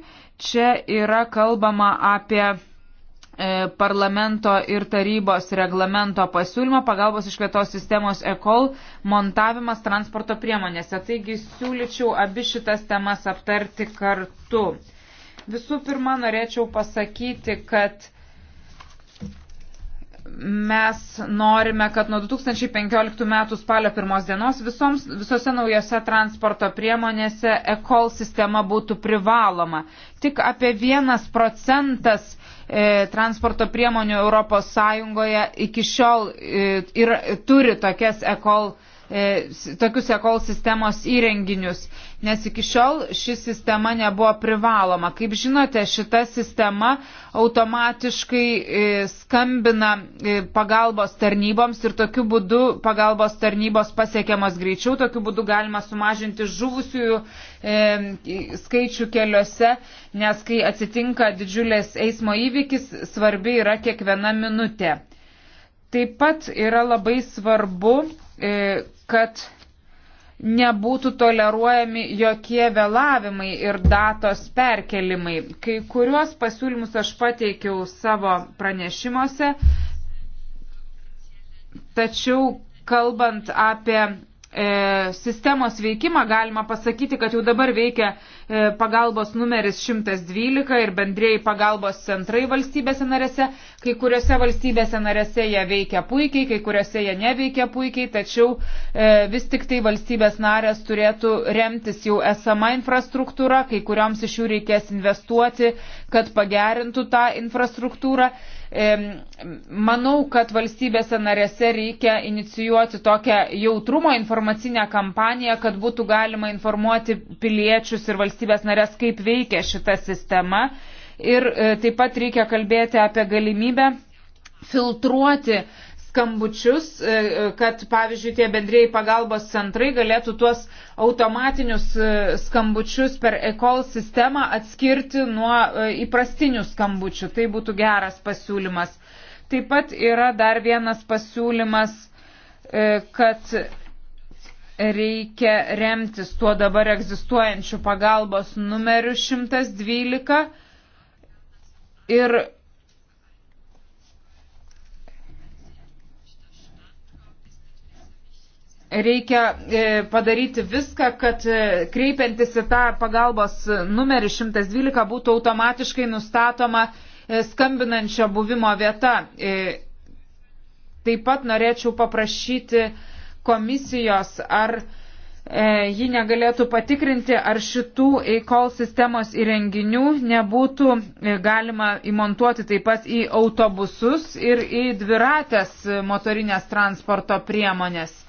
Čia yra kalbama apie e, parlamento ir tarybos reglamento pasiūlymą pagalbos iškvietos sistemos ECOL montavimas transporto priemonėse. Taigi siūlyčiau abi šitas temas aptarti kartu. Visų pirma, norėčiau pasakyti, kad mes norime, kad nuo 2015 metų spalio pirmos dienos visoms, visose naujose transporto priemonėse ECOL sistema būtų privaloma. Tik apie vienas procentas e, transporto priemonių ES iki šiol e, ir turi tokias ECOL sistemas E, tokius ekol sistemos įrenginius, nes iki šiol ši sistema nebuvo privaloma. Kaip žinote, šita sistema automatiškai e, skambina e, pagalbos tarnyboms ir tokiu būdu pagalbos tarnybos pasiekiamas greičiau, tokiu būdu galima sumažinti žuvusiųjų skaičių keliuose, nes kai atsitinka didžiulės eismo įvykis, svarbi yra kiekviena minutė. Taip pat yra labai svarbu, E, kad nebūtų toleruojami jokie vėlavimai ir datos perkelimai. Kai kuriuos pasiūlymus aš pateikiau savo pranešimuose, tačiau kalbant apie e, sistemos veikimą, galima pasakyti, kad jau dabar veikia e, pagalbos numeris 112 ir bendrėjai pagalbos centrai valstybėse narėse. Kai kuriuose valstybėse narėse jie veikia puikiai, kai kuriuose jie neveikia puikiai, tačiau e, vis tik tai valstybės narės turėtų remtis jau esama infrastruktūra, kai kurioms iš jų reikės investuoti, kad pagerintų tą infrastruktūrą. Manau, kad valstybėse narėse reikia inicijuoti tokią jautrumo informacinę kampaniją, kad būtų galima informuoti piliečius ir valstybės narės, kaip veikia šita sistema. Ir e, taip pat reikia kalbėti apie galimybę filtruoti skambučius, e, e, kad pavyzdžiui tie bendrėjai pagalbos centrai galėtų tuos automatinius e, skambučius per e-call sistemą atskirti nuo įprastinių skambučių. Tai būtų geras pasiūlymas. Taip pat yra dar vienas pasiūlymas, kad reikia remtis tuo dabar egzistuojančiu pagalbos numeriu 112 ir reikia e, padaryti viską, kad e, kreipiantis į tą pagalbos numerį 112 būtų automatiškai nustatoma e, skambinančio buvimo vieta. Taip pat norėčiau paprašyti komisijos, ar ji negalėtų patikrinti, ar šitų e-call sistemos įrenginių nebūtų galima įmontuoti taip pat į autobusus ir į dviratės motorinės transporto priemonės.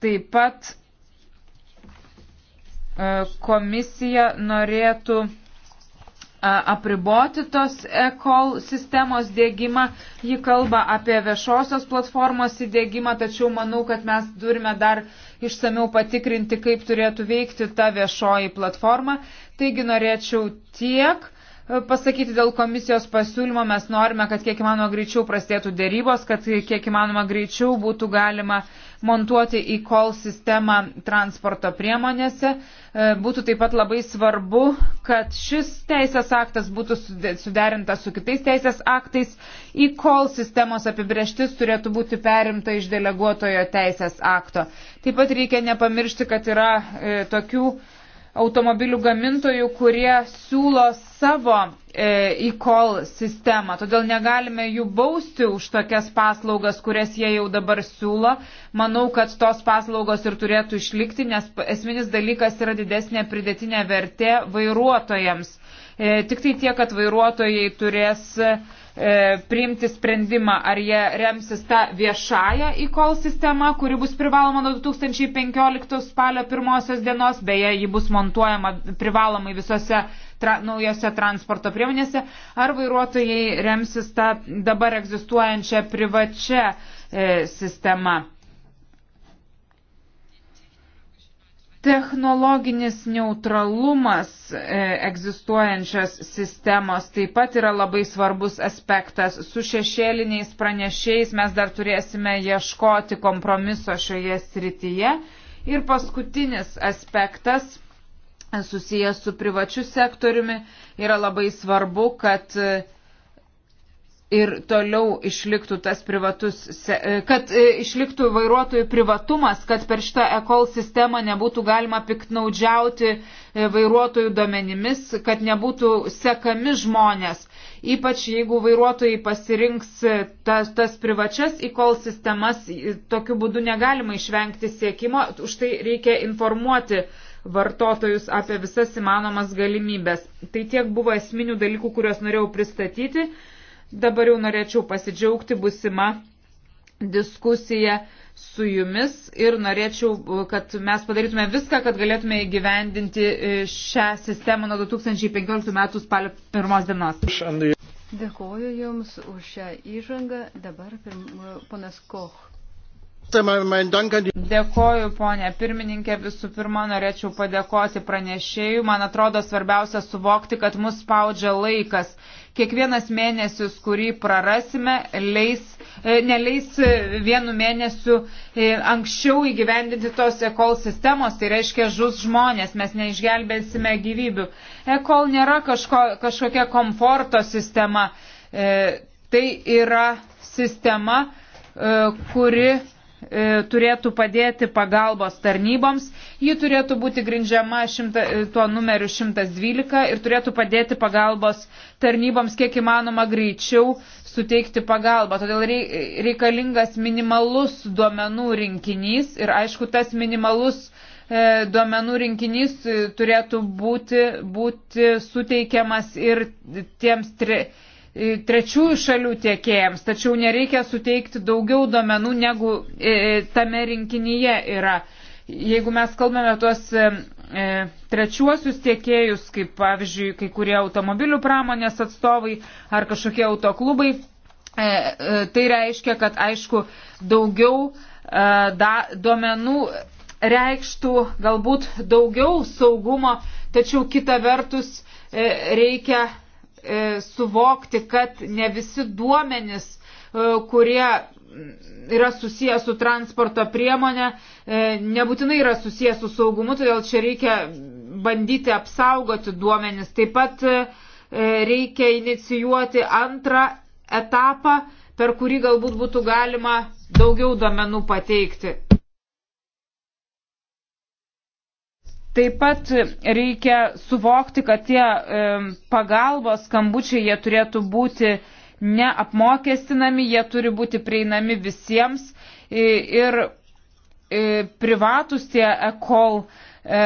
Taip pat e, komisija norėtų e, apriboti tos e-call sistemos dėgymą. Ji kalba apie viešosios platformos įdėgymą, tačiau manau, kad mes turime dar išsamiau patikrinti, kaip turėtų veikti ta viešoji platforma. Taigi norėčiau tiek pasakyti dėl komisijos pasiūlymo. Mes norime, kad kiek įmanoma greičiau prasidėtų dėrybos, kad kiek įmanoma greičiau būtų galima montuoti į kol sistemą transporto priemonėse. E, būtų taip pat labai svarbu, kad šis teisės aktas būtų suderintas su kitais teisės aktais. Į kol sistemos apibrieštis turėtų būti perimta iš deleguotojo teisės akto. Taip pat reikia nepamiršti, kad yra e, tokių automobilių gamintojų, kurie siūlos savo e, e-call sistemą, todėl negalime jų bausti už tokias paslaugas, kurias jie jau dabar siūlo. Manau, kad tos paslaugos ir turėtų išlikti, nes esminis dalykas yra didesnė pridėtinė vertė vairuotojams. E, tik tai tie, kad vairuotojai turės e, priimti sprendimą, ar jie remsis tą viešąją e-call sistemą, kuri bus privaloma nuo 2015 spalio pirmosios dienos, beje, ji bus montuojama privalomai visose tra, naujose transporto priemonėse, ar vairuotojai remsis tą dabar egzistuojančią privačią e, sistemą. Technologinis neutralumas e, egzistuojančios sistemos taip pat yra labai svarbus aspektas. Su šešėliniais pranešiais mes dar turėsime ieškoti kompromiso šioje srityje. Ir paskutinis aspektas susijęs su privačiu sektoriumi, yra labai svarbu, kad e, ir toliau išliktų tas privatus, e, kad e, išliktų vairuotojų privatumas, kad per šitą ekol sistemą nebūtų galima piktnaudžiauti vairuotojų duomenimis, kad nebūtų sekami žmonės. Ypač jeigu vairuotojai pasirinks tas, tas privačias ekol sistemas, tokiu būdu negalima išvengti siekimo, už tai reikia informuoti uh, vartotojus apie visas įmanomas galimybės. Tai tiek buvo esminių dalykų, kuriuos norėjau pristatyti. Dabar jau norėčiau pasidžiaugti busima diskusija su jumis ir norėčiau, kad mes padarytume viską, kad galėtume įgyvendinti e, šią sistemą nuo 2015 metų spalio pirmos dienos. Dėkuoju Jums už šią įžangą. Dabar pirm, ponas Koch. Dėkoju, ponė pirmininkė. Visų pirma, norėčiau padėkoti pranešėjui. Man atrodo svarbiausia suvokti, kad mus spaudžia laikas. Kiekvienas mėnesis, kurį prarasime, leis, e, neleis e, vienu mėnesiu e, anksčiau įgyvendinti tos ekol sistemos, tai reiškia žus žmonės, mes neišgelbėsime gyvybių. Ekol nėra kažko, kažkokia komforto sistema, tai yra sistema, kuri E, turėtų padėti pagalbos tarnyboms. Ji turėtų būti grindžiama šimta, e, tuo numeriu 112 ir turėtų padėti pagalbos tarnyboms kiek įmanoma greičiau suteikti pagalbą. Todėl reikalingas minimalus duomenų rinkinys ir aišku, tas minimalus e, duomenų rinkinys turėtų būti, būti suteikiamas ir tiems tre, E, trečiųjų šalių tiekėjams, tačiau nereikia suteikti daugiau duomenų, negu e, e, tame rinkinyje yra. Jeigu mes kalbame tuos trečiuosius tiekėjus, kaip pavyzdžiui, kai kurie automobilių pramonės atstovai ar kažkokie autoklubai, tai reiškia, kad aišku, daugiau da, duomenų reikštų galbūt daugiau saugumo, tačiau kita vertus reikia E, suvokti, kad ne visi duomenys, e, kurie yra susiję su transporto priemonė, e, nebūtinai yra susiję su saugumu, todėl čia reikia bandyti apsaugoti duomenis. Taip pat reikia inicijuoti antrą etapą, per kurį galbūt būtų galima daugiau duomenų pateikti. Taip pat reikia suvokti, kad tie e, pagalbos skambučiai, jie turėtų būti neapmokestinami, jie turi būti prieinami visiems ir privatus tie ekol e,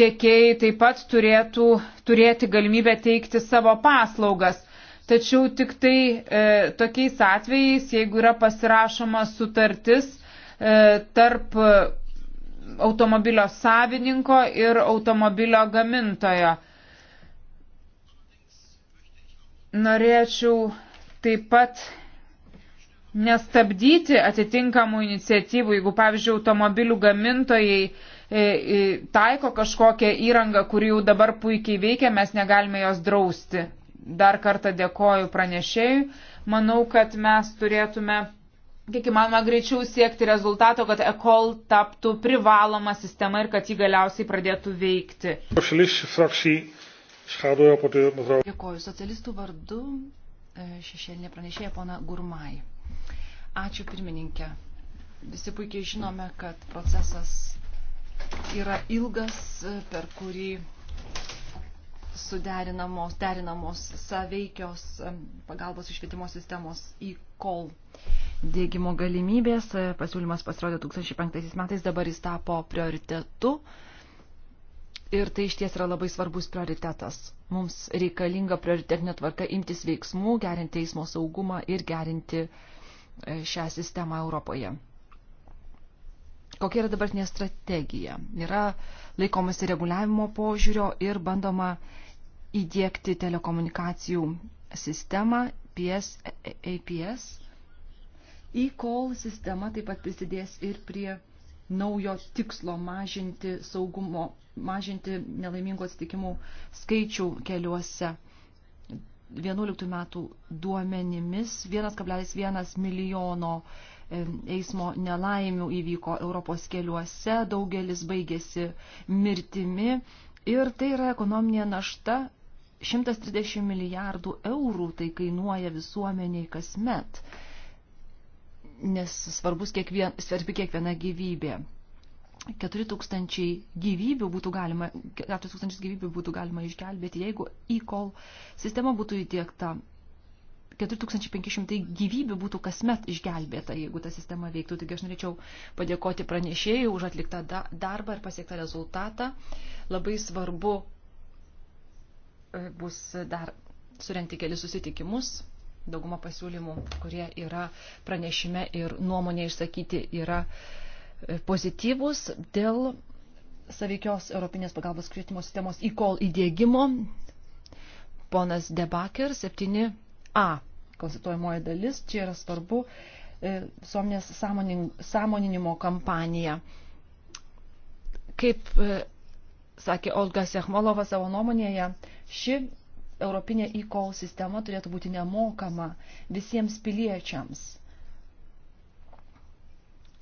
tiekėjai taip pat turėtų turėti galimybę teikti savo paslaugas. Tačiau tik tai e, tokiais atvejais, jeigu yra pasirašoma sutartis e, tarp automobilio savininko ir automobilio gamintojo. Norėčiau taip pat nestabdyti atitinkamų iniciatyvų, jeigu, pavyzdžiui, automobilių gamintojai e, e, taiko kažkokią įrangą, kuri jau dabar puikiai veikia, mes negalime jos drausti. Dar kartą dėkoju pranešėjui. Manau, kad mes turėtume kiek įmanoma greičiau siekti rezultato, kad ECOL taptų privaloma sistema ir kad ji galiausiai pradėtų veikti. Dėkoju socialistų vardu e, šešėlinė pranešėja pona Gurmai. Ačiū pirmininkė. Visi puikiai žinome, kad procesas yra ilgas, e, per kurį suderinamos, derinamos saveikios pagalbos išvietimo sistemos į kol dėgymo galimybės. E, pasiūlymas pasirodė 2005 metais, dabar jis tapo prioritetu. Ir tai iš ties yra labai svarbus prioritetas. Mums reikalinga prioritetinė tvarka imtis veiksmų, gerinti eismo saugumą ir gerinti e, šią sistemą Europoje kokia yra dabartinė strategija. Yra laikomasi reguliavimo požiūrio ir bandoma įdėkti telekomunikacijų sistemą PS, APS. E-call sistema taip pat prisidės ir prie naujo tikslo mažinti saugumo, mažinti nelaimingų atsitikimų skaičių keliuose. 11 metų duomenimis 1,1 milijono eismo nelaimių įvyko Europos keliuose, daugelis baigėsi mirtimi ir tai yra ekonominė našta. 130 milijardų eurų tai kainuoja visuomeniai kasmet, nes svarbus kiekvien, svarbi kiekviena gyvybė. 4 tūkstančiai gyvybių būtų galima, 4 tūkstančius gyvybių būtų galima išgelbėti, jeigu e-call sistema būtų įtiekta 4500 gyvybių būtų kasmet išgelbėta, jeigu ta sistema veiktų. Taigi aš norėčiau padėkoti pranešėjai už atliktą darbą ir pasiektą rezultatą. Labai svarbu e, bus dar surenti keli susitikimus. Dauguma pasiūlymų, kurie yra pranešime ir nuomonė išsakyti, yra e, pozityvus dėl saveikios Europinės pagalbos kvietimo sistemos įkol įdėgymo ponas Debaker 7a konstatuojamoji dalis, čia yra svarbu e, visuomenės sąmoninimo kampanija. Kaip e, sakė Olga Sechmolova savo nuomonėje, ši europinė e-call sistema turėtų būti nemokama visiems piliečiams.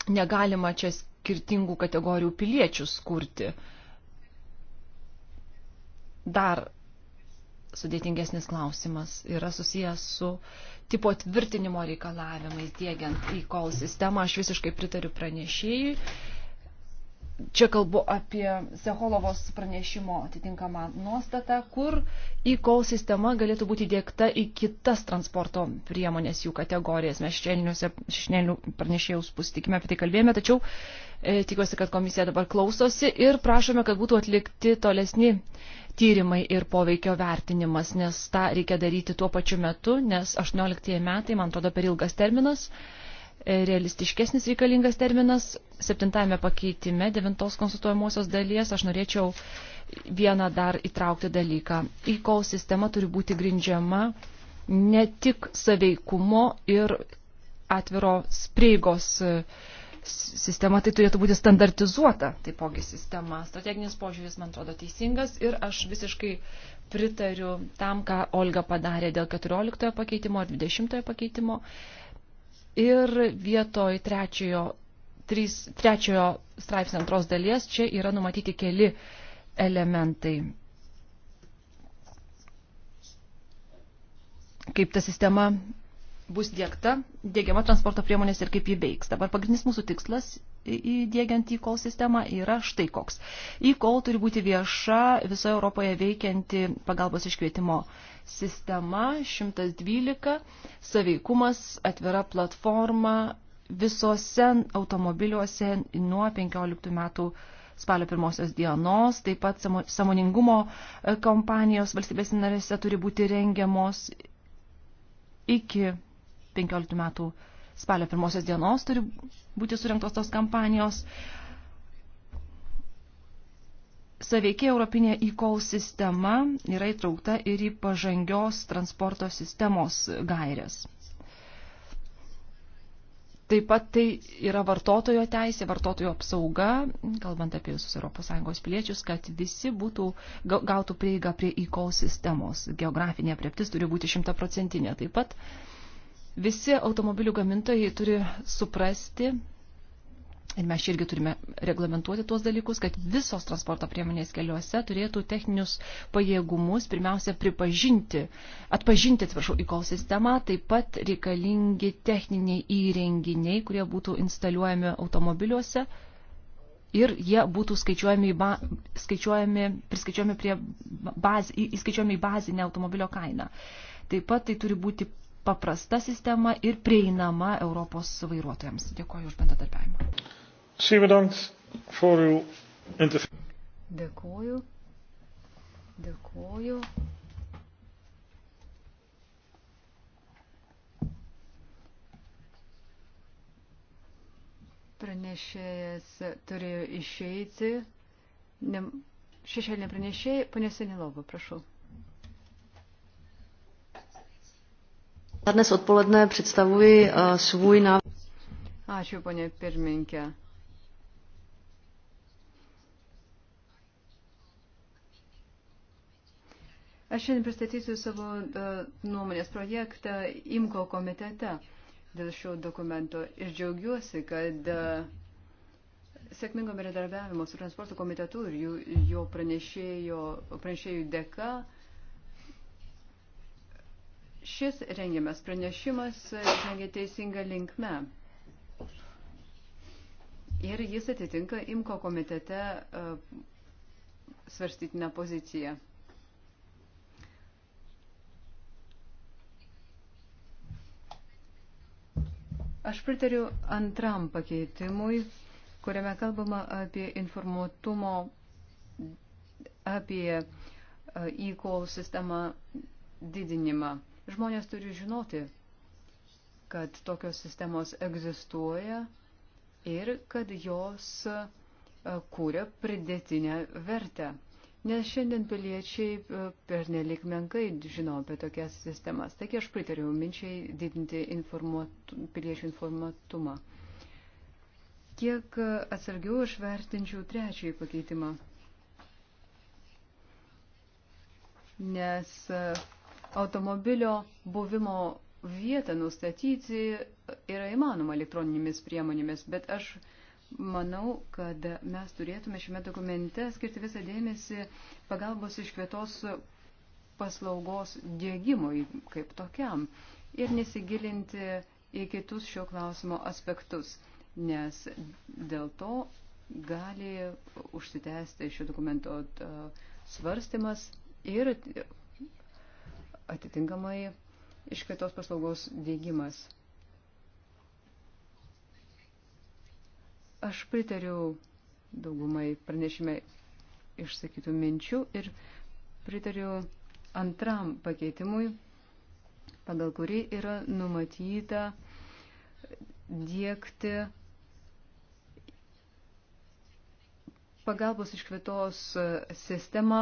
Negalima čia skirtingų kategorijų piliečių skurti. Dar sudėtingesnis klausimas yra susijęs su tipo tvirtinimo reikalavimais dėgiant į e kol sistemą. Aš visiškai pritariu pranešėjui Čia kalbu apie Seholovos pranešimo atitinkamą nuostatą, kur e-call sistema galėtų būti dėkta į kitas transporto priemonės jų kategorijas. Mes šešėlinių pranešėjus pustikime apie tai kalbėjome, tačiau e, tikiuosi, kad komisija dabar klausosi ir prašome, kad būtų atlikti tolesni tyrimai ir poveikio vertinimas, nes tą reikia daryti tuo pačiu metu, nes 18 metai, man atrodo, per ilgas terminas. E, realistiškesnis reikalingas terminas. Septintame pakeitime, devintos konsultuojamosios dalies, aš norėčiau vieną dar įtraukti dalyką. E-call sistema turi būti grindžiama ne tik saveikumo ir atviro spreigos e, sistema, tai turėtų būti standartizuota, taipogi sistema. Strateginis požiūris, man atrodo, teisingas ir aš visiškai pritariu tam, ką Olga padarė dėl 14 pakeitimo ar 20 pakeitimo ir vietoj trečiojo, trys, trečiojo straipsnio antros dalies čia yra numatyti keli elementai. Kaip ta sistema bus dėkta, dėgiama transporto priemonės ir kaip jį veiks. Dabar pagrindinis mūsų tikslas įdėgiant e-call sistemą yra štai koks. E-call turi būti vieša visoje Europoje veikianti pagalbos iškvietimo sistema 112, saveikumas, atvira platforma visose automobiliuose nuo 15 metų spalio pirmosios dienos. Taip pat samoningumo e, kompanijos valstybės narėse turi būti rengiamos iki 15 metų spalio pirmosios dienos turi būti surinktos tos kampanijos. Saveikia Europinė e-call sistema yra įtraukta ir į pažangios transporto sistemos gairės. Taip pat tai yra vartotojo teisė, vartotojo apsauga, kalbant apie visus ES piliečius, kad visi būtų, gautų prieigą prie e-call sistemos. Geografinė prieptis turi būti šimtaprocentinė. Taip pat visi automobilių gamintojai turi suprasti, Ir mes irgi turime reglamentuoti tuos dalykus, kad visos transporto priemonės keliuose turėtų techninius pajėgumus, pirmiausia, pripažinti, atpažinti, atsiprašau, į kol sistemą, taip pat reikalingi techniniai įrenginiai, kurie būtų instaliuojami automobiliuose ir jie būtų skaičiuojami, ba, skaičiuojami, priskaičiuojami prie baz, į, įskaičiuojami į bazinę automobilio kainą. Taip pat tai turi būti paprasta sistema ir prieinama Europos vairuotojams. Dėkuoju už bendradarbiavimą. Zeer bedankt voor uw interview. Dėkuoju. Dėkuoju. Pranešėjas turėjo išeiti. Ne, šešėlinė pranešėja, ponė Senilova, prašau. Dnes odpoledne představuji uh, svůj návrh. Ačiū, ponė pirmininkė. Aš šiandien pristatysiu savo nuomonės projektą IMKO komitete dėl šio dokumento ir džiaugiuosi, kad sėkmingo bendradarbiavimo su transporto komitetu ir jų, jo pranešėjo, pranešėjų dėka šis rengiamas pranešimas žengia teisinga linkme. Ir jis atitinka IMKO komitete svarstytinę poziciją. Aš pritariu antram pakeitimui, kuriame kalbama apie informuotumo, apie e, e-call sistemą didinimą. Žmonės turi žinoti, kad tokios sistemos egzistuoja ir kad jos e, kūrė pridėtinę vertę nes šiandien piliečiai e, per nelik menkai žino apie tokias sistemas. Taigi aš pritariu minčiai didinti informuot, piliečių informatumą. Kiek e, atsargiau aš vertinčiau trečiąjį pakeitimą, nes e, automobilio buvimo vietą nustatyti yra įmanoma elektroninėmis priemonėmis, bet aš uh, manau, kad mes turėtume šiame dokumente skirti visą dėmesį pagalbos iškvietos paslaugos dėgymui kaip tokiam ir nesigilinti į kitus šio klausimo aspektus, nes dėl to gali užsitęsti šio dokumento svarstymas ir atitinkamai iškvietos paslaugos dėgymas. Aš pritariu daugumai pranešime išsakytų minčių ir pritariu antram pakeitimui, pagal kurį yra numatyta dėkti pagalbos iškvietos sistemą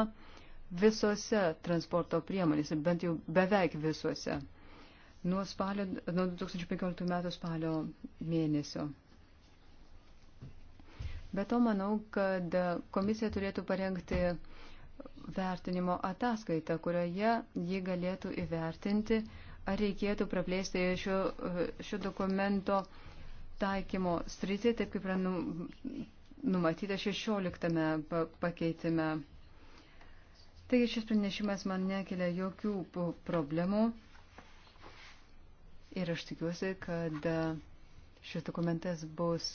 visose transporto priemonėse, bent jau beveik visose, nuo, spalio, nuo 2015 metų spalio mėnesio. Be to, manau, kad komisija turėtų parengti vertinimo ataskaitą, kurioje ji galėtų įvertinti, ar reikėtų praplėsti šio, šio dokumento taikymo sritį, taip kaip yra nu, numatyta 16 pakeitime. Taigi šis pranešimas man nekelia jokių problemų ir aš tikiuosi, kad šis dokumentas bus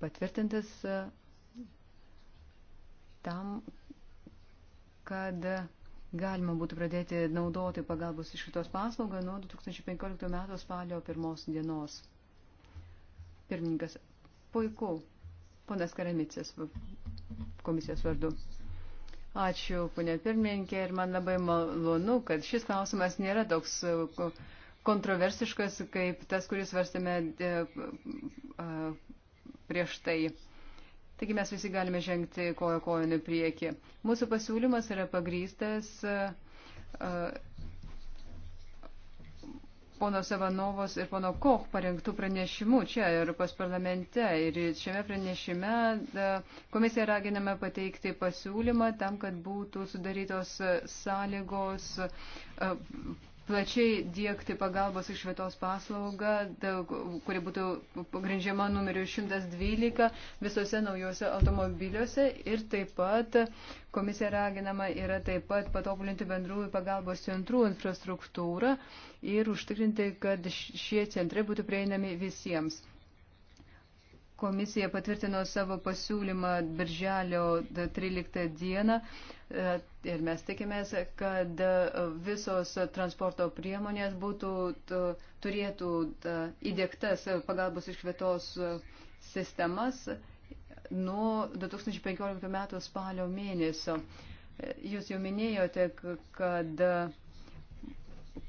patvirtintas e, tam, kad galima būtų pradėti naudoti pagalbos iš šitos paslaugą nuo 2015 metų spalio pirmos dienos. Pirmininkas, puiku, ponas Karamicės komisijos vardu. Ačiū, ponė pirmininkė, ir man labai malonu, kad šis klausimas nėra toks e, kontroversiškas, kaip tas, kuris varstėme e, prieš tai. Taigi mes visi galime žengti kojo kojonį priekį. Mūsų pasiūlymas yra pagrystas e, e, pono Savanovos ir pono Koch parengtų pranešimų čia Europos parlamente. Ir šiame pranešime e, komisija raginame pateikti pasiūlymą tam, kad būtų sudarytos sąlygos plačiai dėkti pagalbos išvietos paslaugą, kuri būtų pagrindžiama numeriu 112 visose naujose automobiliuose ir taip pat komisija raginama yra taip pat patobulinti bendrųjų pagalbos centrų infrastruktūrą ir užtikrinti, kad šie centrai būtų prieinami visiems. Komisija patvirtino savo pasiūlymą birželio 13 dieną e, ir mes tikimės, kad visos transporto priemonės būtų, turėtų įdėktas pagalbos iškvietos sistemas nuo 2015 m. spalio mėnesio. Jūs jau minėjote, kad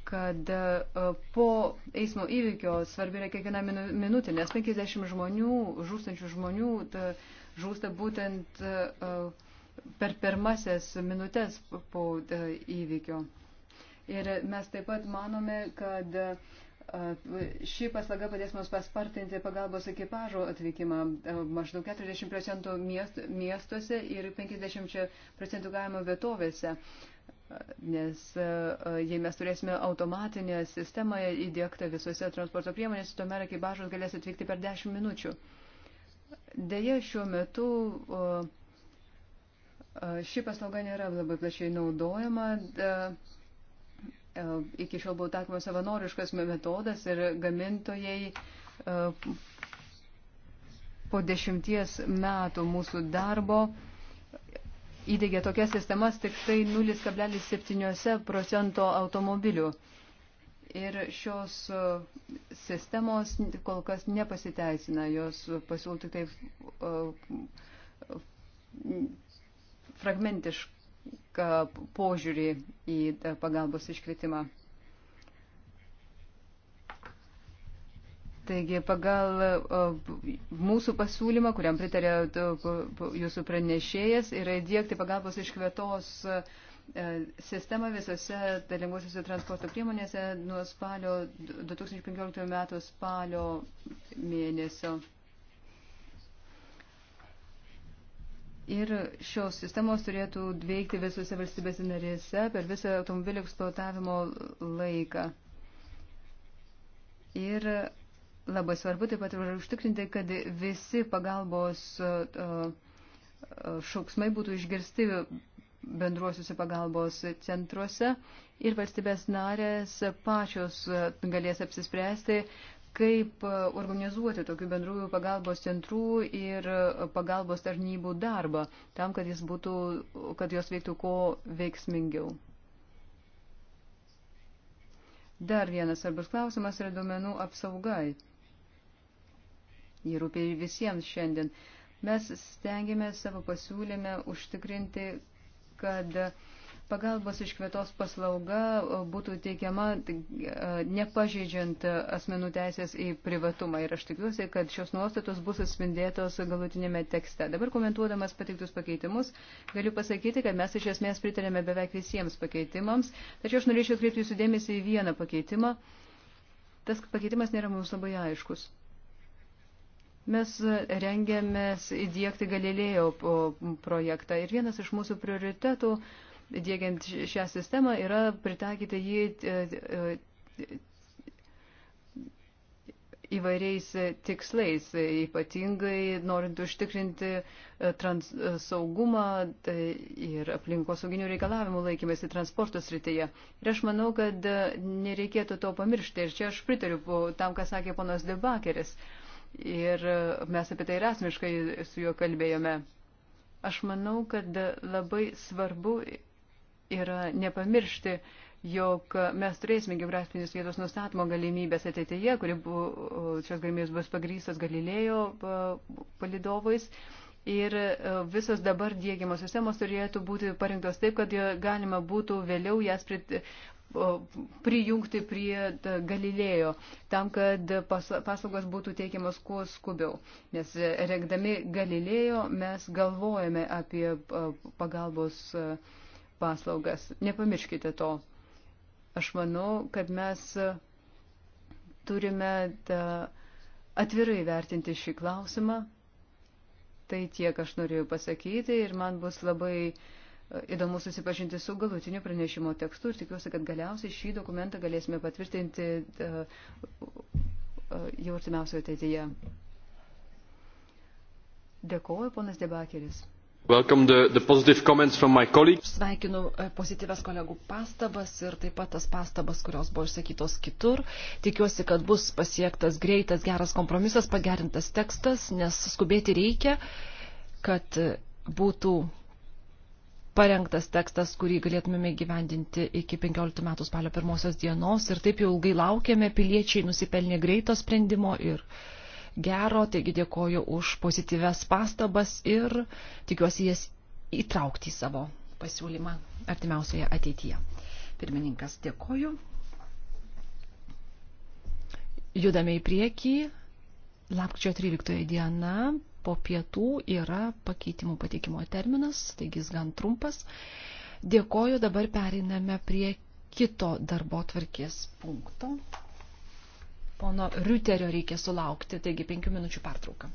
kad e, po eismo įvykio svarbi yra kiekviena minutė, nes 50 žmonių, žūstančių žmonių ta, žūsta būtent e, per pirmasias minutės po e, įvykio. Ir mes taip pat manome, kad ši paslauga padės mums paspartinti pagalbos ekipažo atvykimą maždaug 40 procentų miestuose ir 50 procentų galimo vietovėse. Nes e, e, jei mes turėsime automatinę sistemą įdėktą visose transporto priemonėse, tuomet ekibažas galės atvykti per 10 minučių. Deja, šiuo metu e, ši paslauga nėra labai plačiai naudojama. Iki šiol buvo taikomas savanoriškas metodas ir gamintojai po dešimties metų mūsų darbo įdėgė tokias sistemas tik tai 0,7 procento automobilių. Ir šios e, sistemos kol kas nepasiteisina, jos pasiūl tik taip e, fragmentišką požiūrį į e, pagalbos iškvietimą. Taigi pagal uh, mūsų pasiūlymą, kuriam pritarė uh, jūsų pranešėjas, yra įdėkti pagalbos iškvietos uh, sistemą visose lengvosiuose transporto priemonėse nuo spalio 2015 metų spalio mėnesio. Ir šios sistemos turėtų veikti visose valstybėse narėse per visą automobilio eksploatavimo laiką. Ir Labai svarbu taip pat ir užtikrinti, kad visi pagalbos e, e, šauksmai būtų išgirsti bendruosiuose pagalbos centruose ir valstybės narės pačios galės apsispręsti, kaip organizuoti tokių bendrųjų pagalbos centrų ir pagalbos tarnybų darbą, tam, kad, jis būtų, kad jos veiktų ko veiksmingiau. Dar vienas svarbus klausimas yra duomenų apsaugai jį rūpia ir visiems šiandien. Mes stengiame savo pasiūlyme užtikrinti, kad pagalbos iškvietos paslauga būtų teikiama e, nepažeidžiant asmenų teisės į privatumą. Ir aš tikiuosi, kad šios nuostatos bus atspindėtos galutinėme tekste. Dabar komentuodamas pateiktus pakeitimus, galiu pasakyti, kad mes iš esmės pritarėme beveik visiems pakeitimams. Tačiau aš norėčiau atkreipti jūsų dėmesį į vieną pakeitimą. Tas pakeitimas nėra mums labai aiškus. Mes rengiamės įdėkti Galilėjo projektą ir vienas iš mūsų prioritetų dėgiant šią sistemą yra pritaikyti jį e, e, įvairiais tikslais, ypatingai norint užtikrinti e, trans, saugumą tai ir aplinkosauginių reikalavimų laikymėsi transporto srityje. Ir aš manau, kad nereikėtų to pamiršti. Ir čia aš pritariu tam, ką sakė ponas Debakeris. Uh, Ir mes apie tai ir asmiškai su juo kalbėjome. Aš manau, kad labai svarbu yra nepamiršti, jog mes turėsime geografinės vietos nustatymo galimybės ateityje, kuri bu, šios galimybės bus pagrystos Galilėjo palidovais. Ir e, visos dabar dėgiamos sistemos turėtų būti parinktos taip, kad galima būtų vėliau jas prit, prijungti prie e, Galilėjo, tam, kad paslaugos būtų teikiamas kuo skubiau. Nes e, rengdami Galilėjo mes galvojame apie e, pagalbos paslaugas. Nepamirškite to. Aš manau, kad mes turime atvirai vertinti šį klausimą. Tai tiek aš norėjau pasakyti ir man bus labai uh, įdomu susipažinti su galutiniu pranešimo tekstu ir tikiuosi, kad galiausiai šį dokumentą galėsime patvirtinti e, e, jau artimiausioje ateityje. Dėkuoju, ponas Debakeris. Sveikinu e, pozityves kolegų pastabas ir taip pat tas pastabas, kurios buvo išsakytos kitur. Tikiuosi, kad bus pasiektas greitas, geras kompromisas, pagerintas tekstas, nes skubėti reikia, kad būtų parengtas tekstas, kurį galėtumėme gyvendinti iki 15 metų spalio pirmosios dienos ir taip jau ilgai laukėme, piliečiai nusipelnė greito sprendimo ir gero, taigi dėkoju už pozityves pastabas ir tikiuosi jas įtraukti į savo pasiūlymą artimiausioje ateityje. Pirmininkas, dėkoju. Judame į priekį. Lapkričio 13 diena po pietų yra pakeitimų pateikimo terminas, taigi jis gan trumpas. Dėkoju, dabar pereiname prie kito darbo tvarkės punkto. Pono Riuterio reikia sulaukti, taigi penkių minučių pertrauką.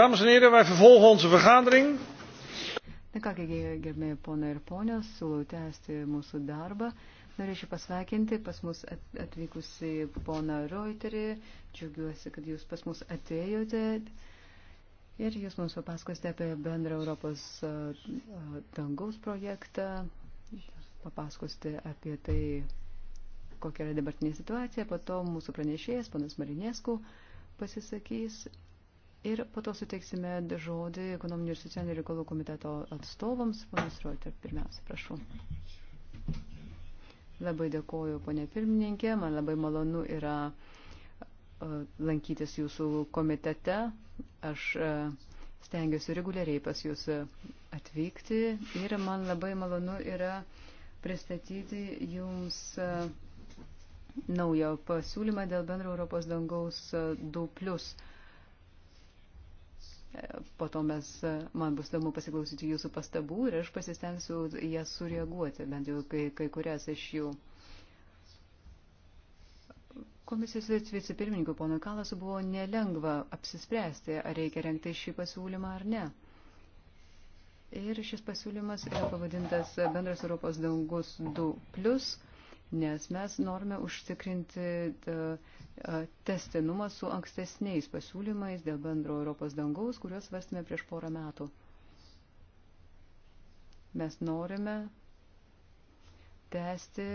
Dames en heren, wij vervolgen onze vergadering. Na kągi, gerbėjai ponai ir ponios, siūlau tęsti mūsų darbą. Norėčiau pasveikinti pas mus atvykusi poną Reuterį. Džiaugiuosi, kad jūs pas mus atėjote. Ir jūs mums papasakosite apie bendrą Europos dangaus projektą. Papasakosite apie tai, kokia yra dabartinė situacija. Po to mūsų pranešėjas, panas Marinėskų, pasisakys Ir po to suteiksime žodį ekonominių ir socialinių reikalų komiteto atstovams. Ponas Reuter, pirmiausia, prašau. Labai dėkoju, ponė pirmininkė. Man labai malonu yra e, lankytis jūsų komitete. Aš e, stengiuosi reguliariai pas jūs atvykti ir man labai malonu yra pristatyti jums e, naują pasiūlymą dėl bendro Europos dangaus 2 plus Po to mes, man bus įdomu pasiklausyti jūsų pastabų ir aš pasistengsiu jas sureaguoti, bent jau kai, kai kurias iš jų. Komisijos vicepirmininkų ponui Kalasu buvo nelengva apsispręsti, ar reikia renkti šį pasiūlymą ar ne. Ir šis pasiūlymas yra pavadintas Bendras Europos dangus 2 plus nes mes norime užtikrinti e, e, testinumą su ankstesniais pasiūlymais dėl bendro Europos dangaus, kuriuos svarstėme prieš porą metų. Mes norime tęsti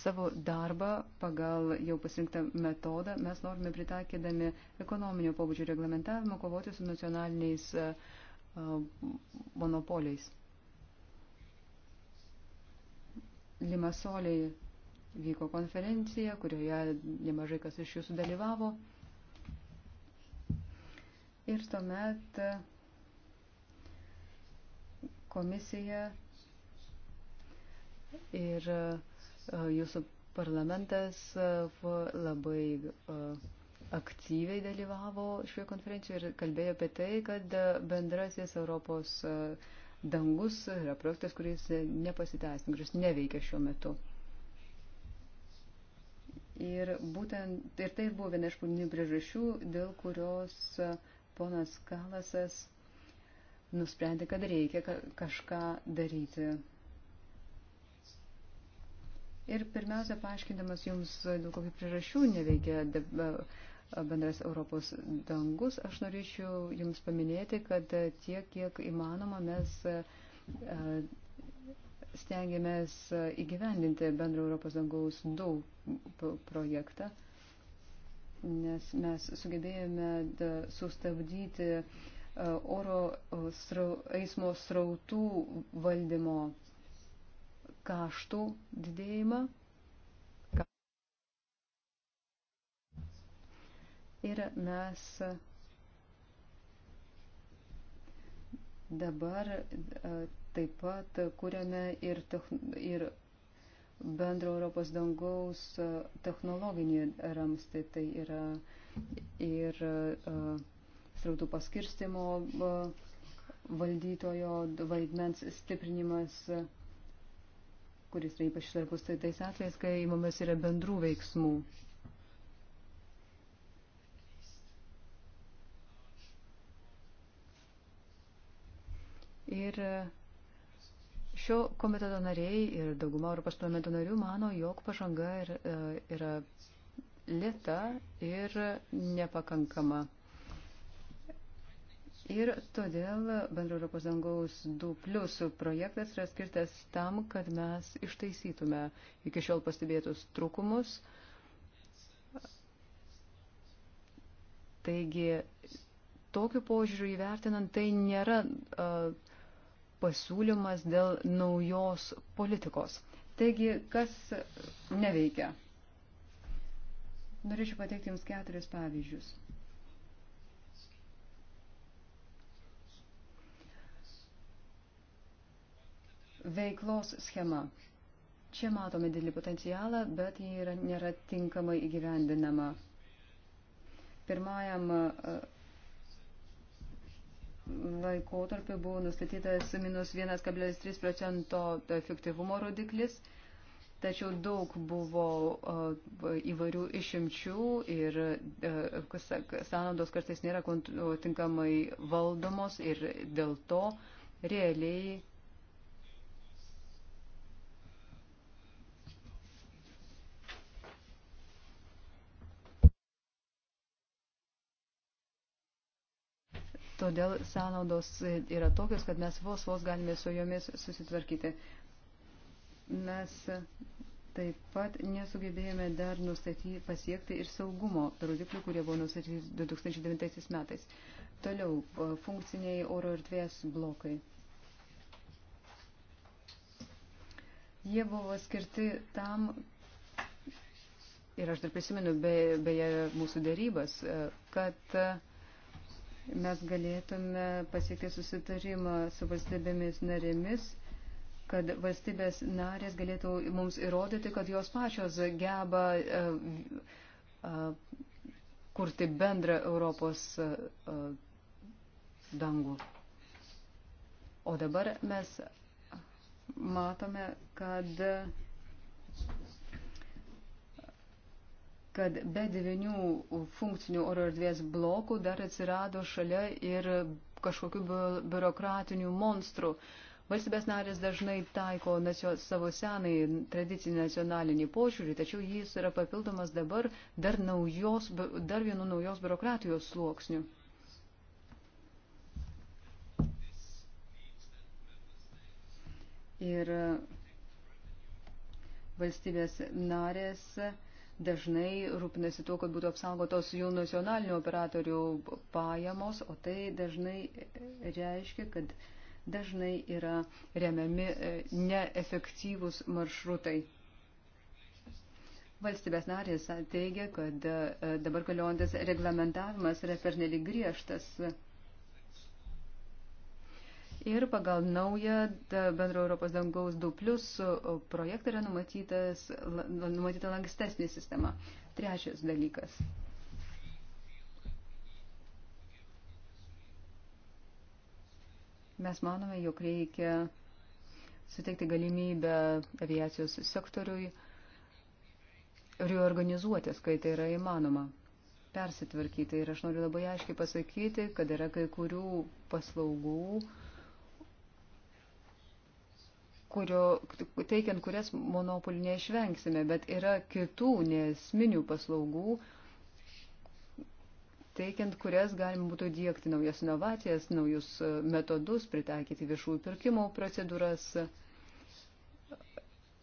savo darbą pagal jau pasirinktą metodą. Mes norime pritaikydami ekonominio pobūdžio reglamentavimą kovoti su nacionaliniais e, monopoliais. Uh, Limasoliai vyko konferencija, kurioje nemažai kas iš jūsų dalyvavo. Ir tuomet komisija ir e, jūsų parlamentas e, labai e, aktyviai dalyvavo šioje konferencijoje ir kalbėjo apie tai, kad bendrasis Europos uh, dangus yra projektas, kuris nepasiteisina, kuris neveikia šiuo metu. Ir būtent ir tai buvo viena iš pagrindinių priežasčių, dėl kurios e, ponas Kalasas nusprendė, kad reikia kažką daryti. Ir pirmiausia, paaiškindamas jums, dėl kokių priežasčių neveikia bendras Europos dangus, aš norėčiau Jums paminėti, kad tiek, kiek įmanoma, mes e, stengiamės įgyvendinti bendrą Europos dangaus 2 projektą, nes mes sugebėjome sustabdyti e, oro srau, eismo srautų valdymo kaštų didėjimą Ir mes dabar taip pat kūrėme ir, ir bendro Europos dangaus technologinį ramstį. Tai yra ir srautų paskirstimo valdytojo vaidmens stiprinimas, kuris yra ypač svarbus tai tais atvejais, kai įmamas yra bendrų veiksmų. Ir e, šio komiteto nariai ir dauguma Europos parlamento narių mano, jog pažanga yra, e, yra lėta ir nepakankama. Ir todėl bendro Europos dangaus 2 plus projektas yra skirtas tam, kad mes ištaisytume iki šiol pastebėtus trūkumus. Taigi, tokiu požiūriu įvertinant, tai nėra uh, pasiūlymas dėl naujos politikos. Taigi, kas neveikia? Norėčiau pateikti Jums keturis pavyzdžius. Veiklos schema. Čia matome didelį potencialą, bet ji yra, nėra tinkamai įgyvendinama. Pirmajam uh, laikotarpiu buvo nustatytas minus 1,3 procento efektyvumo rodiklis, tačiau daug buvo įvairių išimčių ir sąnaudos kartais nėra tinkamai valdomos ir dėl to realiai Todėl sąnaudos yra tokios, kad mes vos vos galime su jomis susitvarkyti. Mes taip pat nesugebėjome dar nustatyti, pasiekti ir saugumo rodiklių, kurie buvo nustatyti 2009 metais. Toliau funkciniai oro erdvės blokai. Jie buvo skirti tam, ir aš dar prisimenu beje be mūsų darybas, kad mes galėtume pasiekti susitarimą su valstybėmis narėmis, kad valstybės narės galėtų mums įrodyti, kad jos pačios geba e, e, kurti bendrą Europos e, dangų. O dabar mes matome, kad kad be devinių funkcinių oro erdvės blokų dar atsirado šalia ir kažkokių biurokratinių monstrų. Valstybės narės dažnai taiko nacio, savo senai tradicinį nacionalinį požiūrį, tačiau jis yra papildomas dabar dar, naujos, dar vienu naujos biurokratijos sluoksniu. Ir valstybės narės dažnai rūpinasi tuo, kad būtų apsaugotos jų nacionalinių operatorių pajamos, o tai dažnai reiškia, kad dažnai yra remiami e, neefektyvūs maršrutai. Valstybės narės teigia, kad e, dabar galiojantis reglamentavimas yra pernelyg griežtas ir pagal naują bendro Europos dangaus 2 plus projektą yra numatyta lankstesnė sistema. Trečias dalykas. Mes manome, jog reikia suteikti galimybę aviacijos sektoriui reorganizuotis, kai tai yra įmanoma, persitvarkyti. Ir aš noriu labai aiškiai pasakyti, kad yra kai kurių paslaugų, kurio, teikiant kurias monopolį neišvengsime, bet yra kitų nesminių paslaugų, teikiant kurias galima būtų dėkti naujas inovacijas, naujus e, metodus, pritaikyti viešųjų pirkimo procedūras.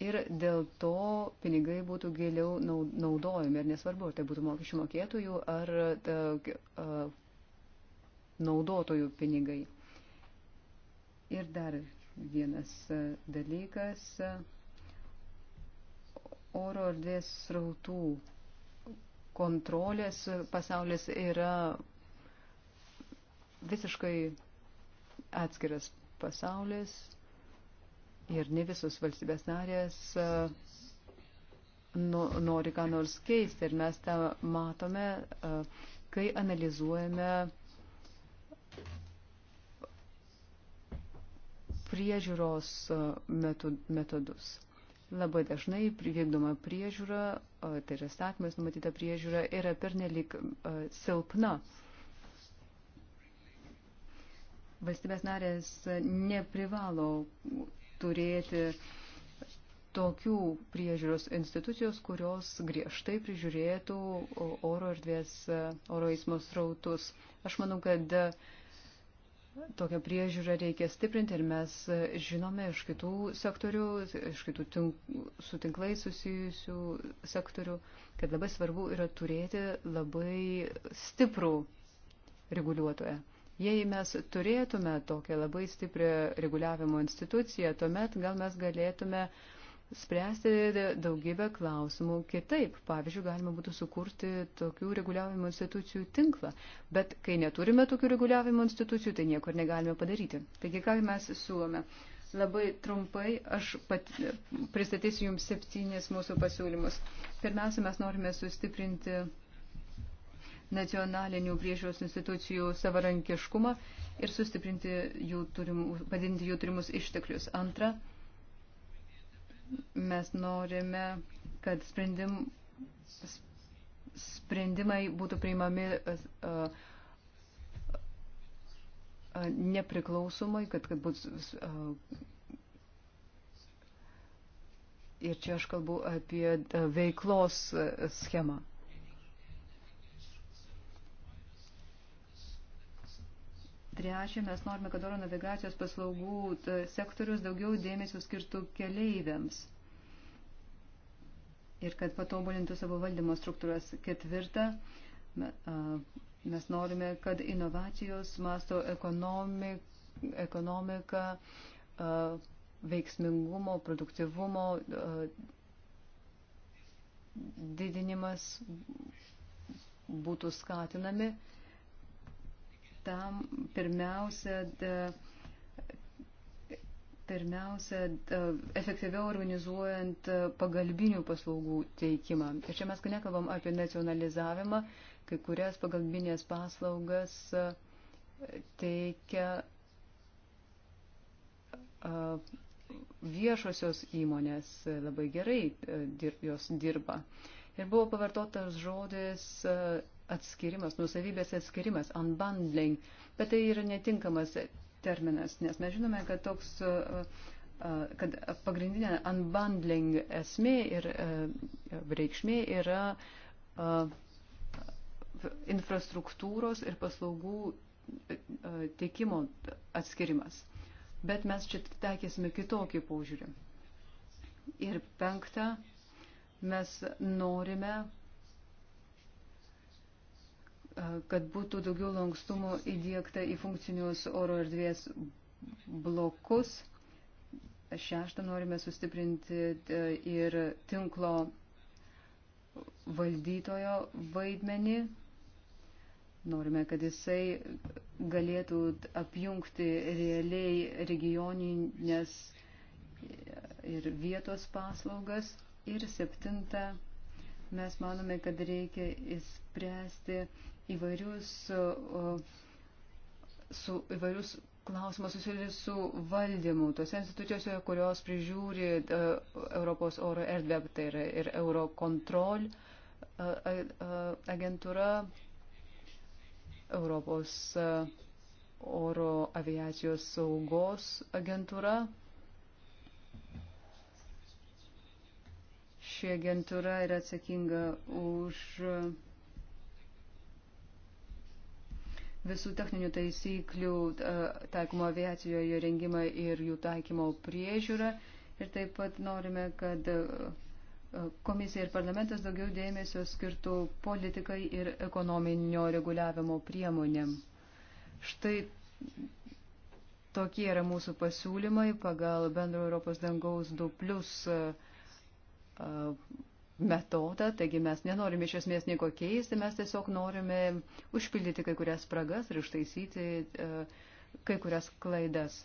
Ir dėl to pinigai būtų giliau naudojami. Ir nesvarbu, ar tai būtų mokesčių mokėtojų ar ta, a, naudotojų pinigai. Ir dar vienas e, dalykas e, - oro erdvės srautų kontrolės pasaulis yra visiškai atskiras pasaulis ir ne visos valstybės narės e, nori ką nors keisti ir mes tą matome, kai analizuojame priežiūros e, metodus. Labai dažnai vykdoma priežiūra, e, tai yra statmas numatyta priežiūra, yra pernelik e, silpna. Valstybės narės neprivalo turėti tokių priežiūros institucijos, kurios griežtai prižiūrėtų oro erdvės, oro eismo srautus. Aš manau, kad uh, Tokią priežiūrą reikia stiprinti ir mes žinome iš kitų sektorių, iš kitų tink, su tinklai susijusių sektorių, kad labai svarbu yra turėti labai stiprų reguliuotoją. Jei mes turėtume tokią labai stiprią reguliavimo instituciją, tuomet gal mes galėtume uh, spręsti daugybę klausimų kitaip. Pavyzdžiui, galima būtų sukurti tokių reguliavimo institucijų tinklą, bet kai neturime tokių reguliavimo institucijų, tai nieko ir negalime padaryti. Taigi, ką mes siūlome? Labai trumpai aš pat, pristatysiu Jums septynės mūsų pasiūlymus. Pirmiausia, mes norime sustiprinti nacionalinių priežiūros institucijų savarankiškumą ir sustiprinti jų turimų, padinti jų turimus išteklius. Antra, Mes norime, kad sprendim, sprendimai būtų priimami uh, nepriklausomai, kad, kad bus. Uh, ir čia aš kalbu apie veiklos schemą. Trečia, mes norime, kad oro navigacijos paslaugų sektorius daugiau dėmesio skirtų keleiviams ir kad patobulintų savo valdymo struktūras. Ketvirta, mes norime, kad inovacijos masto ekonomik, ekonomika veiksmingumo, produktivumo didinimas būtų skatinami tam pirmiausia, da, pirmiausia da, efektyviau organizuojant e, pagalbinių paslaugų teikimą. Ir čia mes nekalbam apie nacionalizavimą, kai kurias pagalbinės paslaugas e, teikia e, viešosios įmonės labai gerai dir, jos dirba. Ir buvo pavartotas žodis atskirimas, nusavybės atskirimas, unbundling, bet tai yra netinkamas terminas, nes mes žinome, kad toks, kad pagrindinė unbundling esmė ir reikšmė yra infrastruktūros ir paslaugų teikimo atskirimas. Bet mes čia taikėsime kitokį požiūrį. Ir penkta, mes norime kad būtų daugiau lankstumo įdėkta į funkcinius oro erdvės blokus. Šeštą norime sustiprinti ir tinklo valdytojo vaidmenį. Norime, kad jisai galėtų apjungti realiai regioninės ir vietos paslaugas. Ir septinta, mes manome, kad reikia įspręsti įvairius, su, įvairius klausimus susijusius su valdymu tose institucijose, kurios prižiūri e, Europos oro erdvę, tai yra ir Eurocontrol e, agentūra, Europos e, oro aviacijos saugos agentūra. ši agentūra yra atsakinga už visų techninių taisyklių e, taikymo aviacijoje rengimą ir jų taikymo priežiūrą. Ir taip pat norime, kad e, e, komisija ir parlamentas daugiau dėmesio skirtų politikai ir ekonominio reguliavimo priemonėm. Štai tokie yra mūsų pasiūlymai pagal bendro Europos dangaus 2 plus metodą, taigi mes nenorime iš esmės nieko keisti, mes tiesiog norime užpildyti kai kurias spragas ir ištaisyti e, kai kurias klaidas.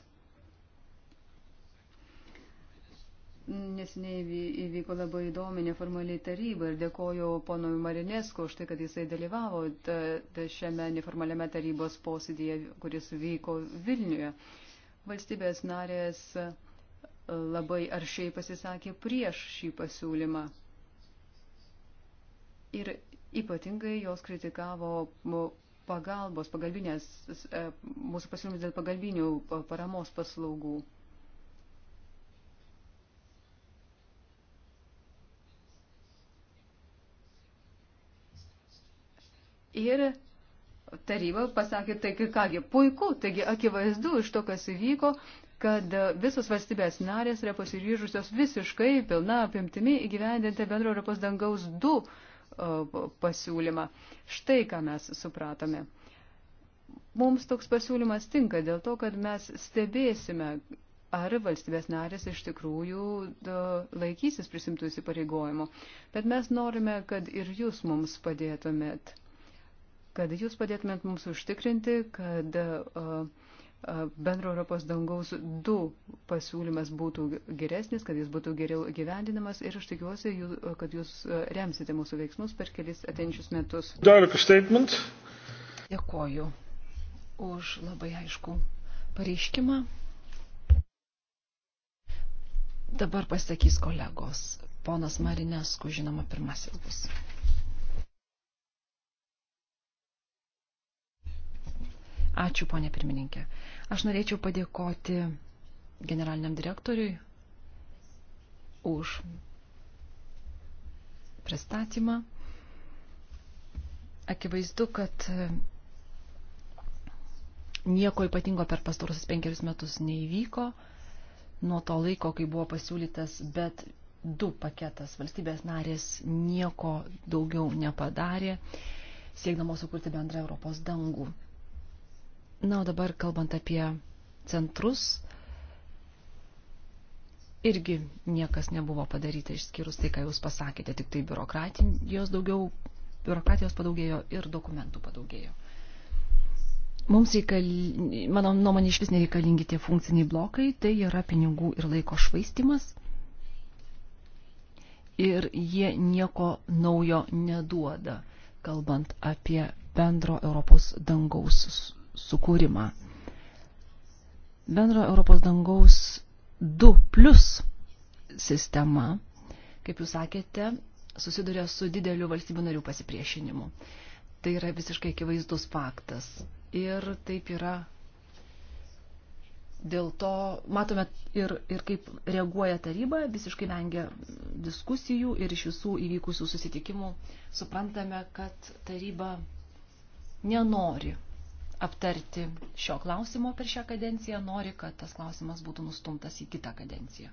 Nesiniai įvyko labai įdomi neformaliai taryba ir dėkoju ponui Marinesku už tai, kad jisai dalyvavo e, e, šiame neformaliame tarybos posėdėje, kuris vyko Vilniuje. Valstybės narės labai aršiai pasisakė prieš šį pasiūlymą ir ypatingai jos kritikavo pagalbos, pagalbinės, e, mūsų pasiūlymus dėl pagalbinių paramos paslaugų. Ir taryba pasakė, taigi kągi, puiku, taigi akivaizdu iš to, kas įvyko, kad visos valstybės narės yra pasiryžusios visiškai pilna apimtimi įgyvendinti bendro Europos dangaus 2 pasiūlymą. Štai ką mes supratome. Mums toks pasiūlymas tinka dėl to, kad mes stebėsime, ar valstybės narės iš tikrųjų laikysis prisimtų įsipareigojimų. Bet mes norime, kad ir jūs mums padėtumėt. Kad jūs padėtumėt mums užtikrinti, kad uh, bendro Europos dangaus 2 pasiūlymas būtų geresnis, kad jis būtų geriau gyvendinamas ir aš tikiuosi, kad jūs remsite mūsų veiksmus per kelis atenčius metus. Dėkoju už labai aišku pareiškimą. Dabar pasakys kolegos. Ponas Marinesku, žinoma, pirmasis bus. Ačiū, ponė pirmininkė. Aš norėčiau padėkoti generaliniam direktoriui už pristatymą. Akivaizdu, kad nieko ypatingo per pastarusius penkerius metus neįvyko nuo to laiko, kai buvo pasiūlytas, bet du paketas valstybės narės nieko daugiau nepadarė, siekdamos sukurti bendrą Europos dangų. Na, o dabar kalbant apie centrus, irgi niekas nebuvo padaryta išskyrus tai, ką jūs pasakėte, tik tai biurokratijos daugiau, biurokratijos padaugėjo ir dokumentų padaugėjo. Mums reikalingi, mano nuomonė, iš vis nereikalingi tie funkciniai blokai, tai yra pinigų ir laiko švaistimas. Ir jie nieko naujo neduoda, kalbant apie bendro Europos dangaus sukūrimą. Bendro Europos dangaus 2 plus sistema, kaip jūs sakėte, susiduria su dideliu valstybių narių pasipriešinimu. Tai yra visiškai akivaizdus faktas. Ir taip yra. Dėl to matome ir, ir kaip reaguoja taryba, visiškai vengia diskusijų ir iš visų įvykusių susitikimų suprantame, kad taryba nenori aptarti šio klausimo per šią kadenciją, nori, kad tas klausimas būtų nustumtas į kitą kadenciją.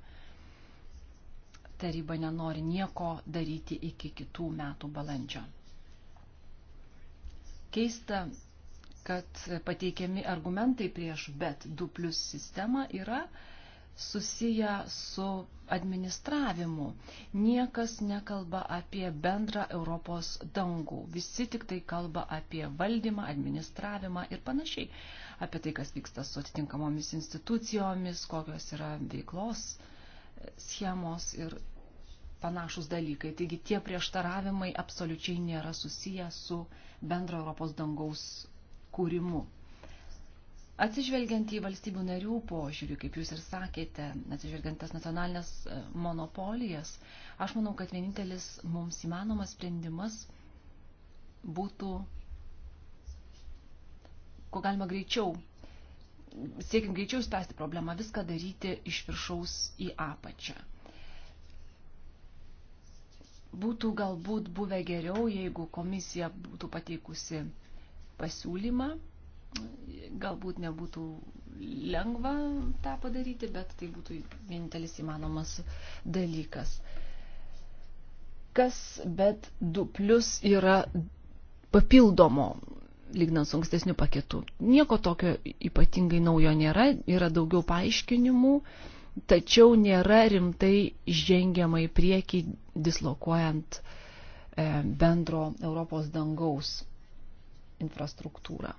Taryba nenori nieko daryti iki kitų metų balandžio. Keista, kad pateikiami argumentai prieš bet 2 plus sistemą yra uh, susiję su administravimu. Niekas nekalba apie bendrą Europos dangų. Visi tik tai kalba apie valdymą, administravimą ir panašiai. Apie tai, kas vyksta su atitinkamomis institucijomis, kokios yra veiklos e, schemos ir panašus dalykai. Taigi tie prieštaravimai absoliučiai nėra susiję su bendro Europos dangaus kūrimu. Atsižvelgiant į valstybių narių požiūrį, kaip jūs ir sakėte, atsižvelgiant tas nacionalinės e, monopolijas, aš manau, kad vienintelis mums įmanomas sprendimas būtų, ko galima greičiau, siekiant greičiau spręsti problemą, viską daryti iš viršaus į apačią. Būtų galbūt buvę geriau, jeigu komisija būtų pateikusi pasiūlymą Galbūt nebūtų lengva tą padaryti, bet tai būtų vienintelis įmanomas dalykas. Kas bet 2 plus yra papildomo lygnant su ankstesniu paketu. Nieko tokio ypatingai naujo nėra, yra daugiau paaiškinimų, tačiau nėra rimtai žengiama į priekį dislokuojant e, bendro Europos dangaus infrastruktūrą.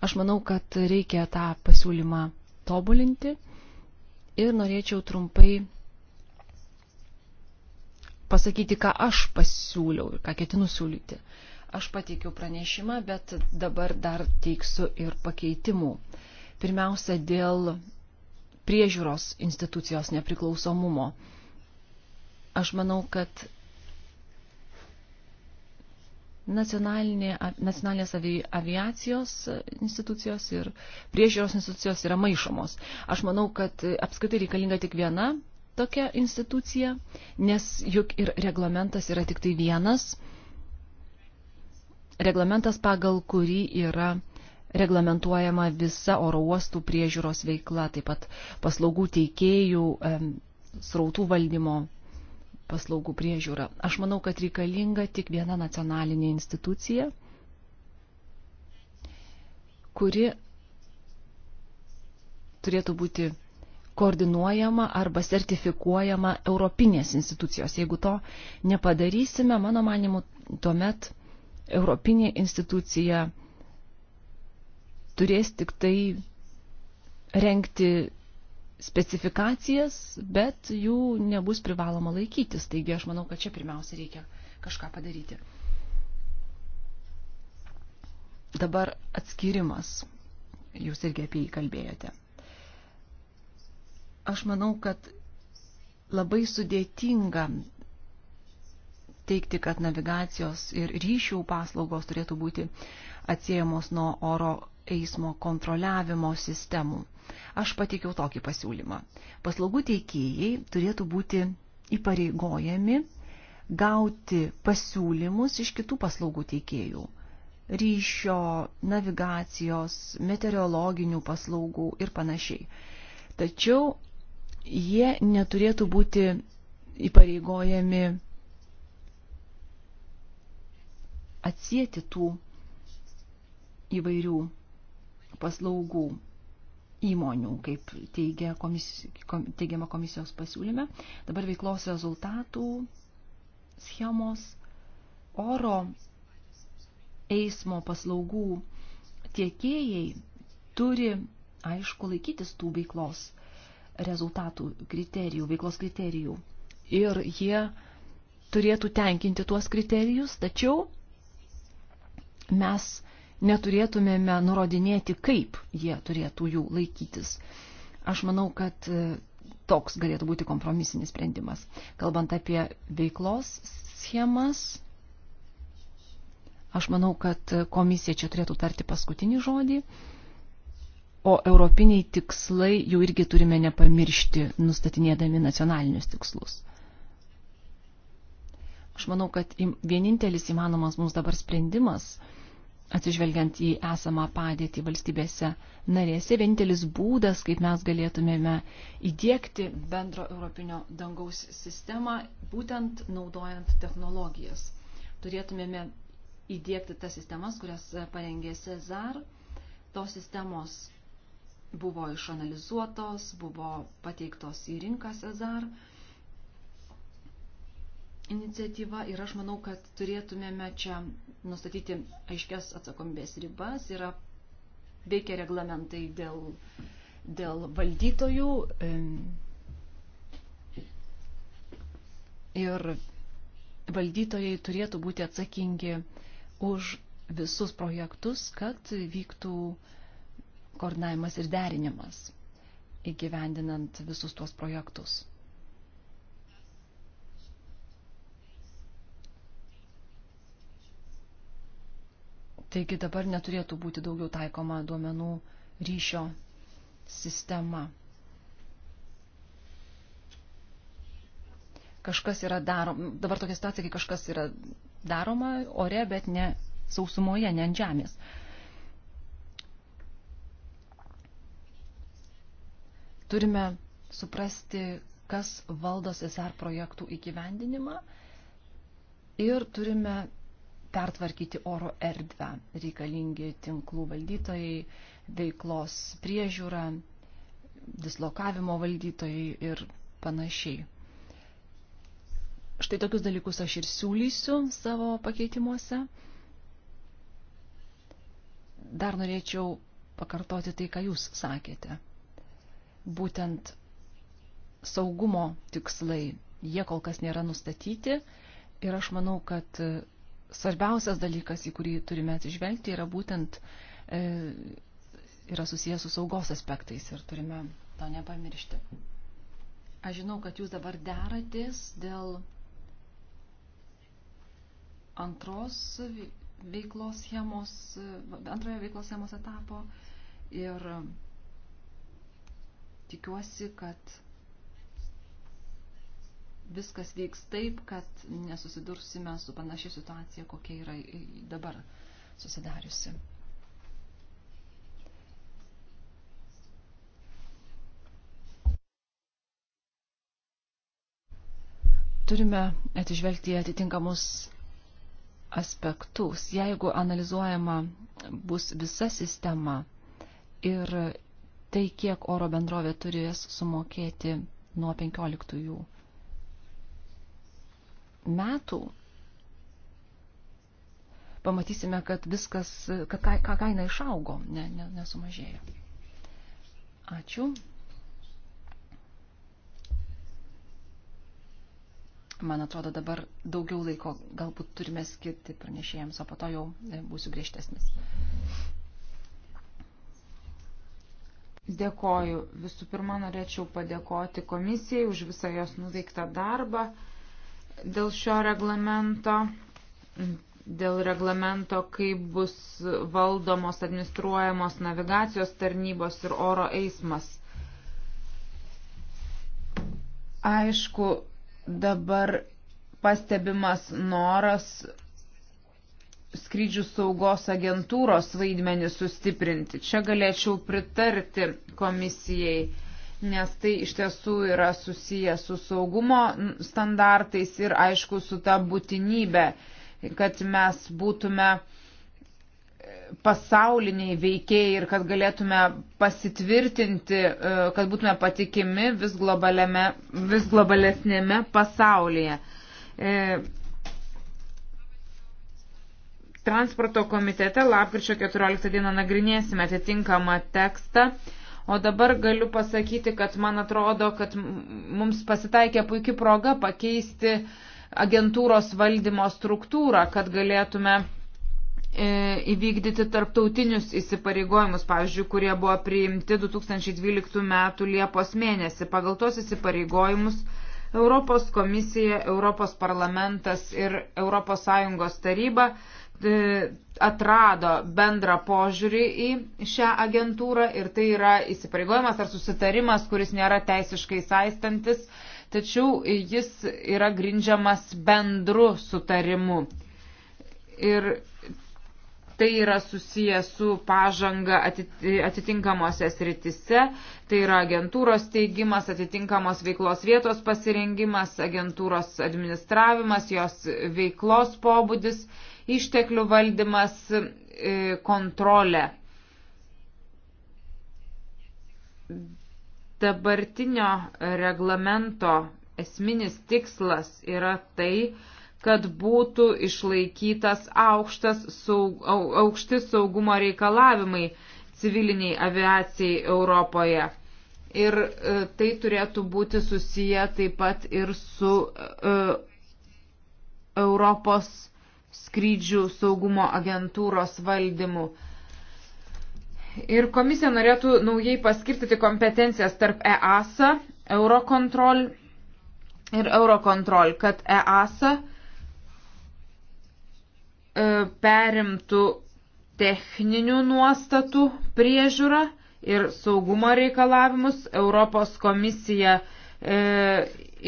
Aš manau, kad reikia tą pasiūlymą tobulinti ir norėčiau trumpai pasakyti, ką aš pasiūliau ir ką ketinu siūlyti. Aš pateikiau pranešimą, bet dabar dar teiksiu ir pakeitimų. Pirmiausia, dėl priežiūros institucijos nepriklausomumo. Aš manau, kad Nacionalinė, nacionalinės aviacijos institucijos ir priežiūros institucijos yra maišomos. Aš manau, kad apskritai reikalinga tik viena tokia institucija, nes juk ir reglamentas yra tik tai vienas. Reglamentas, pagal kurį yra reglamentuojama visa oro uostų priežiūros veikla, taip pat paslaugų teikėjų, srautų valdymo paslaugų priežiūrą. Aš manau, kad reikalinga tik viena nacionalinė institucija, kuri turėtų būti koordinuojama arba sertifikuojama Europinės institucijos. Jeigu to nepadarysime, mano manimu, tuomet Europinė institucija turės tik tai renkti specifikacijas, bet jų nebus privaloma laikytis. Taigi aš manau, kad čia pirmiausia reikia kažką padaryti. Dabar atskirimas. Jūs irgi apie jį kalbėjote. Aš manau, kad labai sudėtinga teikti, kad navigacijos ir ryšių paslaugos turėtų būti atsiejamos nuo oro eismo kontroliavimo sistemų. Aš pateikiau tokį pasiūlymą. Paslaugų teikėjai turėtų būti įpareigojami gauti pasiūlymus iš kitų paslaugų teikėjų - ryšio, navigacijos, meteorologinių paslaugų ir panašiai. Tačiau jie neturėtų būti įpareigojami atsijėti tų įvairių paslaugų įmonių, kaip teigia komisijos, teigiama komisijos pasiūlyme. Dabar veiklos rezultatų schemos oro eismo paslaugų tiekėjai turi, aišku, laikytis tų veiklos rezultatų kriterijų, veiklos kriterijų. Ir jie turėtų tenkinti tuos kriterijus, tačiau mes neturėtumėme nurodinėti, kaip jie turėtų jų laikytis. Aš manau, kad e, toks galėtų būti kompromisinis sprendimas. Kalbant apie veiklos schemas, aš manau, kad e, komisija čia turėtų tarti paskutinį žodį. O europiniai tikslai jau irgi turime nepamiršti, nustatinėdami nacionalinius tikslus. Aš manau, kad vienintelis įmanomas mums dabar sprendimas – atsižvelgiant į esamą padėtį valstybėse narėse, vienintelis būdas, kaip mes galėtumėme įdėkti bendro europinio dangaus sistemą, būtent naudojant technologijas. Turėtumėme įdėkti tas sistemas, kurias parengė Cezar. Tos sistemos buvo išanalizuotos, buvo pateiktos į rinką Cezar iniciatyva ir aš manau, kad turėtumėme čia nustatyti aiškias atsakomybės ribas. Yra veikia reglamentai dėl, dėl valdytojų ir valdytojai turėtų būti atsakingi už visus projektus, kad vyktų koordinavimas ir derinimas įgyvendinant visus tuos projektus. Taigi dabar neturėtų būti daugiau taikoma duomenų ryšio sistema. Kažkas yra daroma, dabar tokia situacija, kai kažkas yra daroma ore, bet ne sausumoje, ne ant žemės. Turime suprasti, kas valdo SSR projektų įgyvendinimą ir turime pertvarkyti oro erdvę. Reikalingi tinklų valdytojai, veiklos priežiūra, dislokavimo valdytojai ir panašiai. Štai tokius dalykus aš ir siūlysiu savo pakeitimuose. Dar norėčiau pakartoti tai, ką jūs sakėte. Būtent saugumo tikslai, jie kol kas nėra nustatyti ir aš manau, kad svarbiausias dalykas, į kurį turime atsižvelgti, yra būtent e, yra susijęs su saugos aspektais ir turime to nepamiršti. Aš žinau, kad jūs dabar deratės dėl antros veiklos schemos, antrojo veiklos schemos etapo ir tikiuosi, kad viskas vyks taip, kad nesusidursime su panašia situacija, kokia yra dabar susidariusi. Turime atižvelgti atitinkamus aspektus. Jeigu analizuojama bus visa sistema ir tai, kiek oro bendrovė turės sumokėti nuo 15 metų pamatysime, kad viskas, kad ką kaina išaugo, ne, ne, nesumažėjo. Ačiū. Man atrodo, dabar daugiau laiko galbūt turime skirti pranešėjams, o po to jau e, būsiu griežtesnis. Dėkoju. Visų pirma, norėčiau padėkoti komisijai už visą jos nuveiktą darbą dėl šio reglamento, dėl reglamento, kaip bus valdomos, administruojamos navigacijos tarnybos ir oro eismas. Aišku, dabar pastebimas noras skrydžių saugos agentūros vaidmenį sustiprinti. Čia galėčiau pritarti komisijai nes tai iš tiesų yra susiję su saugumo standartais ir aišku su ta būtinybė, kad mes būtume pasauliniai veikėjai ir kad galėtume pasitvirtinti, e, kad būtume patikimi vis, vis globalesnėme pasaulyje. E, transporto komitete lapkričio 14 dieną nagrinėsime atitinkamą tekstą. O dabar galiu pasakyti, kad man atrodo, kad mums pasitaikė puikia proga pakeisti agentūros valdymo struktūrą, kad galėtume e, įvykdyti tarptautinius įsipareigojimus, pavyzdžiui, kurie buvo priimti 2012 m. Liepos mėnesį. Pagal tos įsipareigojimus Europos komisija, Europos parlamentas ir ES taryba E, atrado bendrą požiūrį į šią agentūrą ir tai yra įsipareigojimas ar susitarimas, kuris nėra teisiškai saistantis, tačiau jis yra grindžiamas bendru sutarimu. Ir tai yra susiję su pažanga atitinkamose sritise, tai yra agentūros teigimas, atitinkamos veiklos vietos pasirengimas, agentūros administravimas, jos veiklos pobūdis išteklių valdymas, e, kontrolė. Dabartinio reglamento esminis tikslas yra tai, kad būtų išlaikytas aukštas, saug, aukšti saugumo reikalavimai civiliniai aviacijai Europoje. Ir e, tai turėtų būti susiję taip pat ir su e, Europos skrydžių saugumo agentūros valdymu. Ir komisija norėtų naujai paskirtyti kompetencijas tarp EASA, Eurocontrol ir Eurocontrol, kad EASA e, perimtų techninių nuostatų priežiūrą ir saugumo reikalavimus, Europos komisija e,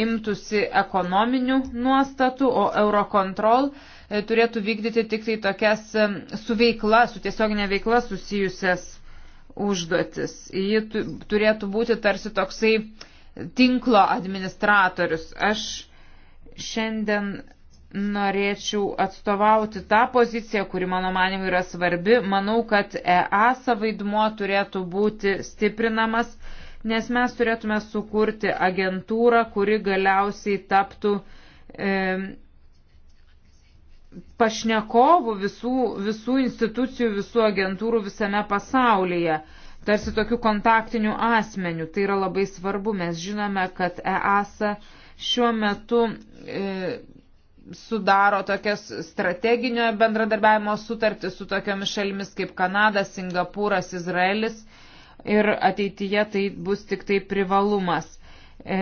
imtųsi ekonominių nuostatų, o Eurocontrol e, E, turėtų vykdyti tik tai tokias e, su veikla, su tiesioginė veikla susijusias užduotis. Ji turėtų būti tarsi toksai tinklo administratorius. Aš šiandien norėčiau atstovauti tą poziciją, kuri mano manimu yra svarbi. Manau, kad EASA vaidmuo turėtų būti stiprinamas, nes mes turėtume sukurti agentūrą, kuri galiausiai taptų e, pašnekovų visų, visų institucijų, visų agentūrų visame pasaulyje, tarsi tokių kontaktinių asmenių. Tai yra labai svarbu. Mes žinome, kad EASA šiuo metu e, sudaro tokias strateginio bendradarbiavimo sutartį su tokiomis šalimis kaip Kanada, Singapūras, Izraelis ir ateityje tai bus tik tai privalumas. E,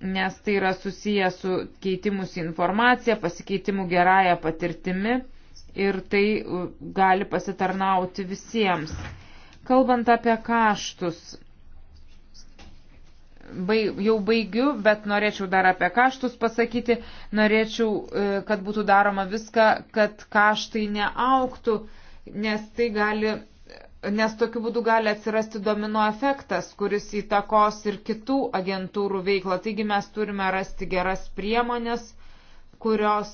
nes tai yra susiję su keitimus informacija, pasikeitimu gerąją patirtimi ir tai gali pasitarnauti visiems. Kalbant apie kaštus, baig, jau baigiu, bet norėčiau dar apie kaštus pasakyti. Norėčiau, e, kad būtų daroma viską, kad kaštai neauktų, nes tai gali nes tokiu būdu gali atsirasti domino efektas, kuris įtakos ir kitų agentūrų veiklą. Taigi mes turime rasti geras priemonės, kurios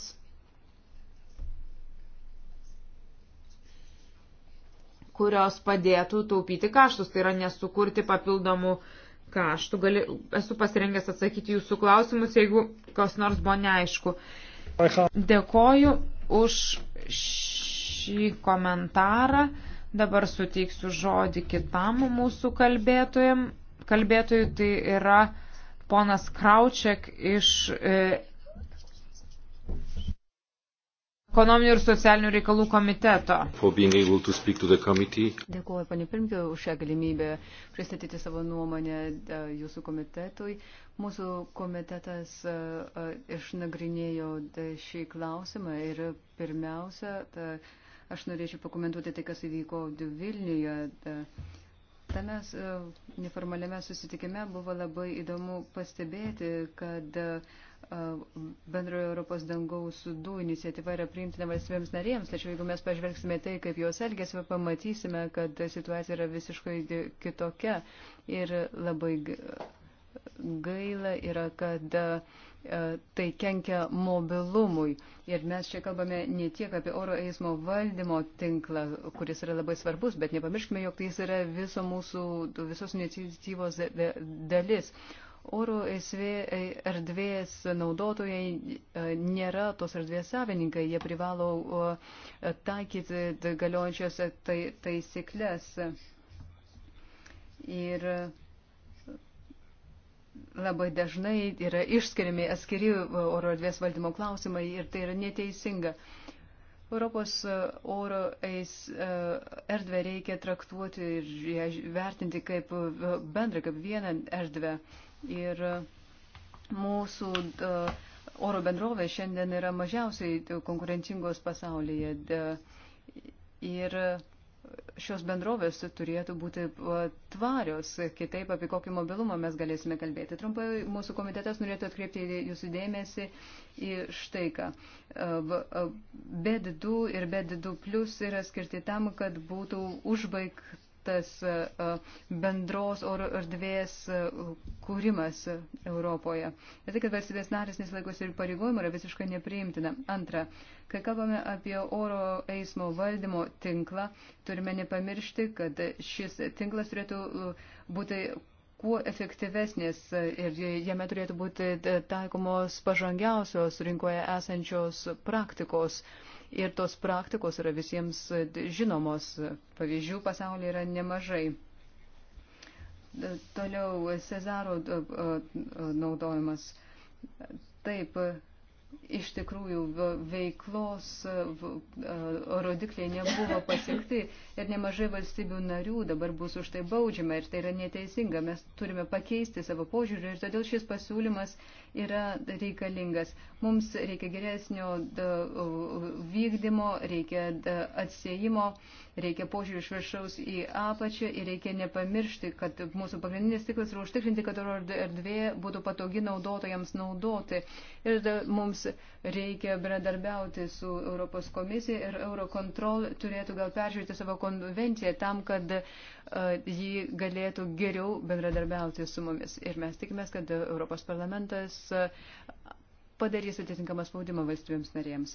kurios padėtų taupyti kaštus, tai yra nesukurti papildomų kaštų. Gali, esu pasirengęs atsakyti jūsų klausimus, jeigu kas nors buvo neaišku. Dėkoju už šį komentarą. Dabar suteiksiu žodį kitam mūsų kalbėtojim. Kalbėtojų tai yra ponas Kraučiak iš e, ekonominių ir socialinių reikalų komiteto. To Dėkuoju, panė Pirmkė, už šią galimybę pristatyti savo nuomonę e, jūsų komitetui. Mūsų komitetas e, išnagrinėjo šį klausimą ir pirmiausia, ta, Aš norėčiau pakomentuoti tai, kas įvyko Vilniuje. Tame e, neformaliame susitikime buvo labai įdomu pastebėti, kad e, bendrojo Europos dangaus dujų iniciatyva yra priimtina valstybėms narėms, tačiau jeigu mes pažvelgsime tai, kaip jos elgesi, pamatysime, kad situacija yra visiškai kitokia ir labai gaila yra, kad uh, E, tai kenkia mobilumui. Ir mes čia kalbame ne tiek apie oro eismo valdymo tinklą, kuris yra labai svarbus, bet nepamirškime, jog tai yra viso mūsų, visos iniciatyvos dalis. Oro e, erdvės naudotojai e, nėra tos erdvės savininkai, jie privalo taikyti galiojančias tai, taisyklės. Ir labai dažnai yra išskiriami atskiri e, oro erdvės valdymo klausimai ir tai yra neteisinga. Europos e, oro eis e, erdvę reikia traktuoti ir ją vertinti kaip bendrą, kaip vieną erdvę. Ir mūsų oro bendrovė šiandien yra mažiausiai konkurencingos pasaulyje. Ir šios bendrovės turėtų būti tvarios, kitaip apie kokį mobilumą mes galėsime kalbėti. Trumpai mūsų komitetas norėtų atkreipti jūsų dėmesį į štai ką. BED2 ir BED2 plus yra skirti tam, kad būtų užbaigta tas e, bendros oro erdvės e, kūrimas Europoje. Ir tai, kad valstybės narės nesilaikosi ir pareigojimų, yra visiškai nepriimtina. Antra, kai kalbame apie oro eismo valdymo tinklą, turime nepamiršti, kad šis tinklas turėtų e, būti kuo efektyvesnės ir jame turėtų būti taikomos pažangiausios rinkoje esančios praktikos. Uh, ir tos praktikos yra visiems žinomos. Pavyzdžių pasaulyje yra nemažai. Toliau Cezaro e, e, naudojimas. Taip, iš tikrųjų veiklos e, rodikliai nebuvo pasiekti ir nemažai valstybių narių dabar bus už tai baudžiama ir tai yra neteisinga. Mes turime pakeisti savo požiūrį ir todėl šis pasiūlymas yra reikalingas. Mums reikia geresnio vykdymo, reikia atsiejimo, reikia požiūrį iš viršaus į apačią ir reikia nepamiršti, kad mūsų pagrindinis tiklas yra užtikrinti, kad oro erdvė būtų patogi naudotojams naudoti. Ir mums reikia bendradarbiauti su Europos komisija ir Eurocontrol turėtų gal peržiūrėti savo konvenciją tam, kad ji galėtų geriau bendradarbiauti su mumis. Ir mes tikimės, kad Europos parlamentas E, padarys atitinkamą spaudimą valstybėms narėms.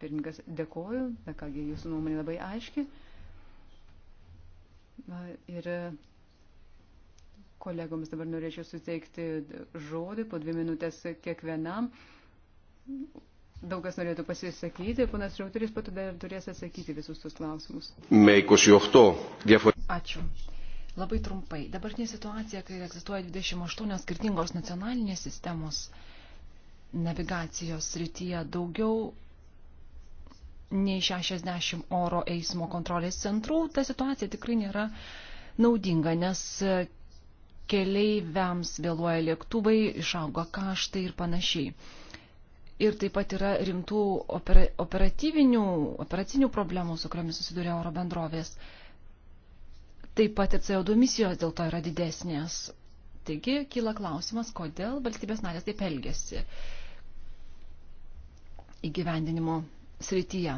Pirmininkas, dėkoju. Na kągi, jūsų nuomonė labai aiški. Na, ir e, kolegoms dabar norėčiau suteikti žodį po dvi minutės kiekvienam. Daug kas norėtų pasisakyti, ponas Rauteris pat tada ir turės atsakyti visus tos klausimus. Ačiū. Labai trumpai. Dabartinė situacija, kai egzistuoja 28 skirtingos nacionalinės sistemos navigacijos srityje, daugiau nei 60 oro eismo kontrolės centrų, ta situacija tikrai nėra naudinga, nes keleiviams vėluoja lėktuvai, išauga kaštai ir panašiai. Ir taip pat yra rimtų operatyvinių, operacinių problemų, su kuriamis susiduria oro bendrovės. Taip pat ir CO2 misijos dėl to yra didesnės. Taigi kyla klausimas, kodėl valstybės narės taip elgesi įgyvendinimo srityje.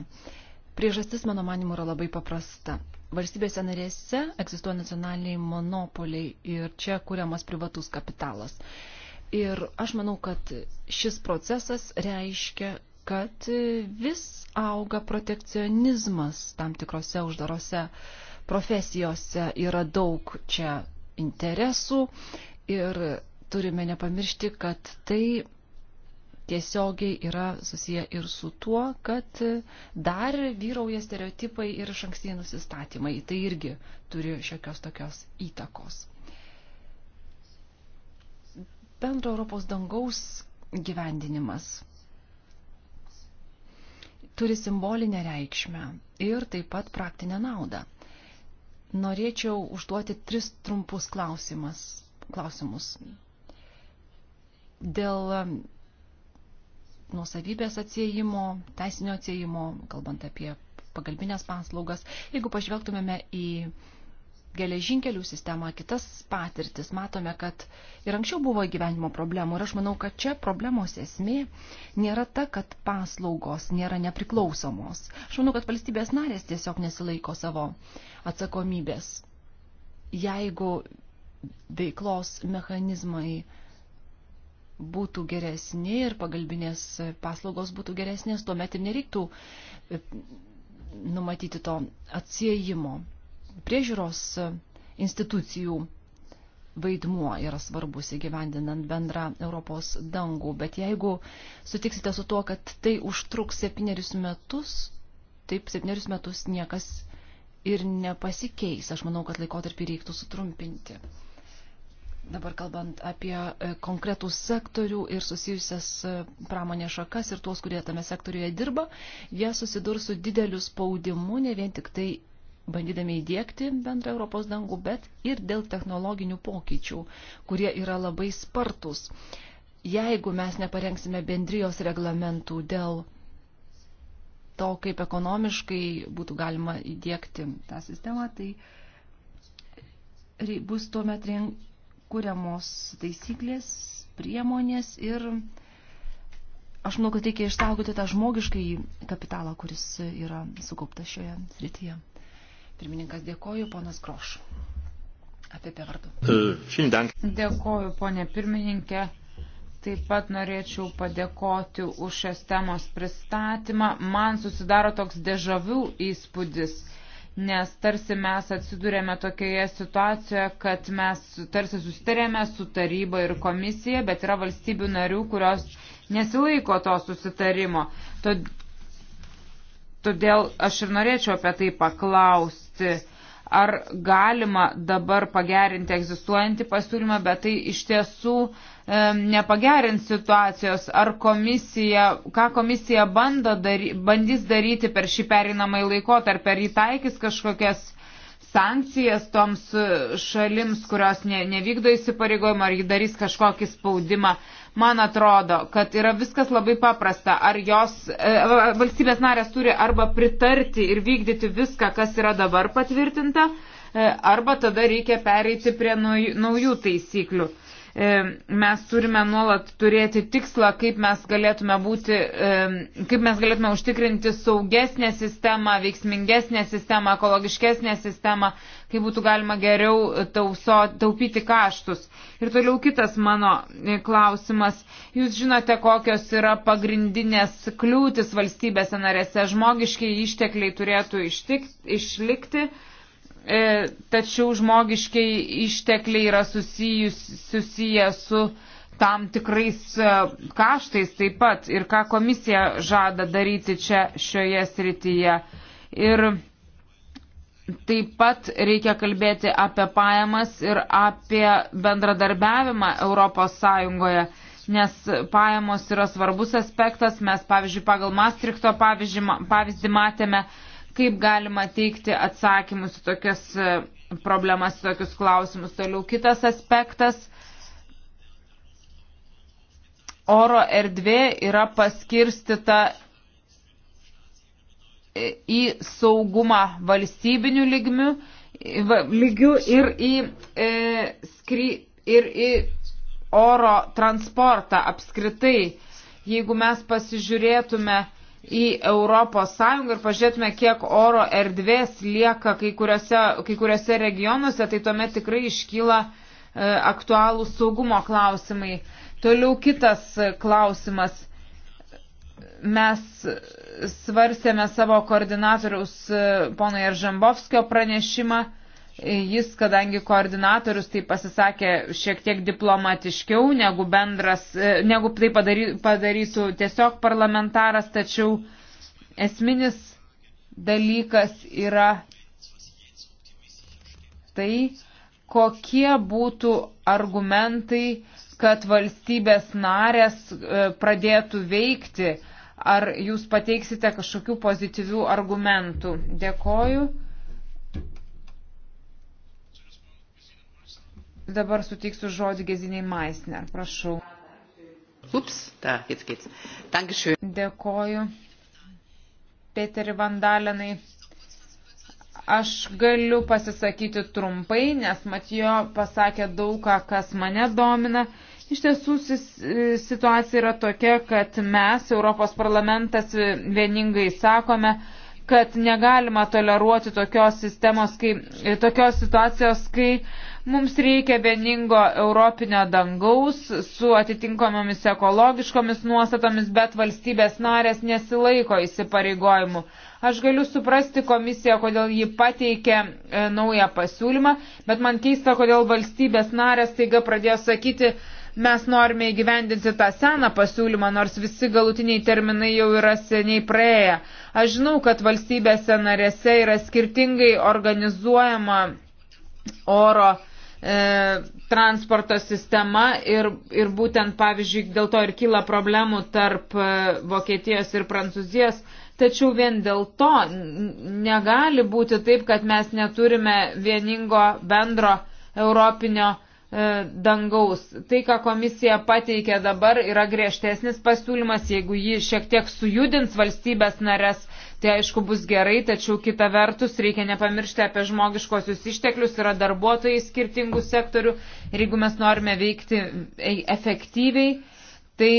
Priežastis, mano manimu, yra labai paprasta. Valstybėse narėse egzistuoja nacionaliniai monopoliai ir čia kuriamas privatus kapitalas. Ir aš manau, kad šis procesas reiškia, kad vis auga protekcionizmas tam tikrose uždarose uh, profesijose yra daug čia interesų ir turime nepamiršti, kad tai tiesiogiai yra susiję ir su tuo, kad dar vyrauja stereotipai ir iš ankstiniai nusistatymai. Tai irgi turi šiokios tokios įtakos. Bendro Europos dangaus gyvendinimas turi simbolinę reikšmę ir taip pat praktinę naudą norėčiau užduoti tris trumpus klausimas, klausimus. Dėl um, nuosavybės atsiejimo, teisinio atsiejimo, kalbant apie pagalbinės paslaugas, jeigu pažvelgtumėme į geležinkelių sistemą, kitas patirtis, matome, kad ir anksčiau buvo gyvenimo problemų ir aš manau, kad čia problemos esmė nėra ta, kad paslaugos nėra nepriklausomos. Aš manau, kad valstybės narės tiesiog nesilaiko savo atsakomybės. Jeigu veiklos mechanizmai būtų geresni ir pagalbinės paslaugos būtų geresnės, tuomet ir nereiktų e, numatyti to atsiejimo priežiūros institucijų vaidmuo yra svarbus įgyvendinant bendrą Europos dangų. Bet jeigu sutiksite su tuo, kad tai užtruks septynerius metus, taip septynerius metus niekas ir nepasikeis. Aš manau, kad laikotarpį reiktų sutrumpinti. Dabar kalbant apie e, konkretų sektorių ir susijusias e, pramonės šakas ir tuos, kurie tame sektoriuje dirba, jie susidurs su dideliu spaudimu ne vien tik tai bandydami įdėkti bendrą Europos dangų, bet ir dėl technologinių pokyčių, kurie yra labai spartus. Jeigu mes neparengsime bendrijos reglamentų dėl to, kaip ekonomiškai būtų galima įdėkti tą sistemą, tai bus tuomet kuriamos taisyklės, priemonės ir aš manau, kad reikia išsaugoti tą žmogiškai kapitalą, kuris yra sukauptas šioje srityje. Pirmininkas dėkoju, ponas Groš. Apie pevardų. E, dėkoju, ponė pirmininkė. Taip pat norėčiau padėkoti už šios temos pristatymą. Man susidaro toks dežavių įspūdis nes tarsi mes atsidūrėme tokioje situacijoje, kad mes tarsi susitarėme su taryba ir komisija, bet yra valstybių narių, kurios nesilaiko to susitarimo. Todėl aš ir norėčiau apie tai paklausti spręsti, ar galima dabar pagerinti egzistuojantį pasiūlymą, bet tai iš tiesų e, nepagerins situacijos, ar komisija, ką komisija bando dary, bandys daryti per šį perinamąjį laikotarpį, ar įtaikys kažkokias sankcijas toms e, šalims, kurios ne, nevykdo įsipareigojimą, ar jį darys kažkokį spaudimą. Man atrodo, kad yra viskas labai paprasta. Ar jos e, valstybės narės turi arba pritarti ir vykdyti viską, kas yra dabar patvirtinta, e, arba tada reikia pereiti prie naujų taisyklių. E, mes turime nuolat turėti tikslą, kaip mes galėtume, būti, e, kaip mes galėtume užtikrinti saugesnę sistemą, veiksmingesnę sistemą, ekologiškesnę sistemą, kaip būtų galima geriau tauso, taupyti kaštus. Ir toliau kitas mano e, klausimas. Jūs žinote, kokios yra pagrindinės kliūtis valstybėse narėse. Žmogiškiai ištekliai turėtų ištikti, išlikti, e, tačiau žmogiškiai ištekliai yra susijus, susiję su tam tikrais e, kaštais taip pat ir ką komisija žada daryti čia šioje srityje. Ir Taip pat reikia kalbėti apie pajamas ir apie bendradarbiavimą Europos Sąjungoje, nes pajamos yra svarbus aspektas. Mes, pavyzdžiui, pagal Maastrichto pavyzdį matėme, kaip galima teikti atsakymus į tokias e, problemas, į tokius klausimus. Toliau kitas aspektas. Oro erdvė yra paskirstita E, į saugumą valstybinių lygmių, lygių ir į, e, skry, ir į oro transportą apskritai. Jeigu mes pasižiūrėtume į Europos Sąjungą ir pažiūrėtume, kiek oro erdvės lieka kai kuriuose, kai kuriuose regionuose, tai tuomet tikrai iškyla e, aktualų saugumo klausimai. Toliau kitas klausimas. Mes svarstėme savo koordinatoriaus e, pono Jeržambovskio pranešimą. Jis, kadangi koordinatorius tai pasisakė šiek tiek diplomatiškiau negu, bendras, e, negu tai padary, padarytų tiesiog parlamentaras, tačiau esminis dalykas yra tai, kokie būtų argumentai, kad valstybės narės e, pradėtų veikti ar jūs pateiksite kažkokių pozityvių argumentų. Dėkoju. Dabar suteiksiu žodį Geziniai Maisner, prašau. Ups, ta, jetzt geht's. Dankeschön. Dėkoju. Peteri Vandalenai aš galiu pasisakyti trumpai, nes Matijo pasakė daug ką, kas mane domina. Iš tiesų e, situacija yra tokia, kad mes, Europos parlamentas, e, vieningai sakome, kad negalima toleruoti tokios, sistemos, kai, e, tokios situacijos, kai mums reikia vieningo europinio dangaus su atitinkomomis ekologiškomis nuostatomis, bet valstybės narės nesilaiko įsipareigojimų. Aš galiu suprasti komisiją, kodėl ji pateikė e, naują pasiūlymą, bet man keista, kodėl valstybės narės taiga pradėjo sakyti, mes norime įgyvendinti tą seną pasiūlymą, nors visi galutiniai terminai jau yra seniai praėję. Aš žinau, kad valstybėse narėse yra skirtingai organizuojama oro e, transporto sistema ir, ir būtent, pavyzdžiui, dėl to ir kyla problemų tarp e, Vokietijos ir Prancūzijos. Tačiau vien dėl to negali būti taip, kad mes neturime vieningo bendro europinio E, dangaus. Tai, ką komisija pateikė dabar, yra griežtesnis pasiūlymas, jeigu ji šiek tiek sujudins valstybės narės, tai aišku bus gerai, tačiau kita vertus reikia nepamiršti apie žmogiškosius išteklius, yra darbuotojai skirtingų sektorių ir jeigu mes norime veikti e, efektyviai, tai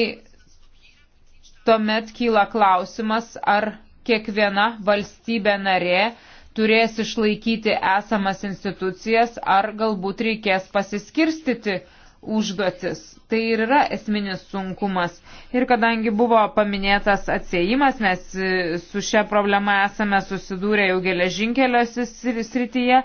tuomet kyla klausimas, ar kiekviena valstybė narė turės išlaikyti esamas institucijas ar galbūt reikės pasiskirstyti užduotis. Tai ir yra esminis sunkumas. Ir kadangi buvo paminėtas atsėjimas, nes e, su šia problema esame susidūrę jau geležinkelio srityje,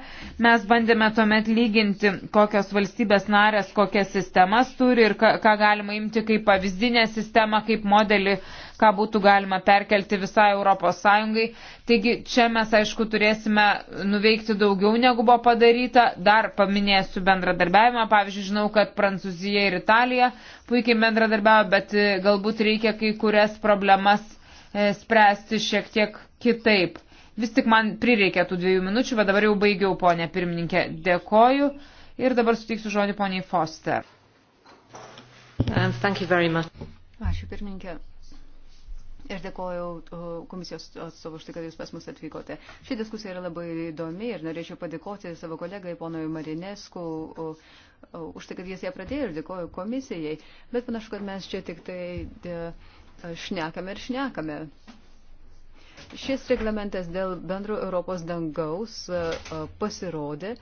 mes bandėme tuomet lyginti, kokios valstybės narės, kokias sistemas turi ir ką galima imti kaip pavyzdinę sistemą, kaip modelį ką būtų galima perkelti visai Europos Sąjungai. Taigi čia mes, aišku, turėsime nuveikti daugiau negu buvo padaryta. Dar paminėsiu bendradarbiavimą. Pavyzdžiui, žinau, kad Prancūzija ir Italija puikiai bendradarbiavo, bet e, galbūt reikia kai kurias problemas e, spręsti šiek tiek kitaip. Vis tik man prireikė tų dviejų minučių, bet dabar jau baigiau, ponė pirmininkė. Dėkoju ir dabar suteiksiu žodį poniai Foster. Um, Ačiū pirmininkė. Ir dėkoju komisijos atstovų už tai, kad jūs pas mus atvykote. Ši diskusija yra labai įdomi ir norėčiau padėkoti savo kolegai ponui Marinesku už tai, kad jis ją pradėjo ir dėkoju komisijai. Bet panašu, kad mes čia tik tai e, šnekame ir šnekame. Šis reglamentas dėl bendro Europos dangaus e, e, pasirodė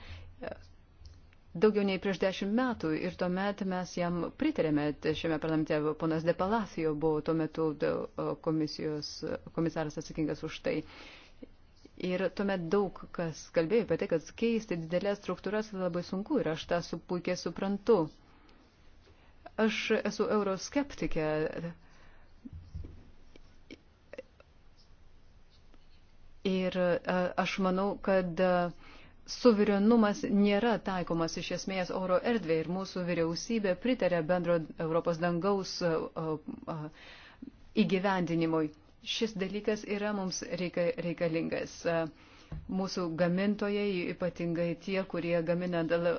daugiau nei prieš dešimt metų ir tuomet mes jam pritarėme šiame parlamente. Ponas De Palacio buvo tuo metu komisijos, komisaras atsakingas už tai. Ir tuomet daug kas kalbėjo apie tai, kad keisti didelės struktūras labai sunku ir aš tą su puikiai suprantu. Aš esu euroskeptikė. Ir e, aš manau, kad a, suverenumas nėra taikomas iš esmės oro erdvė ir mūsų vyriausybė pritarė bendro Europos dangaus e, e, e, įgyvendinimui. Šis dalykas yra mums reikalingas. Mūsų gamintojai, ypatingai tie, kurie gamina dėl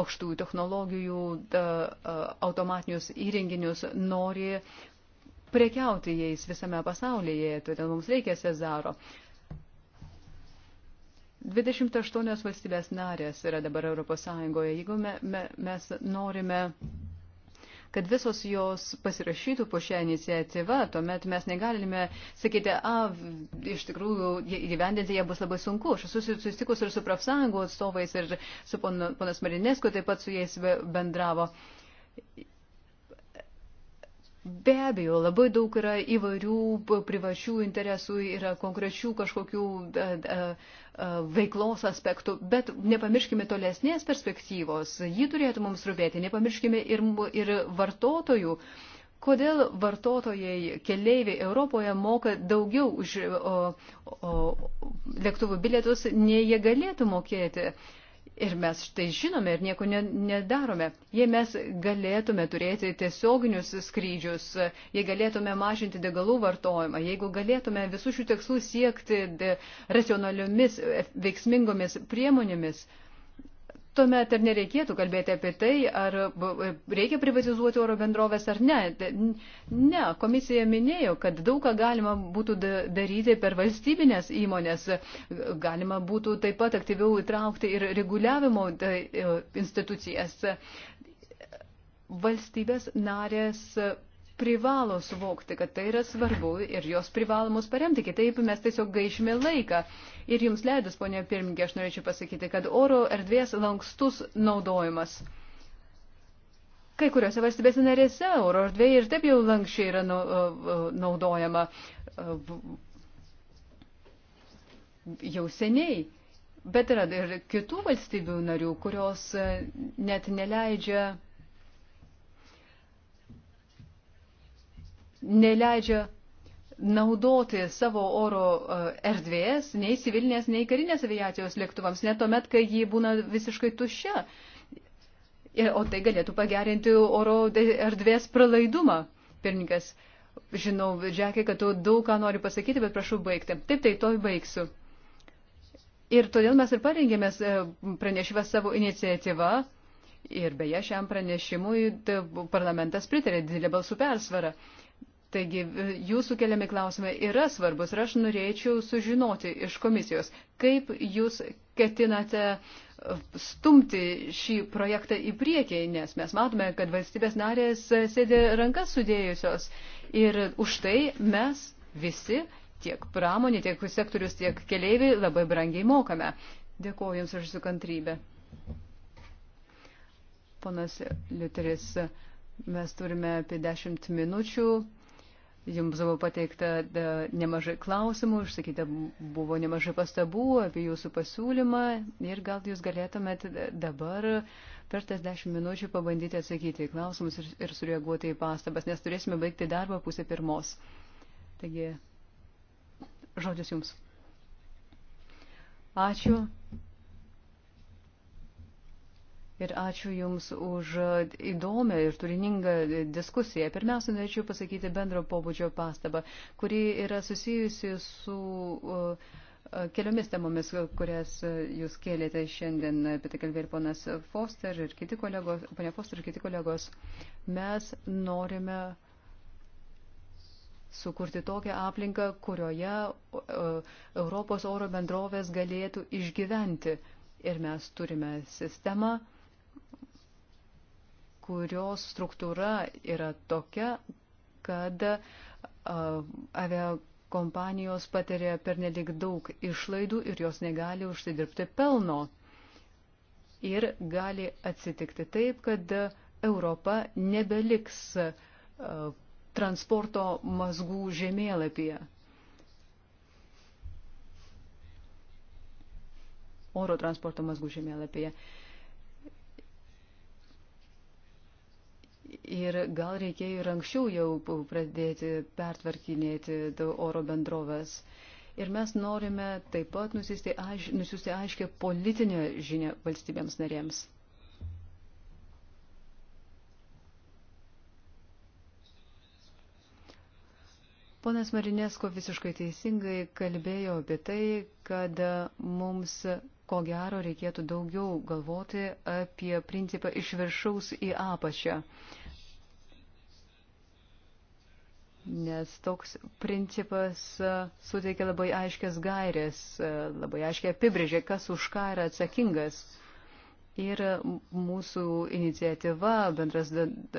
aukštųjų technologijų automatinius įrenginius, nori prekiauti jais visame pasaulyje, todėl mums reikia Cezaro. 28 valstybės narės yra dabar Europos Sąjungoje. Jeigu me, me, mes norime, kad visos jos pasirašytų po šią iniciatyvą, tuomet mes negalime sakyti, a, iš tikrųjų, įgyvendinti ją bus labai sunku. Aš esu susitikus ir su profsąjungų atstovais, ir su pon, ponas Marinesko taip pat su jais bendravo. Be abejo, labai daug yra įvairių privačių interesų, yra konkrečių kažkokių. A, a, E, veiklos aspektų, bet nepamirškime tolesnės perspektyvos, jį turėtų mums rūpėti, nepamirškime ir, ir vartotojų. Kodėl vartotojai, keleiviai Europoje moka daugiau už o, o, lėktuvų bilietus, nei jie galėtų mokėti? Uh, Ir mes štai žinome ir nieko nedarome. Jei mes galėtume turėti tiesioginius skrydžius, jei galėtume mažinti degalų vartojimą, jeigu galėtume visų šių tikslų siekti racionaliomis, e, veiksmingomis priemonėmis, Tuomet ir nereikėtų kalbėti apie tai, ar e, reikia privatizuoti oro bendrovės ar ne. Ne, komisija minėjo, kad daug ką galima būtų daryti per valstybinės įmonės. Galima būtų taip pat aktyviau įtraukti ir reguliavimo e, e, institucijas. Valstybės narės privalo suvokti, kad tai yra svarbu ir jos privalomus paremti, kitaip mes tiesiog gaišime laiką. Ir jums leidus, ponė pirmininkė, aš norėčiau pasakyti, kad oro erdvės lankstus naudojimas. Kai kuriuose valstybėse narėse oro erdvė ir taip jau lankščiai yra naudojama jau seniai. Bet yra ir kitų valstybių narių, kurios e, net neleidžia neleidžia naudoti savo oro e, erdvės nei civilinės, nei karinės aviacijos lėktuvams, net tuomet, kai ji būna visiškai tuščia. E, o tai galėtų pagerinti oro erdvės pralaidumą, pirmininkas. Žinau, Džekai, kad tu daug ką nori pasakyti, bet prašau baigti. Taip, tai to baigsiu. Ir todėl mes ir parengėme e, pranešimą savo iniciatyvą. Ir beje, šiam pranešimui parlamentas pritarė didelę balsų persvarą. Taigi e, jūsų keliami klausimai yra svarbus ir aš norėčiau sužinoti iš komisijos, kaip jūs ketinate e, stumti šį projektą į priekį, nes mes matome, kad valstybės narės sėdė rankas sudėjusios ir už tai mes visi tiek pramonė, tiek sektorius, tiek keleiviai labai brangiai mokame. Dėkuoju Jums už Jūsų kantrybę. Ponas Liuteris, mes turime apie 10 minučių Jums buvo pateikta nemažai klausimų, išsakyta buvo nemažai pastabų apie jūsų pasiūlymą ir gal jūs galėtumėt dabar per tas dešimt minučių pabandyti atsakyti į klausimus ir, ir sureaguoti į pastabas, nes turėsime baigti darbą pusę pirmos. Taigi, žodis jums. Ačiū. Ir ačiū Jums už įdomią ir turiningą diskusiją. Pirmiausia, norėčiau pasakyti bendro pobūdžio pastabą, kuri yra susijusi su uh, keliomis temomis, kurias Jūs kėlėte šiandien. Apie tai kalbėjo ir ponas Foster ir kiti kolegos. Pane Foster ir kiti kolegos. Mes norime sukurti tokią aplinką, kurioje uh, Europos oro bendrovės galėtų išgyventi. Ir mes turime sistemą kurios struktūra yra tokia, kad aviakompanijos patiria pernelik daug išlaidų ir jos negali užsidirbti pelno. Ir gali atsitikti taip, kad Europa nebeliks transporto mazgų žemėlapyje. Oro transporto mazgų žemėlapyje. Uh, Ir gal reikėjo ir anksčiau jau pradėti pertvarkinėti oro bendrovės. Ir mes norime taip pat nusiųsti, aiš, nusiųsti aiškę politinę žinę valstybėms narėms. Ponas Marinesko visiškai teisingai kalbėjo apie tai, kad mums ko gero reikėtų daugiau galvoti apie principą iš viršaus į apačią. Nes toks principas suteikia labai aiškias gairės, labai aiškiai apibrėžia, kas už ką yra atsakingas. Ir mūsų iniciatyva bendras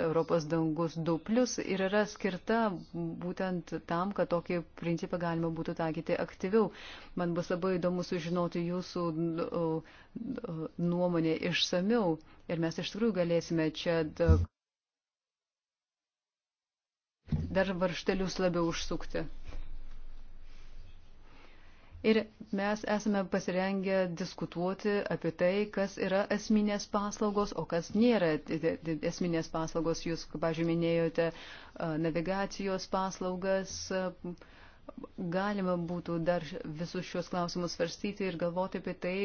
Europos dangus 2 plus ir yra skirta būtent tam, kad tokį principą galima būtų taikyti aktyviau. Man bus labai įdomu sužinoti jūsų nuomonę išsamiau ir mes iš tikrųjų galėsime čia dar varštelius labiau užsukti ir mes esame pasirengę diskutuoti apie tai, kas yra esminės paslaugos, o kas nėra esminės paslaugos. Jūs, pažiūrėjau, minėjote navigacijos paslaugas. Galima būtų dar visus šios klausimus svarstyti ir galvoti apie tai,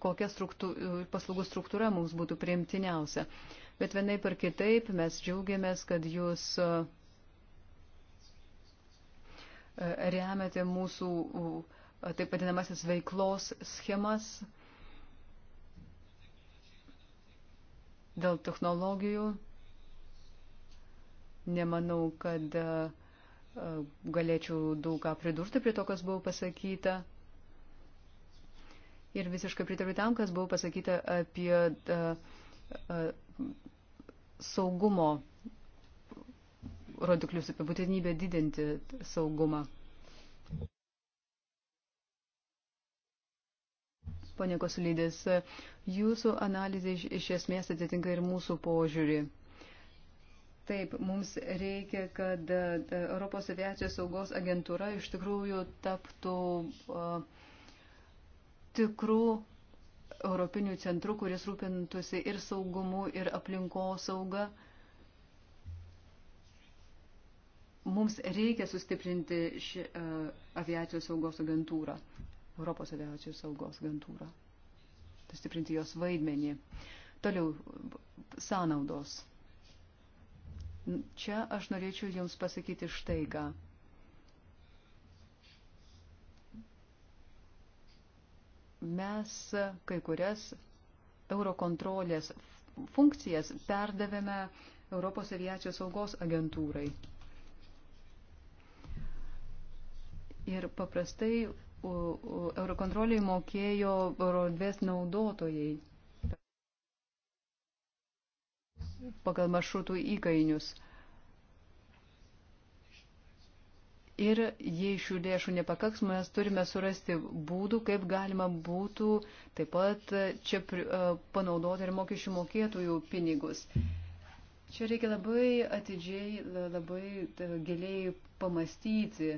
kokia struktu, paslaugų struktūra mums būtų priimtiniausia. Bet vienaip ar kitaip mes džiaugiamės, kad jūs remiate mūsų uh, taip vadinamasis veiklos schemas dėl technologijų. Nemanau, kad galėčiau daug ką pridurti prie to, kas buvo pasakyta. Ir visiškai pritariu tam, kas buvo pasakyta apie saugumo rodiklius, apie būtinybę didinti saugumą. Pane Kosulydės, jūsų analizė iš esmės atitinka ir mūsų požiūrį. Taip, mums reikia, kad e, e, Europos aviacijos saugos agentūra iš tikrųjų taptų e, tikrų europinių centrų, kuris rūpintųsi ir saugumu, ir aplinkosauga. Mums reikia sustiprinti šį aviacijos saugos agentūrą. Europos aviacijos saugos agentūrą. Tai stiprinti jos vaidmenį. Toliau, sąnaudos. Čia aš norėčiau Jums pasakyti štai ką. Mes kai kurias eurokontrolės funkcijas perdavėme Europos aviacijos saugos agentūrai. Ir paprastai eurokontroliai mokėjo rodvės naudotojai pagal maršrutų įkainius. Ir jei šių lėšų nepakaks, mes turime surasti būdų, kaip galima būtų taip pat čia panaudoti ir mokesčių mokėtojų pinigus. Čia reikia labai atidžiai, labai giliai pamastyti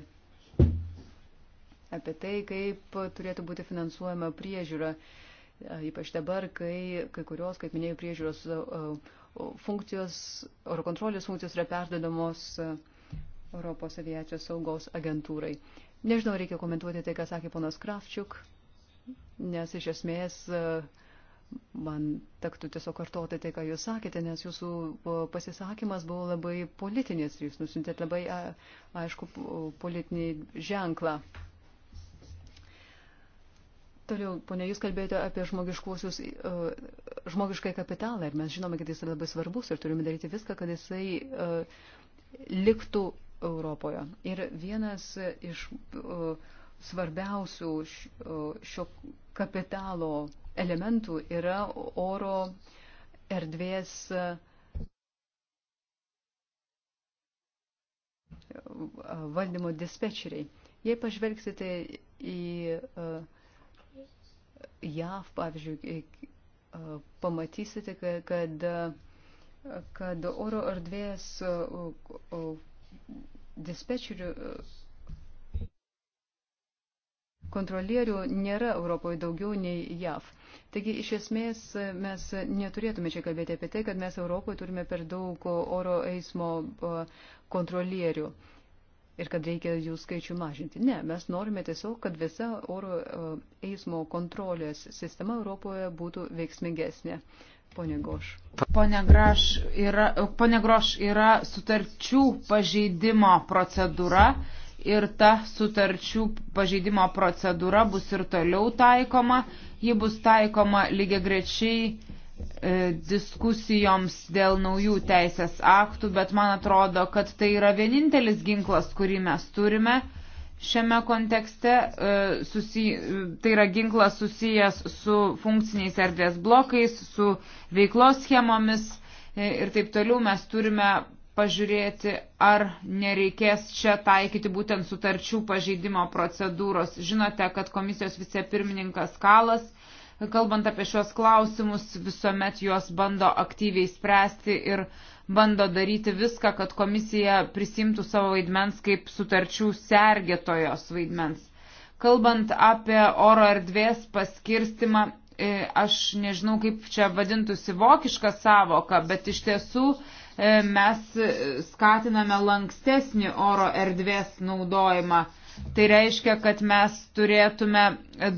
apie tai, kaip turėtų būti finansuojama priežiūra, e, ypač dabar, kai kai kurios, kaip minėjau, priežiūros e, funkcijos, oro kontrolės funkcijos yra perdodamos e, Europos aviacijos saugos agentūrai. Nežinau, reikia komentuoti tai, ką sakė ponas Kravčiuk, nes iš esmės man tektų tiesiog kartoti tai, ką jūs sakėte, nes jūsų pasisakymas buvo labai politinis, jūs nusintėt labai aišku politinį ženklą. Toliau, ponia, jūs kalbėjote apie žmogiškuosius, e, žmogiškai kapitalą ir mes žinome, kad jis yra labai svarbus ir turime daryti viską, kad jisai e, liktų Europoje. Ir vienas iš e, svarbiausių šio kapitalo elementų yra oro erdvės valdymo dispečeriai. Jei pažvelgsite į uh, JAV, pavyzdžiui, e, e, pamatysite, kad, e, kad oro erdvės dispečerių kontrolierių nėra Europoje daugiau nei JAV. Taigi, iš esmės, mes neturėtume čia kalbėti apie tai, kad mes Europoje turime per daug oro eismo kontrolierių. Uh, ir kad reikia jų skaičių mažinti. Ne, mes norime tiesiog, kad visa oro e, eismo kontrolės sistema Europoje būtų veiksmingesnė. Pone Goš. Pone, Graš yra, pone Groš yra sutarčių pažeidimo procedūra ir ta sutarčių pažeidimo procedūra bus ir toliau taikoma. Ji bus taikoma lygiai grečiai E, diskusijoms dėl naujų teisės aktų, bet man atrodo, kad tai yra vienintelis ginklas, kurį mes turime šiame kontekste. E, susi, tai yra ginklas susijęs su funkciniais erdvės blokais, su veiklos schemomis e, ir taip toliau mes turime pažiūrėti, ar nereikės čia taikyti būtent sutarčių pažeidimo procedūros. Žinote, kad komisijos vicepirmininkas Kalas kalbant apie šios klausimus, visuomet juos bando aktyviai spręsti ir bando daryti viską, kad komisija prisimtų savo vaidmens kaip sutarčių sergėtojos vaidmens. Kalbant apie oro erdvės paskirstimą, e, aš nežinau, kaip čia vadintųsi vokiška savoka, bet iš tiesų e, mes skatiname lankstesnį oro erdvės naudojimą Tai reiškia, kad mes turėtume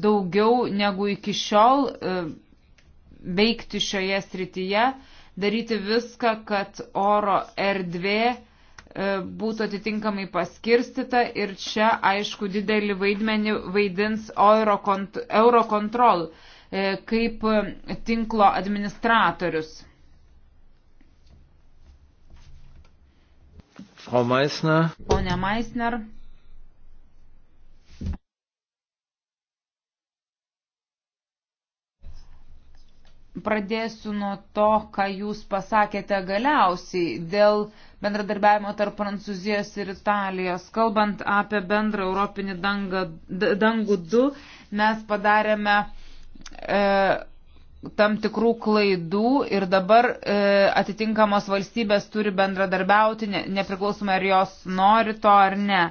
daugiau negu iki šiol e, veikti šioje srityje, daryti viską, kad oro erdvė e, būtų atitinkamai paskirstita ir čia, aišku, didelį vaidmenį vaidins Eurocontrol e, kaip tinklo administratorius. Frau Meisner. Pone Meisner. Pradėsiu nuo to, ką jūs pasakėte galiausiai dėl bendradarbiavimo tarp Prancūzijos ir Italijos. Kalbant apie bendrą Europinį dangą, dangų 2, mes padarėme e, tam tikrų klaidų ir dabar e, atitinkamos valstybės turi bendradarbiauti, ne, nepriklausomai ar jos nori to ar ne.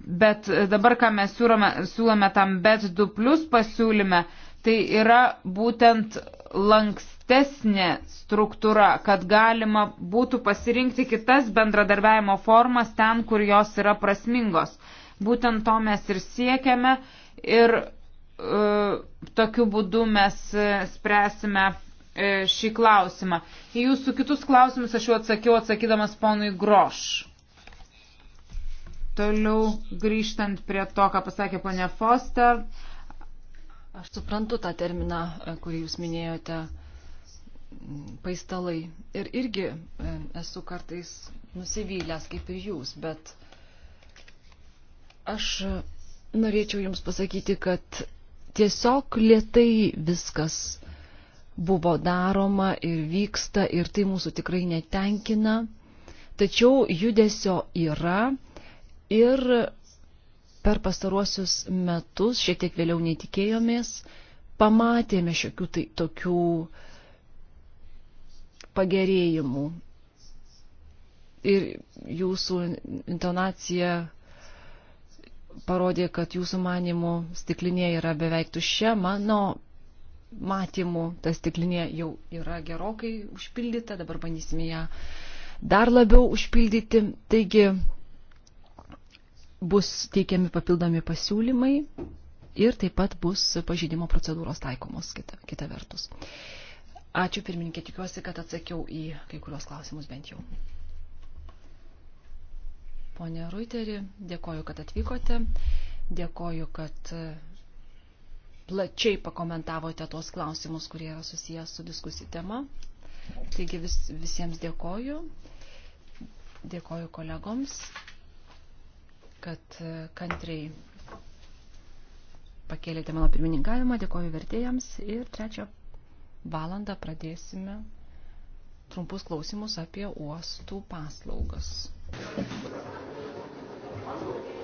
Bet dabar, ką mes siūlome, siūlome tam bet 2 plus pasiūlyme, e, tai yra būtent lankstesnė struktūra, kad galima būtų pasirinkti kitas bendradarbiavimo formas ten, kur jos yra prasmingos. Būtent to mes ir siekiame ir e, tokiu būdu mes e, spręsime e, šį klausimą. Į jūsų kitus klausimus aš jau atsakiau atsakydamas ponui Groš. Toliau grįžtant prie to, ką pasakė ponė Foster, Aš suprantu tą terminą, e, kurį jūs minėjote, paistalai. Ir irgi e, esu kartais nusivylęs kaip ir jūs, bet aš norėčiau jums pasakyti, kad tiesiog lietai viskas buvo daroma ir vyksta ir tai mūsų tikrai netenkina. Tačiau judesio yra ir per pastaruosius metus, šiek tiek vėliau netikėjomės, pamatėme šiokių tai tokių pagerėjimų. Ir jūsų intonacija parodė, kad jūsų manimų stiklinė yra beveik tuščia, mano matymų ta stiklinė jau yra gerokai užpildyta, dabar bandysime ją dar labiau užpildyti. Taigi bus teikiami papildomi pasiūlymai ir taip pat bus pažydimo procedūros taikomos kita, kita vertus. Ačiū pirmininkė, tikiuosi, kad atsakiau į kai kurios klausimus bent jau. Pone Ruiteri, dėkoju, kad atvykote, dėkoju, kad e, plačiai pakomentavote tuos klausimus, kurie yra susijęs su diskusijų tema. Taigi vis, visiems dėkoju, dėkoju kolegoms kad e, kantriai pakėlėte mano pirmininkavimą, dėkoju vertėjams ir trečią valandą pradėsime trumpus klausimus apie uostų paslaugas. Thank you.